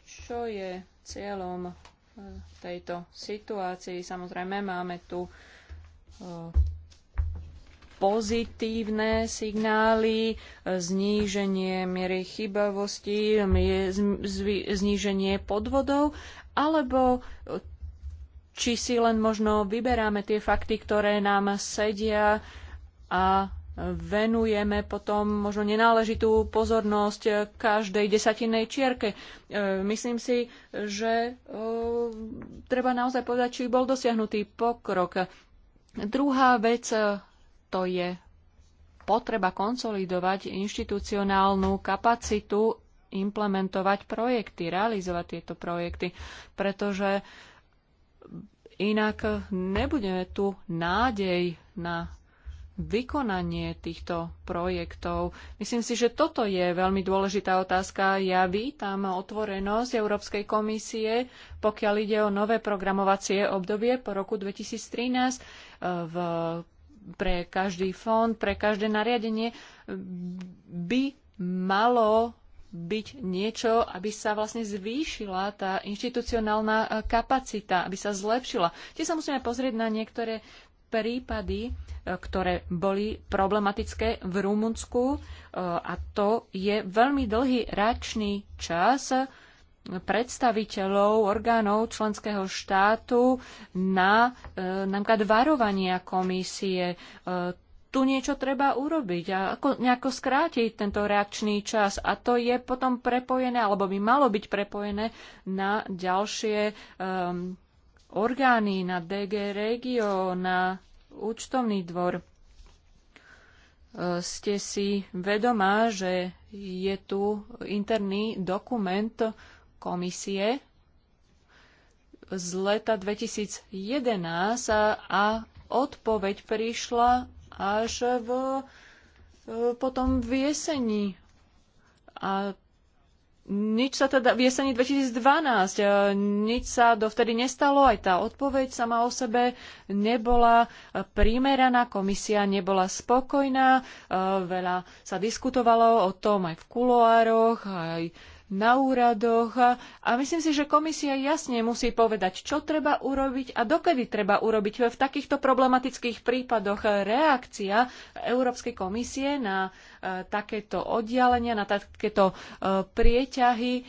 Speaker 1: Čo je cieľom e, tejto situácii? Samozrejme, máme tu e, pozitívne signály, e, zníženie miery chybavosti, zníženie podvodov, alebo či si len možno vyberáme tie fakty, ktoré nám sedia a venujeme potom možno nenáležitú pozornosť každej desatinnej čierke. E, myslím si, že e, treba naozaj povedať, či bol dosiahnutý pokrok. Druhá vec e, to je potreba konsolidovať inštitucionálnu kapacitu implementovať projekty, realizovať tieto projekty, pretože inak nebudeme tu nádej na vykonanie týchto projektov. Myslím si, že toto je veľmi dôležitá otázka. Ja vítam otvorenosť Európskej komisie, pokiaľ ide o nové programovacie obdobie po roku 2013 v, pre každý fond, pre každé nariadenie by malo byť niečo, aby sa vlastne zvýšila tá inštitucionálna kapacita, aby sa zlepšila. Tie sa musíme pozrieť na niektoré prípady, e, ktoré boli problematické v Rumunsku e, a to je veľmi dlhý račný čas predstaviteľov orgánov členského štátu na e, napríklad varovania komisie. Tu niečo treba urobiť a ako, nejako skrátiť tento reakčný čas a to je potom prepojené, alebo by malo byť prepojené na ďalšie um, orgány, na DG Regio, na účtovný dvor. E, ste si vedomá, že je tu interný dokument komisie z leta 2011 a, a odpoveď prišla až v, e, potom v jeseni. A nič sa teda v jeseni 2012, e, nič sa dovtedy nestalo, aj tá odpoveď sama o sebe nebola primeraná, komisia nebola spokojná, e, veľa sa diskutovalo o tom aj v kuloároch, aj na úradoch a myslím si, že komisia jasne musí povedať, čo treba urobiť a dokedy treba urobiť. V takýchto problematických prípadoch reakcia Európskej komisie na e, takéto oddialenia, na takéto e, prieťahy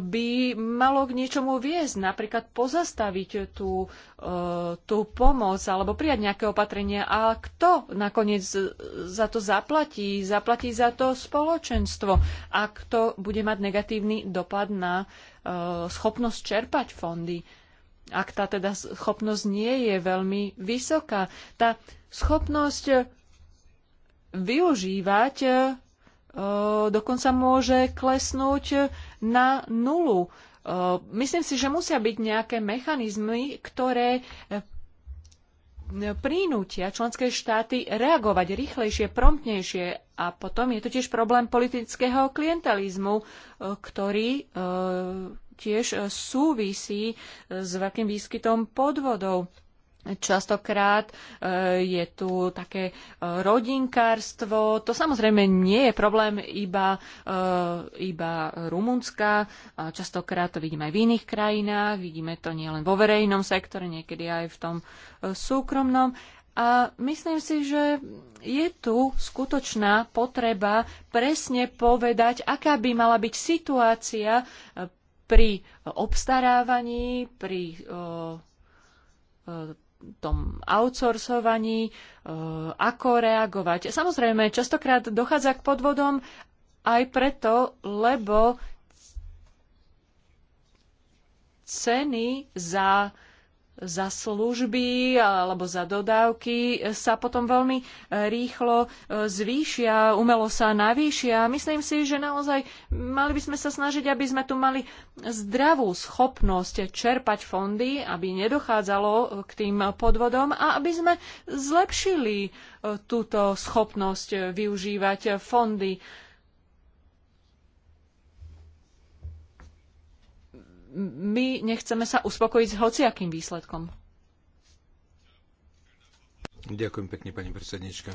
Speaker 1: by malo k niečomu viesť, napríklad pozastaviť tú, eh, tú pomoc alebo prijať nejaké opatrenia. A kto nakoniec za to zaplatí? Zaplatí za to spoločenstvo. A kto bude mať negatívny dopad na eh, schopnosť čerpať fondy? Ak tá teda schopnosť nie je veľmi vysoká, tá schopnosť využívať eh, dokonca môže klesnúť na nulu. E, myslím si, že musia byť nejaké mechanizmy, ktoré e, prinútia členské štáty reagovať rýchlejšie, promptnejšie. A potom je to tiež problém politického klientalizmu, e, ktorý tiež súvisí s veľkým výskytom podvodov. Častokrát eh, je tu také eh, rodinkárstvo. To samozrejme nie je problém iba, eh, iba Rumunska. Častokrát to vidíme aj v iných krajinách. Vidíme to nielen vo verejnom sektore, niekedy aj v tom súkromnom. A myslím si, že je tu skutočná potreba presne povedať, aká by mala byť situácia pri obstarávaní, pri tom outsourcovaní, e, ako reagovať. Samozrejme, častokrát dochádza k podvodom aj preto, lebo ceny za za služby alebo za dodávky sa potom veľmi e, rýchlo e, zvýšia, umelo sa navýšia. Myslím si, že naozaj mali by sme sa snažiť, aby sme tu mali zdravú schopnosť čerpať fondy, aby nedochádzalo e, k tým podvodom a aby sme zlepšili túto schopnosť využívať fondy my nechceme sa uspokojiť s hociakým výsledkom.
Speaker 2: Ďakujem pekne, pani predsednička.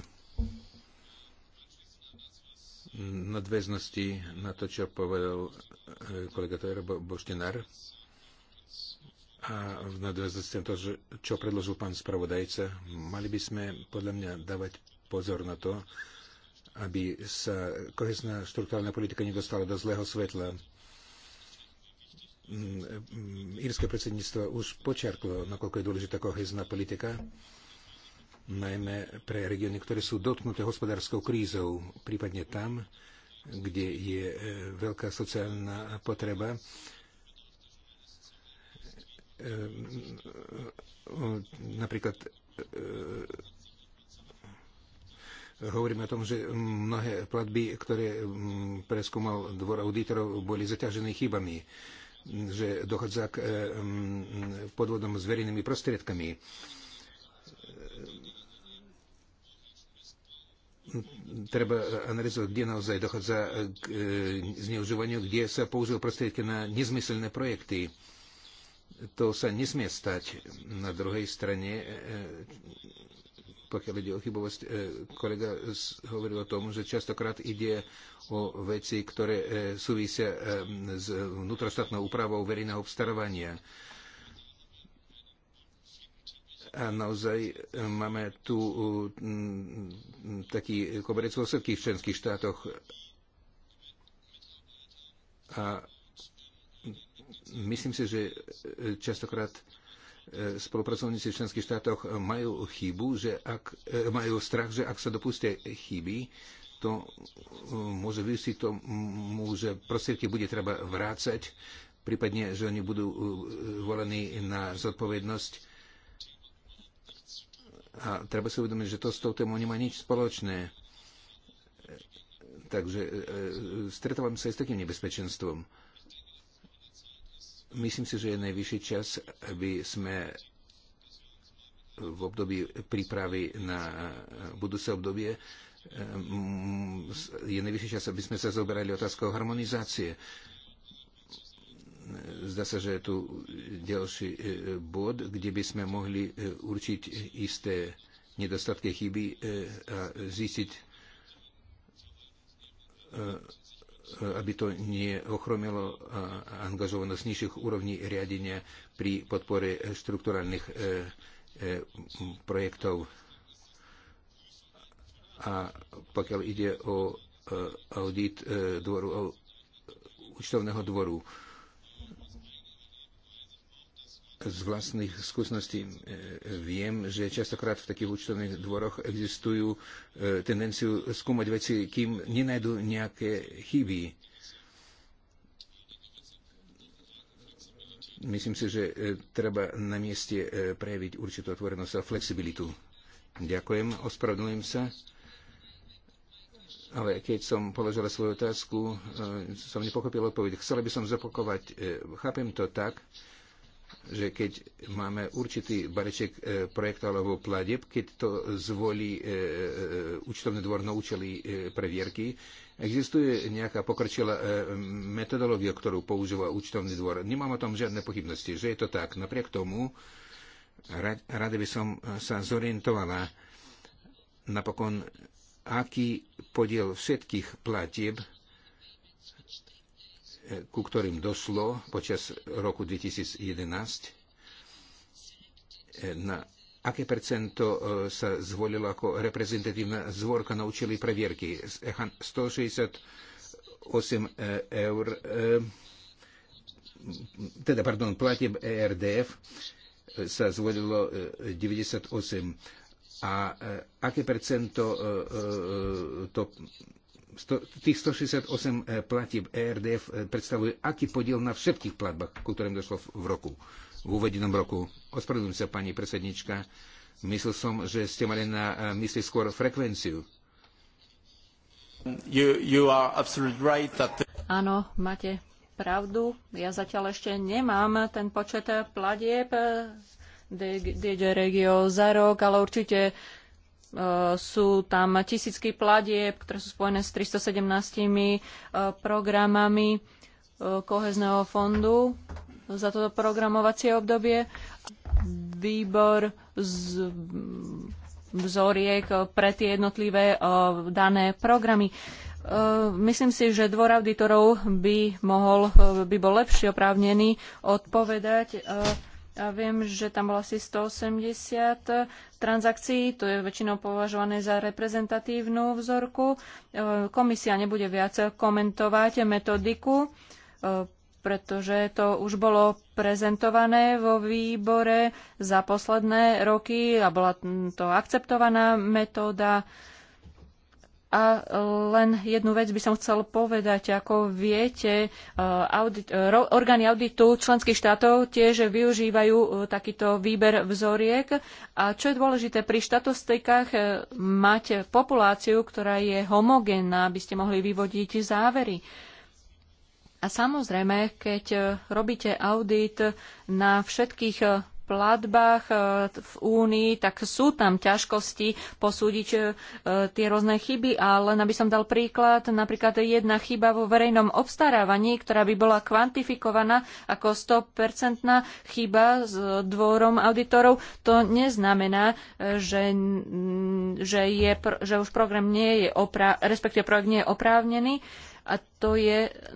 Speaker 2: Nadväznosti na to, čo povedal eh, kolega Tojera Boštinár a v nadväznosti na to, čo predložil pán spravodajca, mali by sme podľa mňa dávať pozor na to, aby sa kohesná štruktúrálna politika nedostala do zlého svetla Mm, mm, írske predsedníctvo už počiarklo, nakoľko je dôležitá kohezná politika, najmä pre regióny, ktoré sú dotknuté hospodárskou krízou, prípadne tam, kde je e, veľká sociálna potreba. E, mm, napríklad e, hovoríme o tom, že mnohé platby, ktoré preskúmal dvor auditorov, boli zaťažené chybami že dochádza k eh, mm, podvodom s verejnými prostriedkami. Treba analyzovať, kde naozaj dochádza k eh, zneužívaniu, kde sa použil prostriedky na nezmyselné projekty. To sa nesmie stať. Na druhej strane eh, pokiaľ ide o chybovosť, e, kolega hovoril o tom, že častokrát ide o veci, ktoré e, súvisia e, s vnútroštátnou úpravou verejného obstarávania. A naozaj máme tu taký koberec vo všetkých členských štátoch. A myslím si, že častokrát E, spolupracovníci v členských štátoch majú chybu, že ak, e, majú strach, že ak sa dopustia chyby, to e, môže vyústiť tomu, že prostriedky bude treba vrácať, prípadne, že oni budú volení na zodpovednosť. A treba si uvedomiť, že to s tou témou nemá nič spoločné. Takže stretávam sa aj s takým nebezpečenstvom Myslím si, že je najvyšší čas, aby sme v období prípravy na budúce obdobie eh, je najvyšší čas, aby sme sa zoberali otázkou harmonizácie. Zdá sa, že je tu ďalší eh, bod, kde by sme mohli eh, určiť isté nedostatky chyby a zistiť E, aby to neochromilo angažovanosť nižších úrovní riadenia pri podpore štrukturálnych e, e, projektov. A pokiaľ ide o audit dvoru, účtovného dvoru, z vlastných skúseností e, viem, že častokrát v takých účtovných dvoroch existujú e, tendenciu skúmať veci, kým nenajdu nejaké chyby. Myslím si, že e, treba na mieste prejaviť určitú otvorenosť a flexibilitu. Ďakujem, ospravedlňujem sa. Ale keď som položila svoju otázku, som nepochopil odpoveď. Chcela by som zopakovať, chápem to tak, že keď máme určitý bareček e, projektov alebo pladeb, keď to zvolí e, e, účtovný dvor na účely previerky, existuje nejaká pokročilá metodológia, ktorú používa účtovný dvor. Nemám o tom žiadne pochybnosti, že je to tak. Napriek tomu, rada by som sa zorientovala napokon, aký podiel všetkých platieb E, ku ktorým došlo počas roku 2011, e, na aké percento e, sa zvolilo ako reprezentatívna zvorka na účely previerky. 168 eur, teda, pardon, platieb ERDF sa zvolilo 98 a aké percento to tých 168 e, platieb ERDF e, predstavuje aký podiel na všetkých platbách, ku ktorým došlo v roku, v uvedenom roku. Ospravedlňujem sa, pani predsednička. Myslel som, že ste mali na e, mysli skôr frekvenciu. You, you right that...
Speaker 1: Áno, máte pravdu. Ja zatiaľ ešte nemám ten počet platieb DG Regio za rok, ale určite sú tam tisícky platieb, ktoré sú spojené s 317 e, programami e, kohezného fondu za toto programovacie obdobie. Výbor z vzoriek pre tie jednotlivé e, dané programy. Myslím si, že dvor auditorov by, mohol, by bol lepšie oprávnený odpovedať a viem, že tam bolo asi 180 transakcií, to je väčšinou považované za reprezentatívnu vzorku. E, komisia nebude viac komentovať metodiku, e, pretože to už bolo prezentované vo výbore za posledné roky a bola to akceptovaná metóda a e, len jednu vec by som chcel povedať. Ako viete, e, audit, e, orgány auditu členských štátov tiež využívajú takýto výber vzoriek. A čo je dôležité, pri štatostikách máte populáciu, ktorá je homogénna, aby ste mohli vyvodiť závery. A samozrejme, keď robíte audit na všetkých platbách e, v Únii, tak sú tam ťažkosti posúdiť e, tie rôzne chyby, ale aby som dal príklad, napríklad jedna chyba vo verejnom obstarávaní, ktorá by bola kvantifikovaná ako 100% chyba s dvorom auditorov, to neznamená, e, že, že, je, že už program nie je opra- respektíve projekt nie je oprávnený, a to je 0,5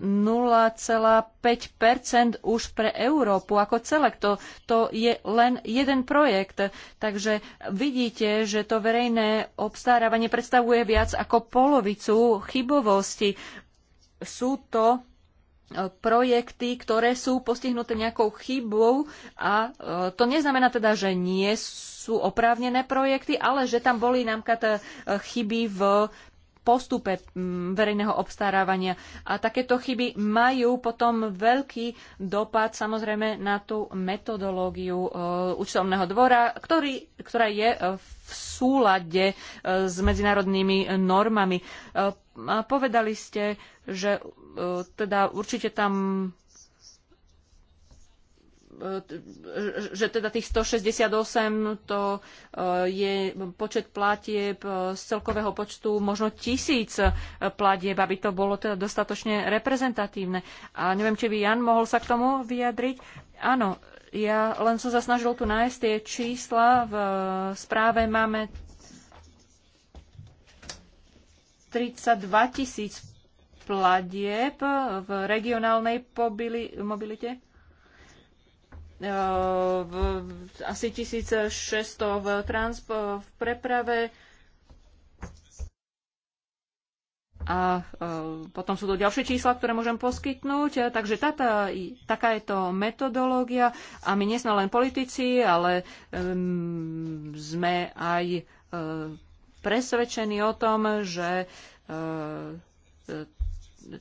Speaker 1: už pre Európu ako celek. To, to je len jeden projekt. Takže vidíte, že to verejné obstarávanie predstavuje viac ako polovicu chybovosti. Sú to e, projekty, ktoré sú postihnuté nejakou chybou a e, to neznamená teda, že nie sú oprávnené projekty, ale že tam boli nám e, chyby v postupe mm, verejného obstarávania. A takéto chyby majú potom veľký dopad samozrejme na tú metodológiu e, účtovného dvora, ktorý, ktorá je e, v súlade e, s medzinárodnými normami. A povedali ste, že teda určite tam E, že teda tých 168 to e, je počet platieb e, z celkového počtu možno tisíc platieb, aby to bolo teda dostatočne reprezentatívne. A neviem, či by Jan mohol sa k tomu vyjadriť. Áno, ja len som sa snažil tu nájsť tie čísla. V správe máme 32 tisíc platieb v regionálnej mobilite Ehm, asi 1600 v, transpo, v preprave a ehm, potom sú to ďalšie čísla, ktoré môžem poskytnúť. E, takže táta, taká je to metodológia a my nie sme len politici, ale um, sme aj um, presvedčení o tom, že um,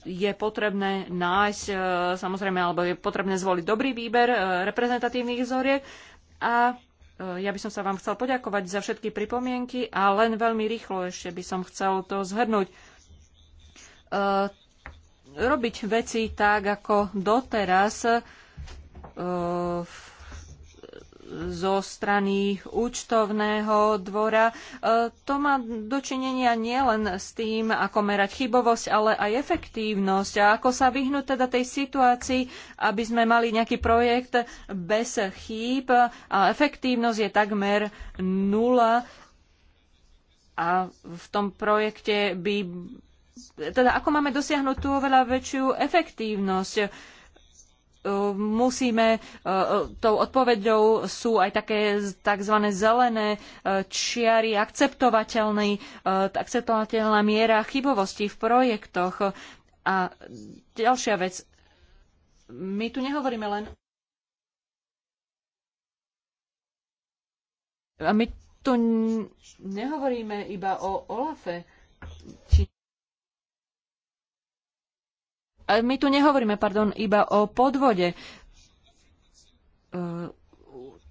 Speaker 1: je potrebné nájsť, e, samozrejme, alebo je potrebné zvoliť dobrý výber e, reprezentatívnych vzoriek. A e, ja by som sa vám chcel poďakovať za všetky pripomienky a len veľmi rýchlo ešte by som chcel to zhrnúť. Robiť veci tak, ako doteraz v zo strany účtovného dvora. E, to má dočinenia nielen s tým, ako merať chybovosť, ale aj efektívnosť a ako sa vyhnúť teda tej situácii, aby sme mali nejaký projekt bez chýb a efektívnosť je takmer nula a v tom projekte by teda ako máme dosiahnuť tú oveľa väčšiu efektívnosť E, musíme, e, e, tou odpoveďou sú aj také tzv. zelené čiary, akceptovateľná miera chybovosti v projektoch. A ďalšia vec, my tu nehovoríme len. A my tu nehovoríme iba o Olafe. Či my tu nehovoríme, pardon, iba o podvode. E,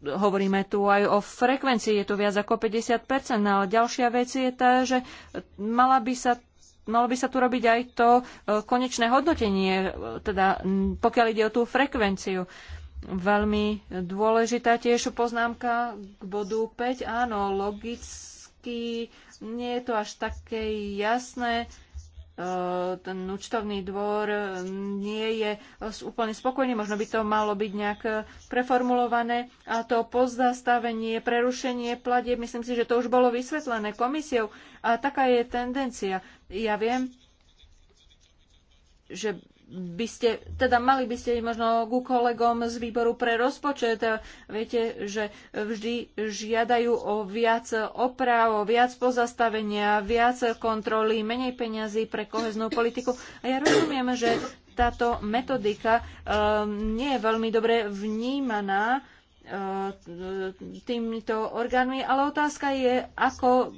Speaker 1: hovoríme tu aj o frekvencii, je to viac ako 50%, no, ale ďalšia vec je tá, že mala by sa Malo by sa tu robiť aj to e, konečné hodnotenie, e, teda pokiaľ ide o tú frekvenciu. Veľmi dôležitá tiež poznámka k bodu 5. Áno, logicky nie je to až také jasné Eh, ten účtovný dvor mm, nie je úplne spokojný, možno by to malo byť nejak eh, preformulované a to pozastavenie, prerušenie platieb, myslím si, že to už bolo vysvetlené komisiou a taká je tendencia. Ja viem, že by ste, teda mali by ste ísť možno ku kolegom z výboru pre rozpočet. Viete, že vždy žiadajú o viac oprav, o viac pozastavenia, viac kontroly, menej peňazí pre koheznú politiku. A ja rozumiem, že táto metodika um, nie je veľmi dobre vnímaná E, týmito orgánmi, ale otázka je, ako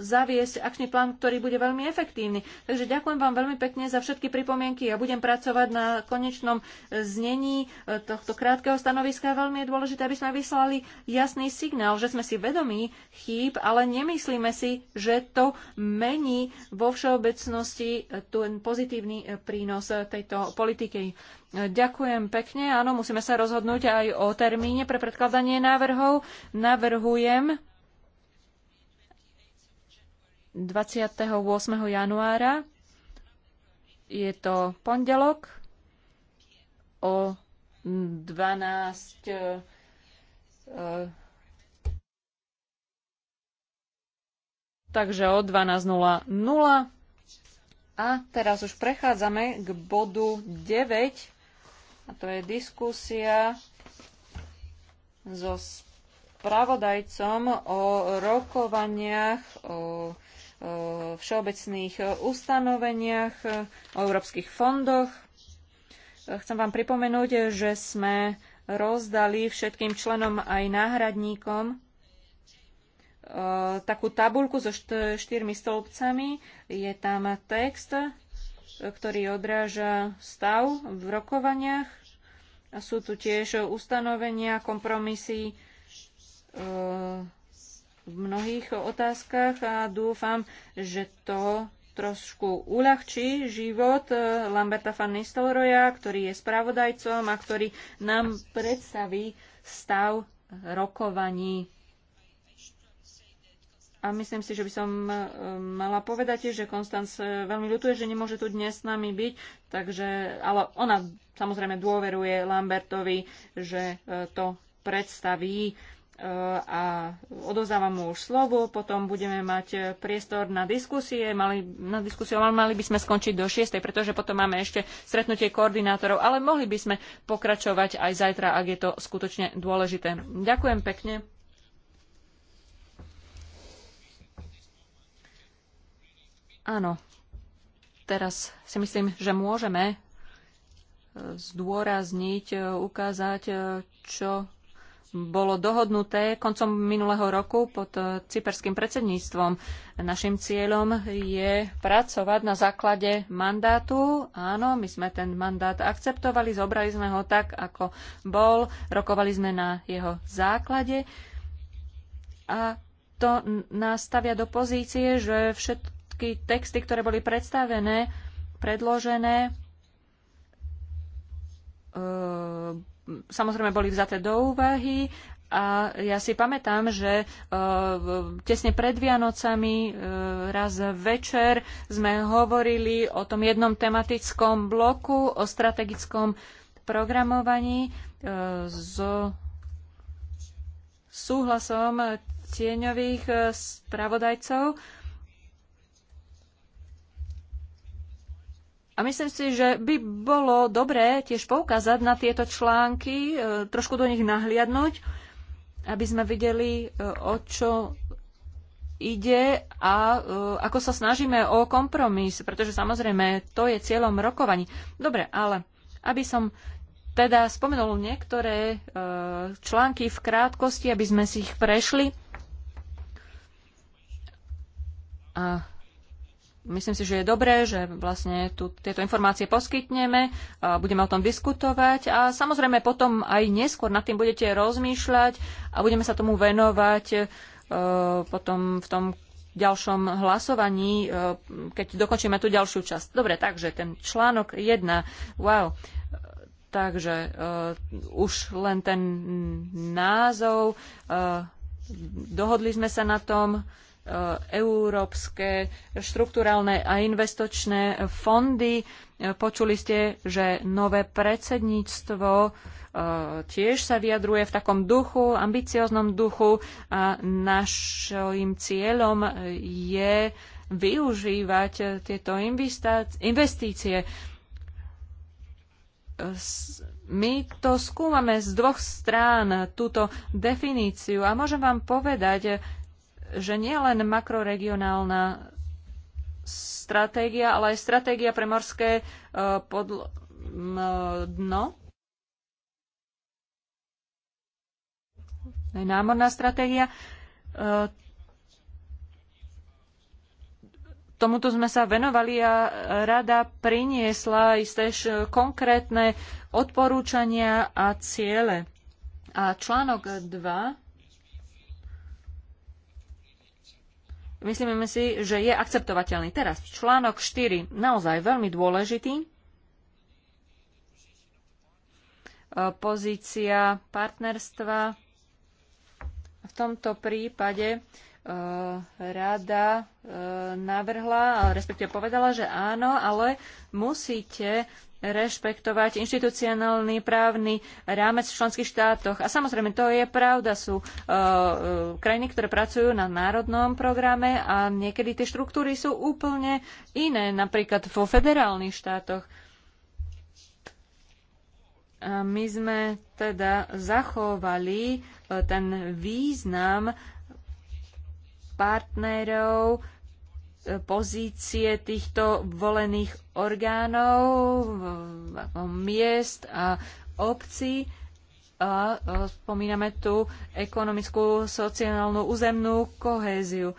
Speaker 1: zaviesť akčný plán, ktorý bude veľmi efektívny. Takže ďakujem vám veľmi pekne za všetky pripomienky. Ja budem pracovať na konečnom znení e, tohto krátkeho stanoviska. Veľmi je dôležité, aby sme vyslali jasný signál, že sme si vedomí chýb, ale nemyslíme si, že to mení vo všeobecnosti ten pozitívny prínos tejto politiky. Ďakujem pekne. Áno, musíme sa rozhodnúť aj o termíne pre predkladanie návrhov. Navrhujem 28. januára. Je to pondelok o 12. E, takže o 12.00. A teraz už prechádzame k bodu 9 a to je diskusia so spravodajcom o rokovaniach, o, všeobecných ustanoveniach, o európskych fondoch. Chcem vám pripomenúť, že sme rozdali všetkým členom aj náhradníkom e, takú tabulku so štyrmi stĺpcami. Je tam text, ktorý odráža stav v rokovaniach. A sú tu tiež ustanovenia, kompromisy e, v mnohých otázkach a dúfam, že to trošku uľahčí život e, Lamberta van Nistelroja, ktorý je spravodajcom a ktorý nám predstaví stav rokovaní a myslím si, že by som e, mala povedať, že Konstanc e, veľmi ľutuje, že nemôže tu dnes s nami byť, takže, ale ona samozrejme dôveruje Lambertovi, že e, to predstaví a odovzávam mu už slovo, potom budeme mať priestor na diskusie, mali, na diskusiu, ale mali by sme skončiť do 6, pretože potom máme ešte stretnutie koordinátorov, ale mohli by sme pokračovať aj zajtra, ak je to skutočne dôležité. Ďakujem pekne. Áno, teraz si myslím, že môžeme e, zdôrazniť, e, ukázať, e, čo bolo dohodnuté koncom minulého roku pod cyperským predsedníctvom. Našim cieľom je pracovať na základe mandátu. Áno, my sme ten mandát akceptovali, zobrali sme ho tak, ako bol, rokovali sme na jeho základe a to nás stavia do pozície, že všetko všetky texty, ktoré boli predstavené, predložené, e, samozrejme boli vzaté do úvahy a ja si pamätám, že e, tesne pred Vianocami e, raz večer sme hovorili o tom jednom tematickom bloku, o strategickom programovaní so súhlasom tieňových spravodajcov. A myslím si, že by bolo dobré tiež poukázať na tieto články, e, trošku do nich nahliadnúť, aby sme videli, e, o čo ide a e, ako sa snažíme o kompromis, pretože samozrejme to je cieľom rokovaní. Dobre, ale aby som teda spomenul niektoré články v krátkosti, aby sme si ich prešli. A myslím si, že je dobré, že vlastne tu, tieto informácie poskytneme, a budeme o tom diskutovať a samozrejme potom aj neskôr nad tým budete rozmýšľať a budeme sa tomu venovať e, potom v tom ďalšom hlasovaní, e, keď dokončíme tú ďalšiu časť. Dobre, takže ten článok 1, wow, takže e, už len ten názov, e, dohodli sme sa na tom, E, európske štrukturálne a investočné fondy. E, počuli ste, že nové predsedníctvo e, tiež sa vyjadruje v takom duchu, ambicioznom duchu a našim cieľom je využívať tieto investície. My to skúmame z dvoch strán, túto definíciu a môžem vám povedať, že nie len makroregionálna stratégia, ale aj stratégia pre morské e, podl- e, dno námorná stratégia. E, tomuto sme sa venovali a rada priniesla isté konkrétne odporúčania a ciele. A článok 2 myslíme si, že je akceptovateľný. Teraz článok 4, naozaj veľmi dôležitý. E, pozícia partnerstva. V tomto prípade Eh, rada eh, navrhla, respektíve povedala, že áno, ale musíte rešpektovať inštitucionálny právny rámec v členských štátoch. A samozrejme, to je pravda. Sú uh, krajiny, ktoré pracujú na národnom programe a niekedy tie štruktúry sú úplne iné, napríklad vo federálnych štátoch. A my sme teda zachovali ten význam partnerov, e, pozície týchto volených orgánov, miest a obcí. A e, spomíname tu ekonomickú, sociálnu, územnú kohéziu.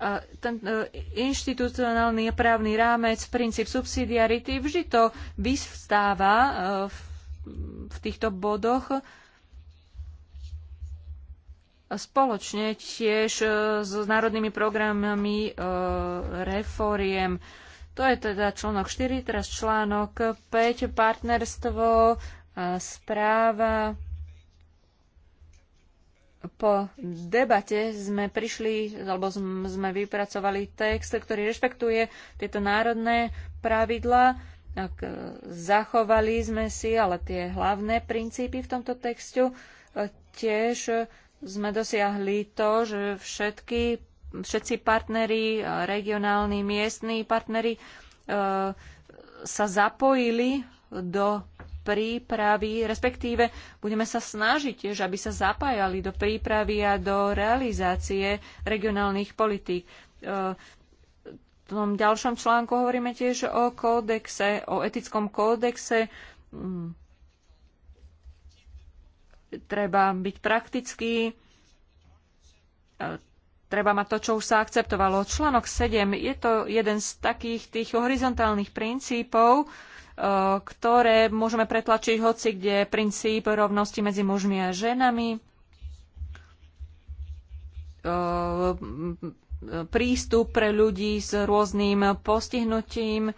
Speaker 1: A ten e, inštitucionálny právny rámec, princíp subsidiarity, vždy to vystáva v, v týchto bodoch spoločne tiež e, s národnými programami e, reforiem. To je teda článok 4, teraz článok 5, partnerstvo, e, správa. Po debate sme prišli, alebo sme vypracovali text, ktorý rešpektuje tieto národné pravidlá. Zachovali sme si ale tie hlavné princípy v tomto textu. Tiež sme dosiahli to, že všetky, všetci partneri, regionálni, miestni partneri e, sa zapojili do prípravy, respektíve budeme sa snažiť tiež, aby sa zapájali do prípravy a do realizácie regionálnych politík. E, v tom ďalšom článku hovoríme tiež o kódexe, o etickom kódexe mm treba byť praktický, e, treba mať to, čo už sa akceptovalo. Článok 7 je to jeden z takých tých horizontálnych princípov, e, ktoré môžeme pretlačiť hoci kde princíp rovnosti medzi mužmi a ženami, e, prístup pre ľudí s rôznym postihnutím,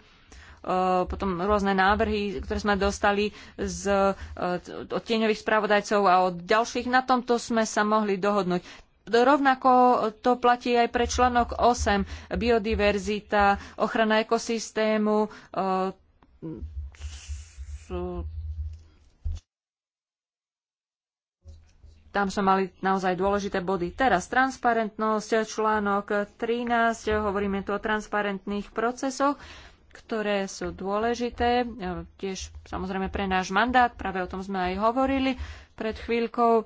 Speaker 1: Eh, potom rôzne návrhy, ktoré sme dostali z, eh, od tieňových spravodajcov a od ďalších. Na tomto sme sa mohli dohodnúť. Rovnako to platí aj pre článok 8, biodiverzita, ochrana ekosystému, eh, tam sme mali naozaj dôležité body. Teraz transparentnosť, článok 13, hovoríme tu o transparentných procesoch ktoré sú dôležité, e, tiež samozrejme pre náš mandát, práve o tom sme aj hovorili pred chvíľkou, e,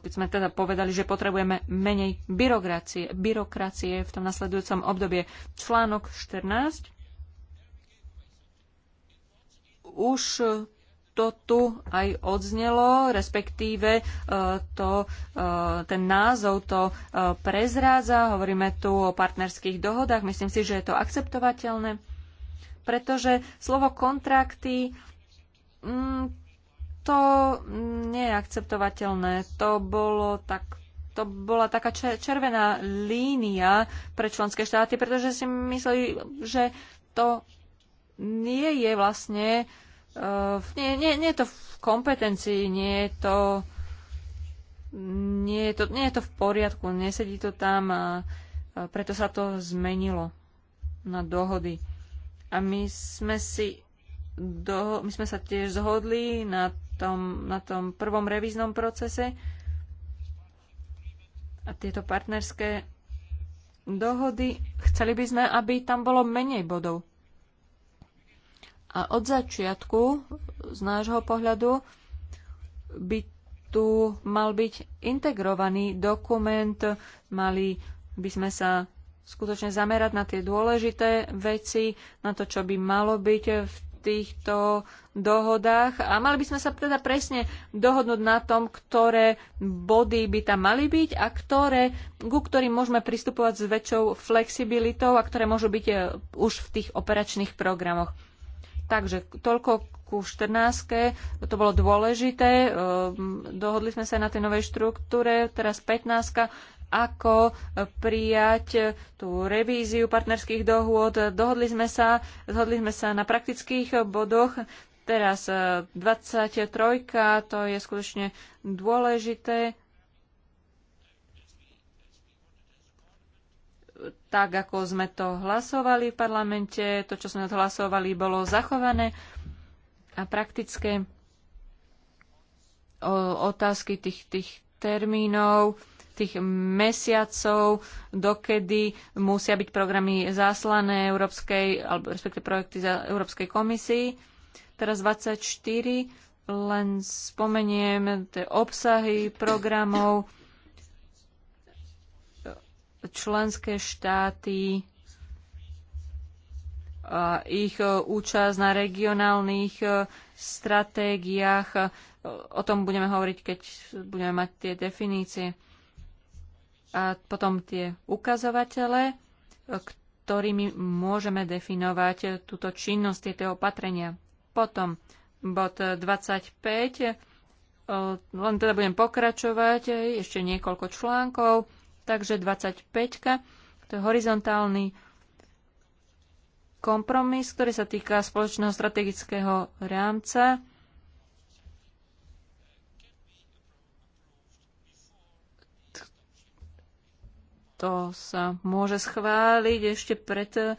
Speaker 1: keď sme teda povedali, že potrebujeme menej byrokracie, byrokracie v tom nasledujúcom obdobie. Článok 14 už to tu aj odznelo, respektíve e, to, e, ten názov to e, prezrádza. Hovoríme tu o partnerských dohodách. Myslím si, že je to akceptovateľné, pretože slovo kontrakty mm, to nie je akceptovateľné. To bolo tak to bola taká červená línia pre členské štáty, pretože si mysleli, že to nie je vlastne uh, Eh, nie, nie, nie je to v kompetencii, nie je to, nie je to, nie je to v poriadku, nesedí to tam a, a preto sa to zmenilo na dohody. A my sme si do, my sme sa tiež zhodli na tom, na tom prvom revíznom procese a tieto partnerské dohody, chceli by sme, aby tam bolo menej bodov. A od začiatku, z nášho pohľadu, by tu mal byť integrovaný dokument, mali by sme sa skutočne zamerať na tie dôležité veci, na to, čo by malo byť v týchto dohodách a mali by sme sa teda presne dohodnúť na tom, ktoré body by tam mali byť a ktoré, ku ktorým môžeme pristupovať s väčšou flexibilitou a ktoré môžu byť eh, už v tých operačných programoch. Takže toľko ku 14. To bolo dôležité. Ehm, dohodli sme sa na tej novej štruktúre. Teraz 15. Ako e, prijať e, tú revíziu partnerských dohôd. Dohodli sme sa, dohodli sme sa na praktických e, bodoch. Teraz 23. To je skutočne dôležité tak, ako sme to hlasovali v parlamente, to, čo sme odhlasovali, bolo zachované a praktické otázky tých, tých termínov, tých mesiacov, dokedy musia byť programy zaslané Európskej, alebo respektive projekty za Európskej komisii. Teraz 24, len spomeniem tie obsahy programov, členské štáty a ich e, účasť na regionálnych e, stratégiách. E, o tom budeme hovoriť, keď budeme mať tie definície. A potom tie ukazovatele, ktorými môžeme definovať túto činnosť, tieto opatrenia. Potom bod 25. Len teda budem pokračovať, ešte niekoľko článkov Takže 25, to je horizontálny kompromis, ktorý sa týka spoločného strategického rámca. To sa môže schváliť ešte pred e,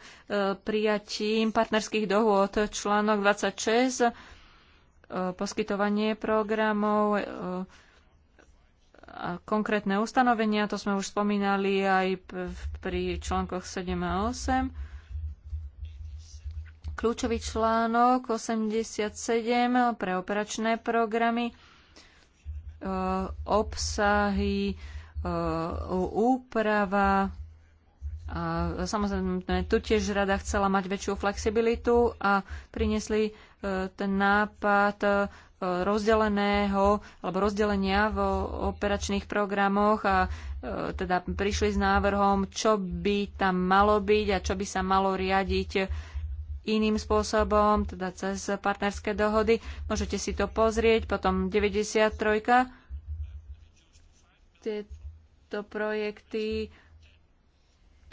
Speaker 1: prijatím partnerských dohôd. Článok 26, e, poskytovanie programov, e, konkrétne ustanovenia, to sme už spomínali aj pri článkoch 7 a 8. Kľúčový článok 87 pre operačné programy e, obsahy, e, úprava. A samozrejme, tu tiež rada chcela mať väčšiu flexibilitu a priniesli e, ten nápad rozdeleného alebo rozdelenia v operačných programoch a e, teda prišli s návrhom, čo by tam malo byť a čo by sa malo riadiť iným spôsobom, teda cez partnerské dohody. Môžete si to pozrieť. Potom 93. Tieto projekty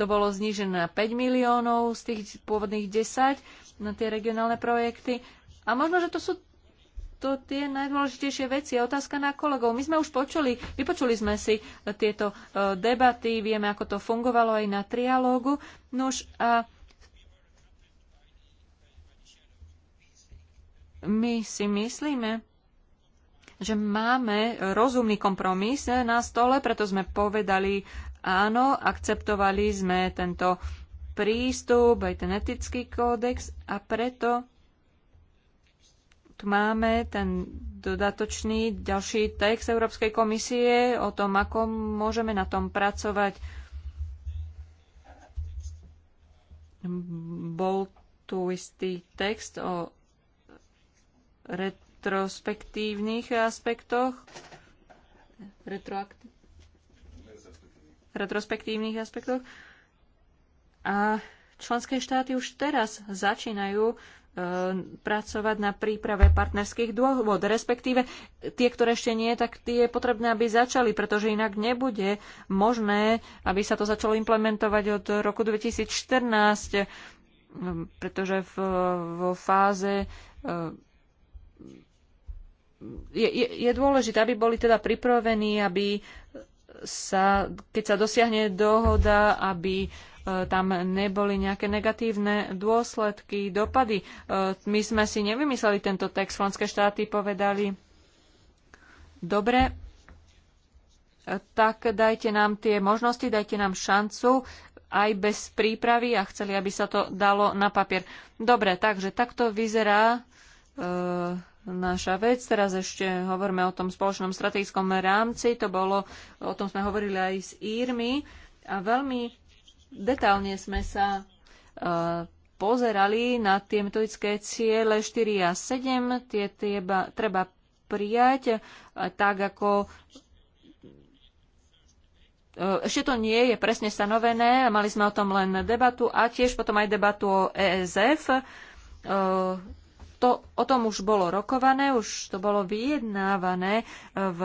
Speaker 1: to bolo znížené na 5 miliónov z tých pôvodných 10 na tie regionálne projekty. A možno, že to sú to tie najdôležitejšie veci. A otázka na kolegov. My sme už počuli, vypočuli sme si tieto e, debaty, vieme, ako to fungovalo aj na trialógu. Nož a my si myslíme, že máme rozumný kompromis na stole, preto sme povedali áno, akceptovali sme tento prístup, aj ten etický kódex a preto tu máme ten dodatočný ďalší text Európskej komisie o tom, ako môžeme na tom pracovať. Bol tu istý text o retrospektívnych aspektoch. Retroaktiv- retrospektívnych aspektoch. A členské štáty už teraz začínajú E, pracovať na príprave partnerských dôvod, respektíve tie, ktoré ešte nie, tak tie je potrebné, aby začali, pretože inak nebude možné, aby sa to začalo implementovať od roku 2014, e, pretože v, vo fáze e, je, je, je dôležité, aby boli teda pripravení, aby sa, keď sa dosiahne dohoda, aby uh, E, tam neboli nejaké negatívne dôsledky, dopady. E, my sme si nevymysleli tento text. Členské štáty povedali, dobre, e, tak dajte nám tie možnosti, dajte nám šancu aj bez prípravy a chceli, aby sa to dalo na papier. Dobre, takže takto vyzerá e, naša vec. Teraz ešte hovoríme o tom spoločnom strategickom rámci. To bolo, o tom sme hovorili aj s Írmi. A veľmi Detálne sme sa uh, pozerali na tie metodické ciele 4 a 7. Tie treba, treba prijať uh, tak, ako e, ešte to nie je presne stanovené, mali sme o tom len debatu a tiež potom aj debatu o ESF. To, o tom už bolo rokované, už to bolo vyjednávané v,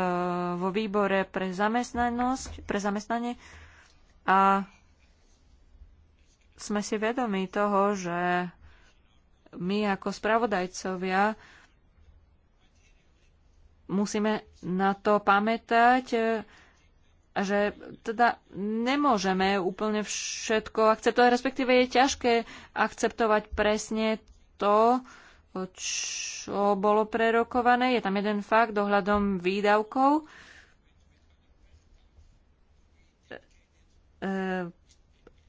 Speaker 1: vo výbore pre zamestnanosť, pre zamestnanie a sme si vedomi toho, že my ako spravodajcovia musíme na to pamätať, že teda nemôžeme úplne všetko akceptovať, respektíve je ťažké akceptovať presne to, čo bolo prerokované. Je tam jeden fakt dohľadom výdavkov. E, e,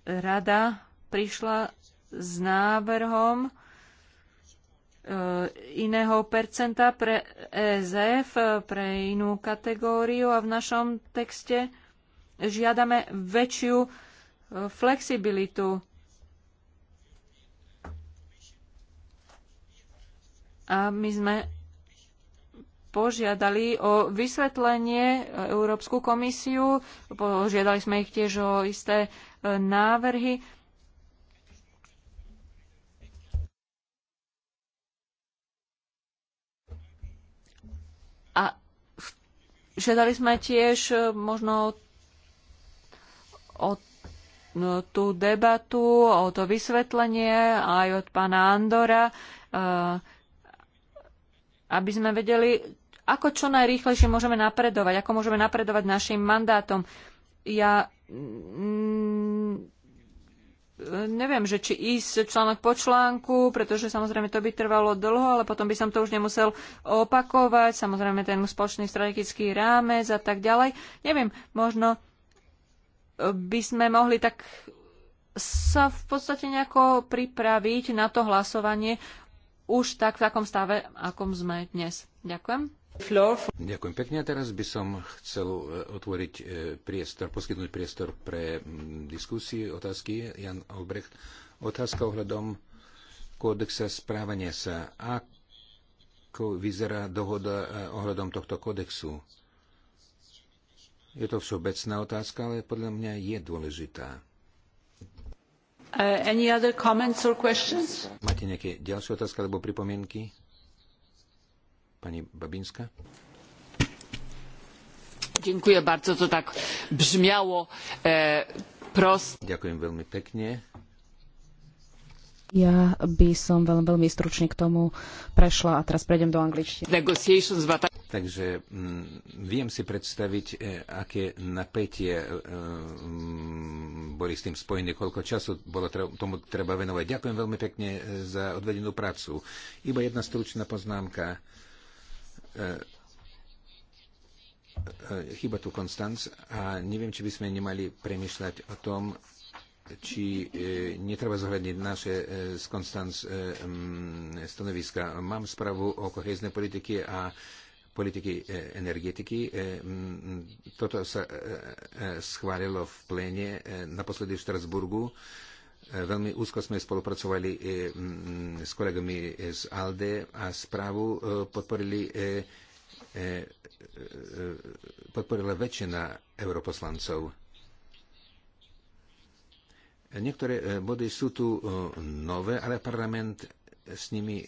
Speaker 1: rada prišla s návrhom e, iného percenta pre ESF, e, pre inú kategóriu a v našom texte žiadame väčšiu e, flexibilitu. A my sme požiadali o vysvetlenie Európsku komisiu, požiadali sme ich tiež o isté návrhy A žiadali sme tiež e, možno o e, tú debatu, o to vysvetlenie aj od pána Andora, e, aby sme vedeli, ako čo najrýchlejšie môžeme napredovať, ako môžeme napredovať našim mandátom. Ja neviem, že či ísť článok po článku, pretože samozrejme to by trvalo dlho, ale potom by som to už nemusel opakovať, samozrejme ten spoločný strategický rámec a tak ďalej. Neviem, možno by sme mohli tak sa v podstate nejako pripraviť na to hlasovanie už tak v takom stave, akom sme dnes. Ďakujem.
Speaker 2: Ďakujem pekne. A teraz by som chcel e, otvoriť e, priestor, poskytnúť priestor pre mm, diskusie, otázky. Jan Albrecht, otázka ohľadom kódexa správania sa. Ako vyzerá dohoda e, ohľadom tohto kódexu? Je to všeobecná otázka, ale podľa mňa je dôležitá. Uh, Máte nejaké ďalšie otázky alebo pripomienky? Pani Babinska.
Speaker 1: Dziękuję bardzo, to tak brzmiało e,
Speaker 2: prost. Ďakujem veľmi pekne.
Speaker 3: Ja by som veľmi, veľmi stručne k tomu prešla a teraz prejdem do angličtiny.
Speaker 2: Takže m, mm, viem si predstaviť, e, aké napätie e, mm, boli s tým spojené, koľko času bolo treba, tomu treba venovať. Ďakujem veľmi pekne e, za odvedenú prácu. Iba jedna stručná poznámka. E, E, e, chyba tu Konstanc a neviem, či by sme nemali premyšľať o tom, či e, netreba zohľadniť naše z Konstanc stanoviska. Mám správu o kohéznej politiky a politiky energetiky. Toto sa schválilo v pléne naposledy v Štrasburgu. Veľmi úzko sme spolupracovali e, mm, s kolegami e, z ALDE a správu e, podporili podporila väčšina europoslancov. Niektoré body sú tu nové, ale parlament s nimi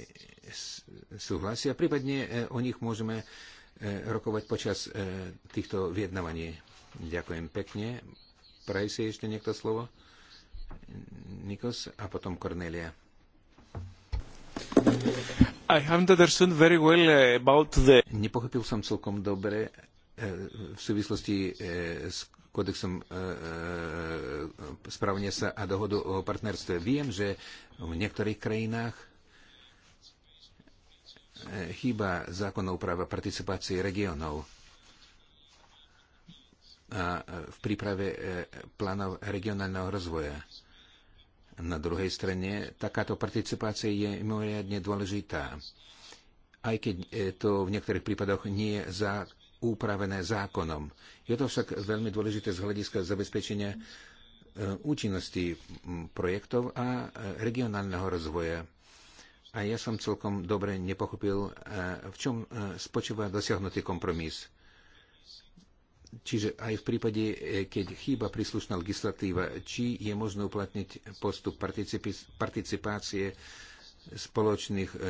Speaker 2: súhlasí a prípadne o nich môžeme rokovať počas týchto vyjednávaní. Ďakujem pekne. Praje si ešte niekto slovo? Nikos a potom Cornelia. I haven't understood very well uh, about the... Nepochopil som celkom dobre uh, v súvislosti uh, s kodexom správania sa a dohodu o partnerstve. Viem, že v niektorých krajinách chýba zákonná úprava participácie regionov a v príprave plánov regionálneho rozvoja. Na druhej strane, takáto participácia je mimoriadne dôležitá, aj keď e, to v niektorých prípadoch nie je za upravené zákonom. Je to však veľmi dôležité z hľadiska zabezpečenia e, účinnosti projektov a e, regionálneho rozvoja. A ja som celkom dobre nepochopil, v čom spočíva dosiahnutý kompromis. Čiže aj v prípade, e, keď chýba príslušná legislatíva, či je možné uplatniť postup participácie spoločných e, e, e,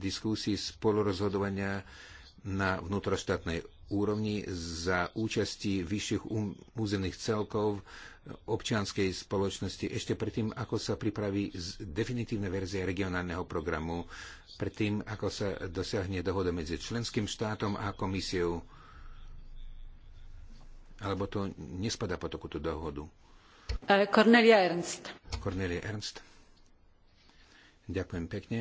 Speaker 2: diskusí, spolurozhodovania na vnútroštátnej úrovni za účasti vyšších um, územných celkov e, občianskej spoločnosti ešte predtým, ako sa pripraví definitívna verzia regionálneho programu, predtým, ako sa dosiahne dohoda medzi členským štátom a komisiou alebo to nespadá pod takúto dohodu?
Speaker 1: E, Cornelia Ernst.
Speaker 2: Cornelia Ernst. Ďakujem pekne.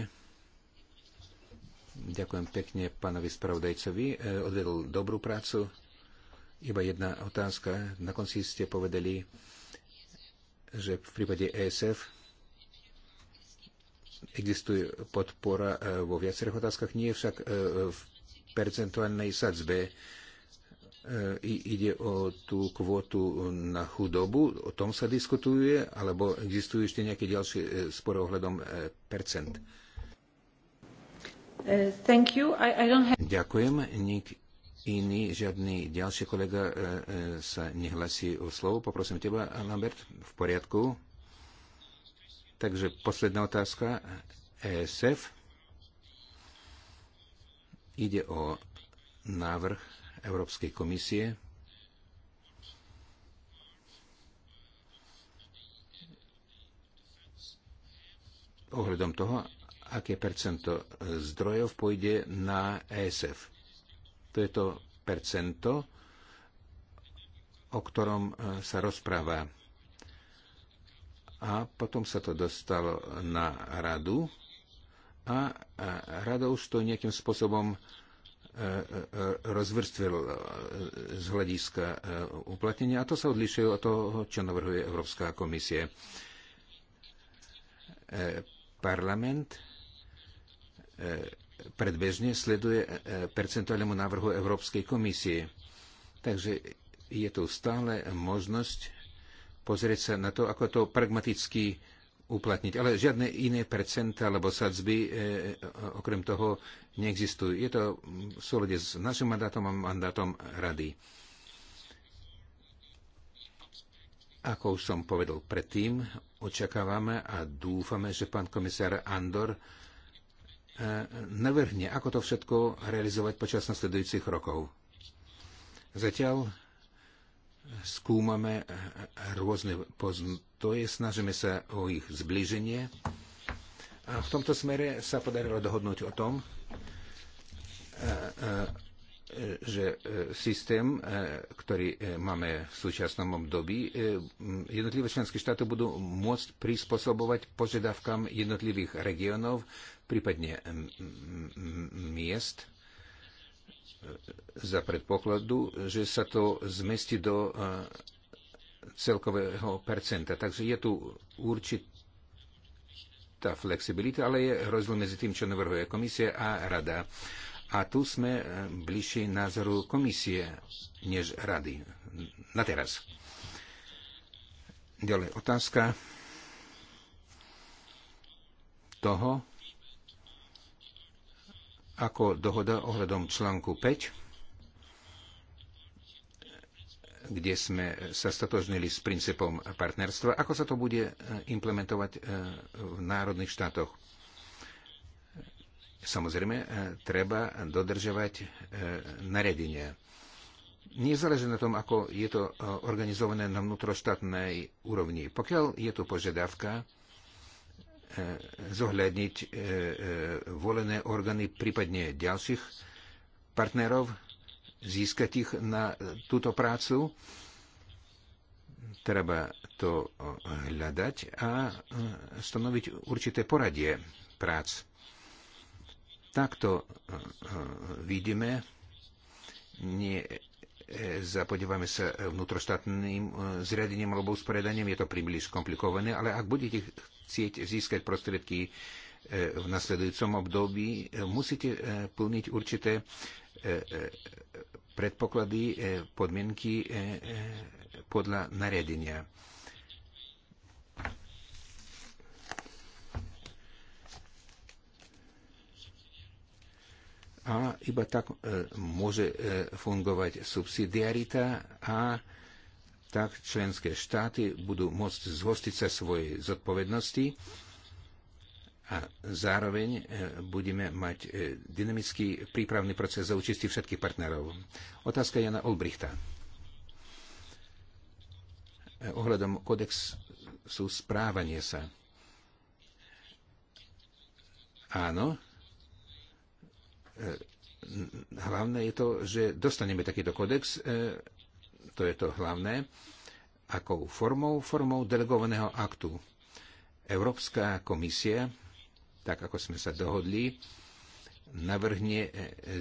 Speaker 2: Ďakujem pekne pánovi spravodajcovi. E, odvedol dobrú prácu. Iba jedna otázka. Na konci ste povedali, že v prípade ESF existuje podpora e, vo viacerých otázkach, nie však v percentuálnej sadzbe. E, ide o tú kvotu na chudobu, o tom sa diskutuje, alebo existujú ešte nejaké ďalšie e, spory ohľadom e, percent?
Speaker 1: Uh, I, I have...
Speaker 2: Ďakujem. Nik iný, žiadny ďalší kolega sa nehlasí o slovo. Poprosím teba, Lambert, v poriadku. Takže posledná otázka. ESF. Ide o návrh Európskej komisie ohľadom toho, aké percento zdrojov pôjde na ESF. To je to percento, o ktorom e, sa rozpráva. A potom sa to dostalo na radu a rada už to nejakým spôsobom E, e, rozvrstvil e, z hľadiska uplatnenia a to sa odlišuje od toho, čo navrhuje Európska komisie. Parlament predbežne sleduje percentuálnemu návrhu Európskej komisie. Takže je tu stále možnosť pozrieť sa na to, ako to pragmaticky uplatniť. Ale žiadne iné percenta alebo sadzby e, e, okrem toho neexistujú. Je to v súlade s našim mandátom a mandátom rady. Ako už som povedal predtým, očakávame a dúfame, že pán komisár Andor e, navrhne, ako to všetko realizovať počas nasledujúcich rokov. Zatiaľ skúmame rôzne postoje, snažíme sa o ich zbliženie. A v tomto smere sa podarilo dohodnúť o tom, e, e, že e, systém, ktorý máme v súčasnom období, jednotlivé členské štáty budú môcť prispôsobovať požiadavkám jednotlivých regiónov, prípadne miest za predpokladu, že sa to zmestí do e, celkového percenta. Takže je tu určitá flexibilita, ale je rozdiel medzi tým, čo navrhuje komisia a rada. A tu sme e, bližšie názoru komisie než rady. Na teraz. Ďalej otázka toho, ako dohoda ohľadom článku 5, kde sme sa statožnili s princípom partnerstva, ako sa to bude e, implementovať e, v národných štátoch. Samozrejme, e, treba dodržovať nariadenia. Nezáleží na tom, ako je to organizované na vnútroštátnej úrovni. Pokiaľ je tu požiadavka E, zohľadniť e, e, volené orgány, prípadne ďalších partnerov, získať ich na túto prácu. Treba to hľadať a stanoviť určité poradie prác. Takto vidíme, nie zapodívame sa vnútroštátnym zriadením alebo usporiadaním, je to príliš komplikované, ale ak budete chcieť získať prostriedky e, v nasledujúcom období, e, musíte e, plniť určité predpoklady, podmienky podľa nariadenia. A iba tak môže fungovať subsidiarita a tak členské štáty budú môcť zhostiť sa svojej zodpovednosti a zároveň e, budeme mať e, dynamický prípravný proces za účasti všetkých partnerov. Otázka Jana Olbrichta. E, ohľadom kodex sú správanie sa. Áno, hlavné je to, že dostaneme takýto kodex to je to hlavné, akou formou, formou delegovaného aktu. Európska komisia, tak ako sme sa dohodli, navrhne e,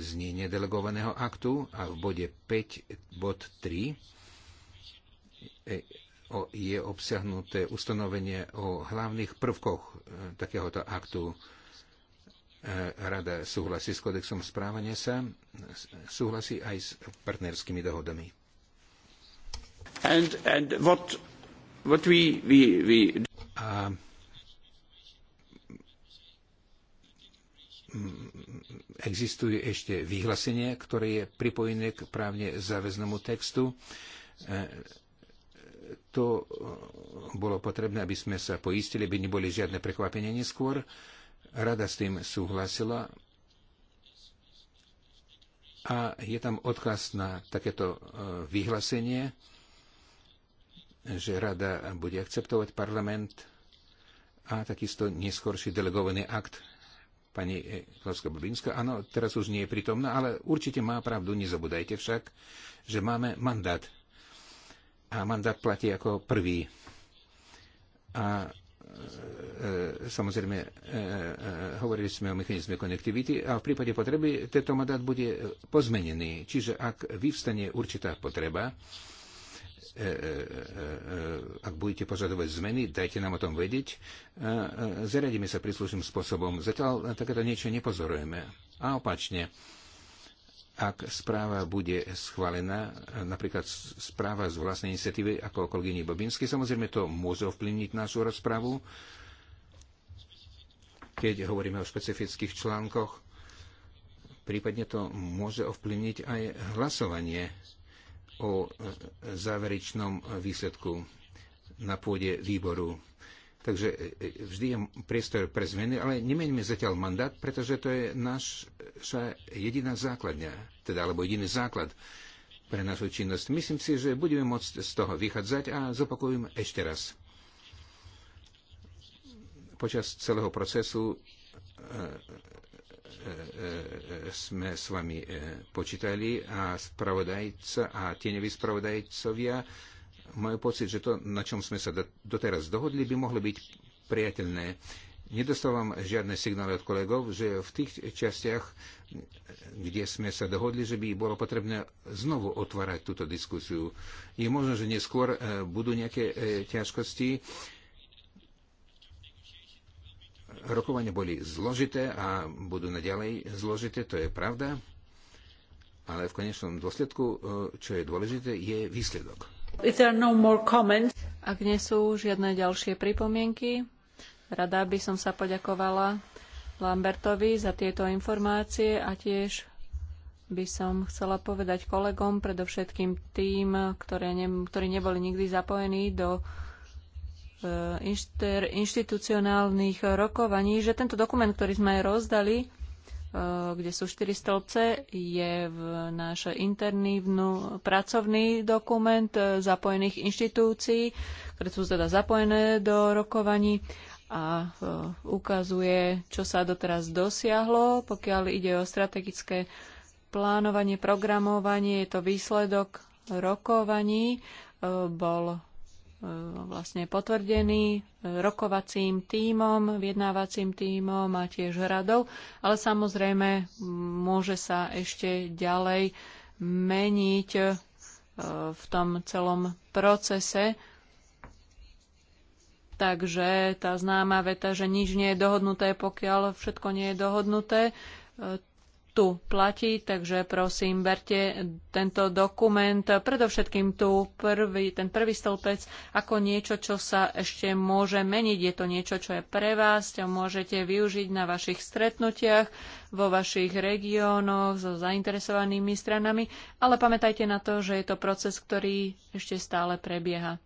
Speaker 2: znenie delegovaného aktu a v bode 5 bod 3 e, je obsiahnuté ustanovenie o hlavných prvkoch e, takéhoto aktu. Rada súhlasí s kodexom správania sa, súhlasí aj s partnerskými dohodami. And, and what, what we, we, we... A mm, existuje ešte vyhlásenie, ktoré je pripojené k právne záväznému textu. E, to bolo potrebné, aby sme sa poistili, aby neboli žiadne prekvapenia neskôr. Rada s tým súhlasila a je tam odkaz na takéto e, vyhlásenie že rada bude akceptovať parlament a takisto neskorší delegovaný akt pani Klavská Bobinska. Áno, teraz už nie je pritomná, ale určite má pravdu. Nezabudajte však, že máme mandát. A mandát platí ako prvý. A e, e, samozrejme, e, e, hovorili sme o mechanizme konektivity a v prípade potreby tento mandát bude pozmenený. Čiže ak vyvstane určitá potreba, E, e, e, ak budete požadovať zmeny, dajte nám o tom vedieť. Zaradíme sa príslušným spôsobom. Zatiaľ takéto niečo nepozorujeme. A opačne, ak správa bude schválená, napríklad správa z vlastnej iniciatívy ako kolegyni Bobinsky, samozrejme to môže ovplyvniť našu rozpravu, keď hovoríme o špecifických článkoch, prípadne to môže ovplyvniť aj hlasovanie o e, záverečnom výsledku na pôde výboru. Takže e, e, vždy je priestor pre zmeny, ale nemeňme zatiaľ mandát, pretože to je naša jediná základňa, teda alebo jediný základ pre našu činnosť. Myslím si, že budeme môcť z toho vychádzať a zopakujem ešte raz. Počas celého procesu E, e, sme s vami e, počítali a spravodajca a tieňoví spravodajcovia majú pocit, že to, na čom sme sa doteraz dohodli, by mohlo byť priateľné. Nedostávam žiadne signály od kolegov, že v tých častiach, kde sme sa dohodli, že by bolo potrebné znovu otvárať túto diskusiu. Je možno, že neskôr budú nejaké ťažkosti rokovania boli zložité a budú naďalej zložité, to je pravda, ale v konečnom dôsledku, e, čo je dôležité, je výsledok.
Speaker 1: No Ak nie sú žiadne ďalšie pripomienky, rada by som sa poďakovala Lambertovi za tieto informácie a tiež by som chcela povedať kolegom, predovšetkým tým, ktoré ne, ktorí neboli nikdy zapojení do Eh, inštitucionálnych rokovaní, že tento dokument, ktorý sme aj rozdali, eh, kde sú štyri stĺpce, je v náš interný vnú, pracovný dokument eh, zapojených inštitúcií, ktoré sú teda zapojené do rokovaní a ukazuje, čo sa doteraz dosiahlo, pokiaľ ide o strategické plánovanie, programovanie, je to výsledok rokovaní, bol E, vlastne potvrdený e, rokovacím tímom, vyjednávacím tímom a tiež radou, ale samozrejme môže sa ešte ďalej meniť e, v tom celom procese. Takže tá známa veta, že nič nie je dohodnuté, pokiaľ všetko nie je dohodnuté, tu platí, takže prosím, berte tento dokument, predovšetkým tu prvý, ten prvý stĺpec, ako niečo, čo sa ešte môže meniť. Je to niečo, čo je pre vás, čo môžete využiť na vašich stretnutiach, vo vašich regiónoch so zainteresovanými stranami, ale pamätajte na to, že je to proces, ktorý ešte stále prebieha.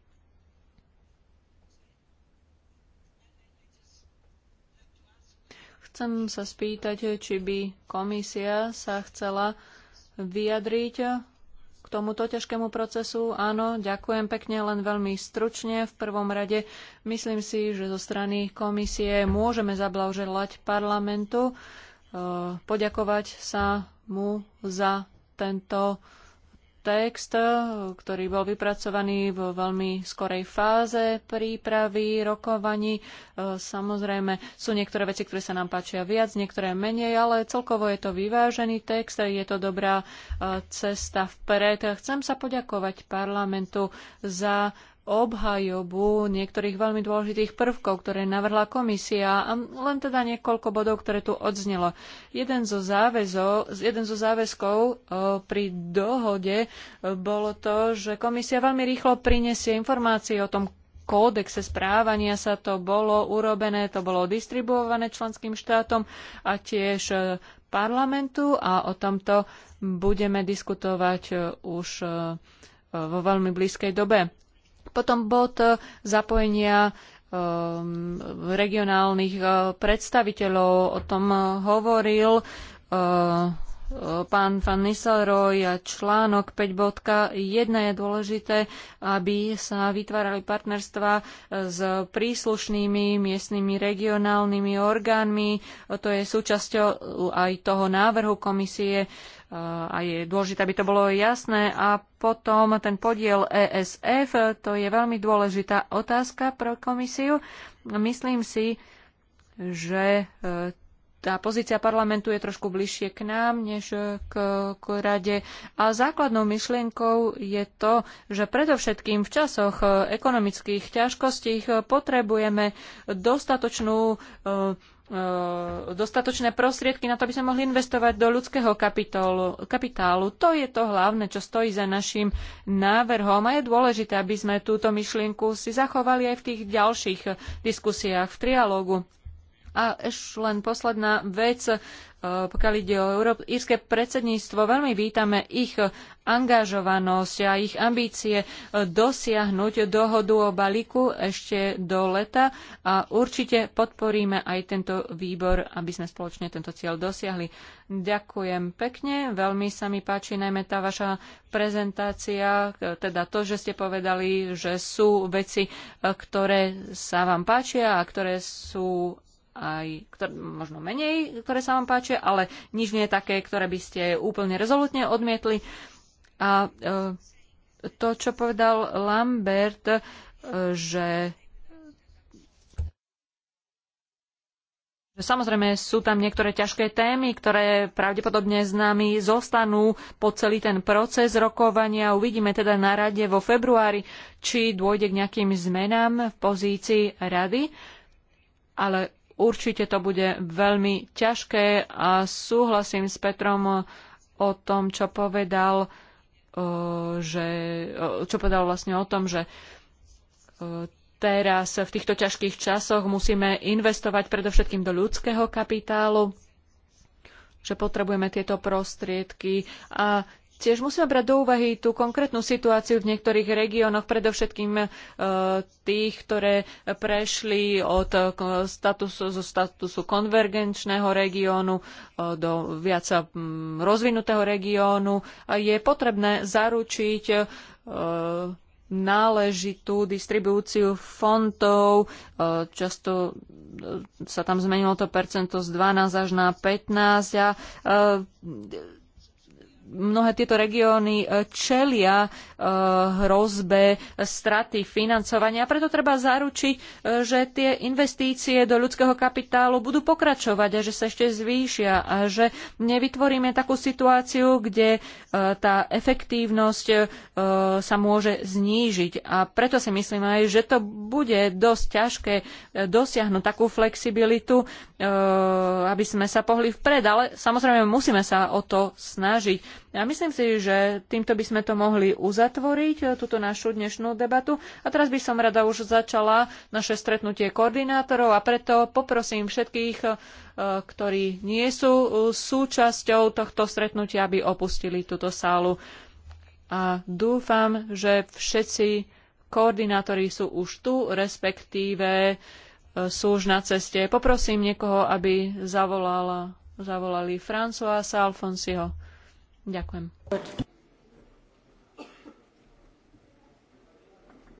Speaker 1: Chcem sa spýtať, či by komisia sa chcela vyjadriť k tomuto ťažkému procesu. Áno, ďakujem pekne, len veľmi stručne. V prvom rade myslím si, že zo strany komisie môžeme zablahoželať parlamentu, eh, poďakovať sa mu za tento text, eh, ktorý bol vypracovaný vo veľmi skorej fáze prípravy, rokovaní. Eh, samozrejme, sú niektoré veci, ktoré sa nám páčia viac, niektoré menej, ale celkovo je to vyvážený text, je to dobrá eh, cesta vpred. Chcem sa poďakovať parlamentu za obhajobu niektorých veľmi dôležitých prvkov, ktoré navrhla komisia a len teda niekoľko bodov, ktoré tu odznelo. Jeden zo, záväzo, jeden zo záväzkov e, pri dohode e, bolo to, že komisia veľmi rýchlo prinesie informácie o tom kódexe správania sa to bolo urobené, to bolo distribuované členským štátom a tiež e, parlamentu a o tomto budeme diskutovať už vo veľmi blízkej dobe. Potom bod e, zapojenia e, regionálnych e, predstaviteľov. O tom hovoril pán Van Nistelrooy a článok 5.1 je dôležité, aby sa vytvárali partnerstva s príslušnými miestnymi regionálnymi orgánmi. To je súčasťou aj toho návrhu komisie a je dôležité, aby to bolo jasné. A potom ten podiel ESF, to je veľmi dôležitá otázka pre komisiu. Myslím si, že e, tá pozícia parlamentu je trošku bližšie k nám než e, k, k rade. A základnou myšlienkou je to, že predovšetkým v časoch e, ekonomických ťažkostí potrebujeme dostatočnú E, dostatočné prostriedky na to, aby sme mohli investovať do ľudského kapitálu. kapitálu. To je to hlavné, čo stojí za našim návrhom a je dôležité, aby sme túto myšlienku si zachovali aj v tých ďalších diskusiách, v trialógu. A ešte len posledná vec. Eh, pokiaľ ide o Euró- írske predsedníctvo, veľmi vítame ich angažovanosť a ich ambície eh, dosiahnuť dohodu o balíku ešte do leta a určite podporíme aj tento výbor, aby sme spoločne tento cieľ dosiahli. Ďakujem pekne, veľmi sa mi páči najmä tá vaša prezentácia, eh, teda to, že ste povedali, že sú veci, ktoré sa vám páčia a ktoré sú aj ktoré, možno menej, ktoré sa vám páčia, ale nič nie je také, ktoré by ste úplne rezolutne odmietli. A e, to, čo povedal Lambert, e, že Samozrejme, sú tam niektoré ťažké témy, ktoré pravdepodobne s nami zostanú po celý ten proces rokovania. Uvidíme teda na rade vo februári, či dôjde k nejakým zmenám v pozícii rady. Ale Určite to bude veľmi ťažké a súhlasím s Petrom o tom, čo povedal, že, čo povedal vlastne o tom, že teraz v týchto ťažkých časoch musíme investovať predovšetkým do ľudského kapitálu, že potrebujeme tieto prostriedky a Tiež musíme brať do úvahy tú konkrétnu situáciu v niektorých regiónoch, predovšetkým e, tých, ktoré prešli od statusu, zo statusu konvergenčného regiónu e, do viac rozvinutého regiónu. Je potrebné zaručiť e, náležitú distribúciu fondov. Často sa tam zmenilo to percento z 12 až na 15 a mnohé tieto regióny e, čelia e, hrozbe straty financovania. A Preto treba zaručiť, e, že tie investície do ľudského kapitálu budú pokračovať a že sa ešte zvýšia a že nevytvoríme takú situáciu, kde tá efektívnosť sa môže znížiť. A preto si myslím aj, že to bude dosť ťažké dosiahnuť takú flexibilitu, aby sme sa pohli vpred. Ale samozrejme musíme sa o to snažiť ja myslím si, že týmto by sme to mohli uzatvoriť, eh, túto našu dnešnú debatu. A teraz by som rada už začala naše stretnutie koordinátorov a preto poprosím všetkých, eh, ktorí nie sú eh, súčasťou tohto stretnutia, aby opustili túto sálu. A dúfam, že všetci koordinátori sú už tu, respektíve sú už na ceste. Poprosím niekoho, aby zavolala, zavolali Francoisa Alfonsiho. Ďakujem.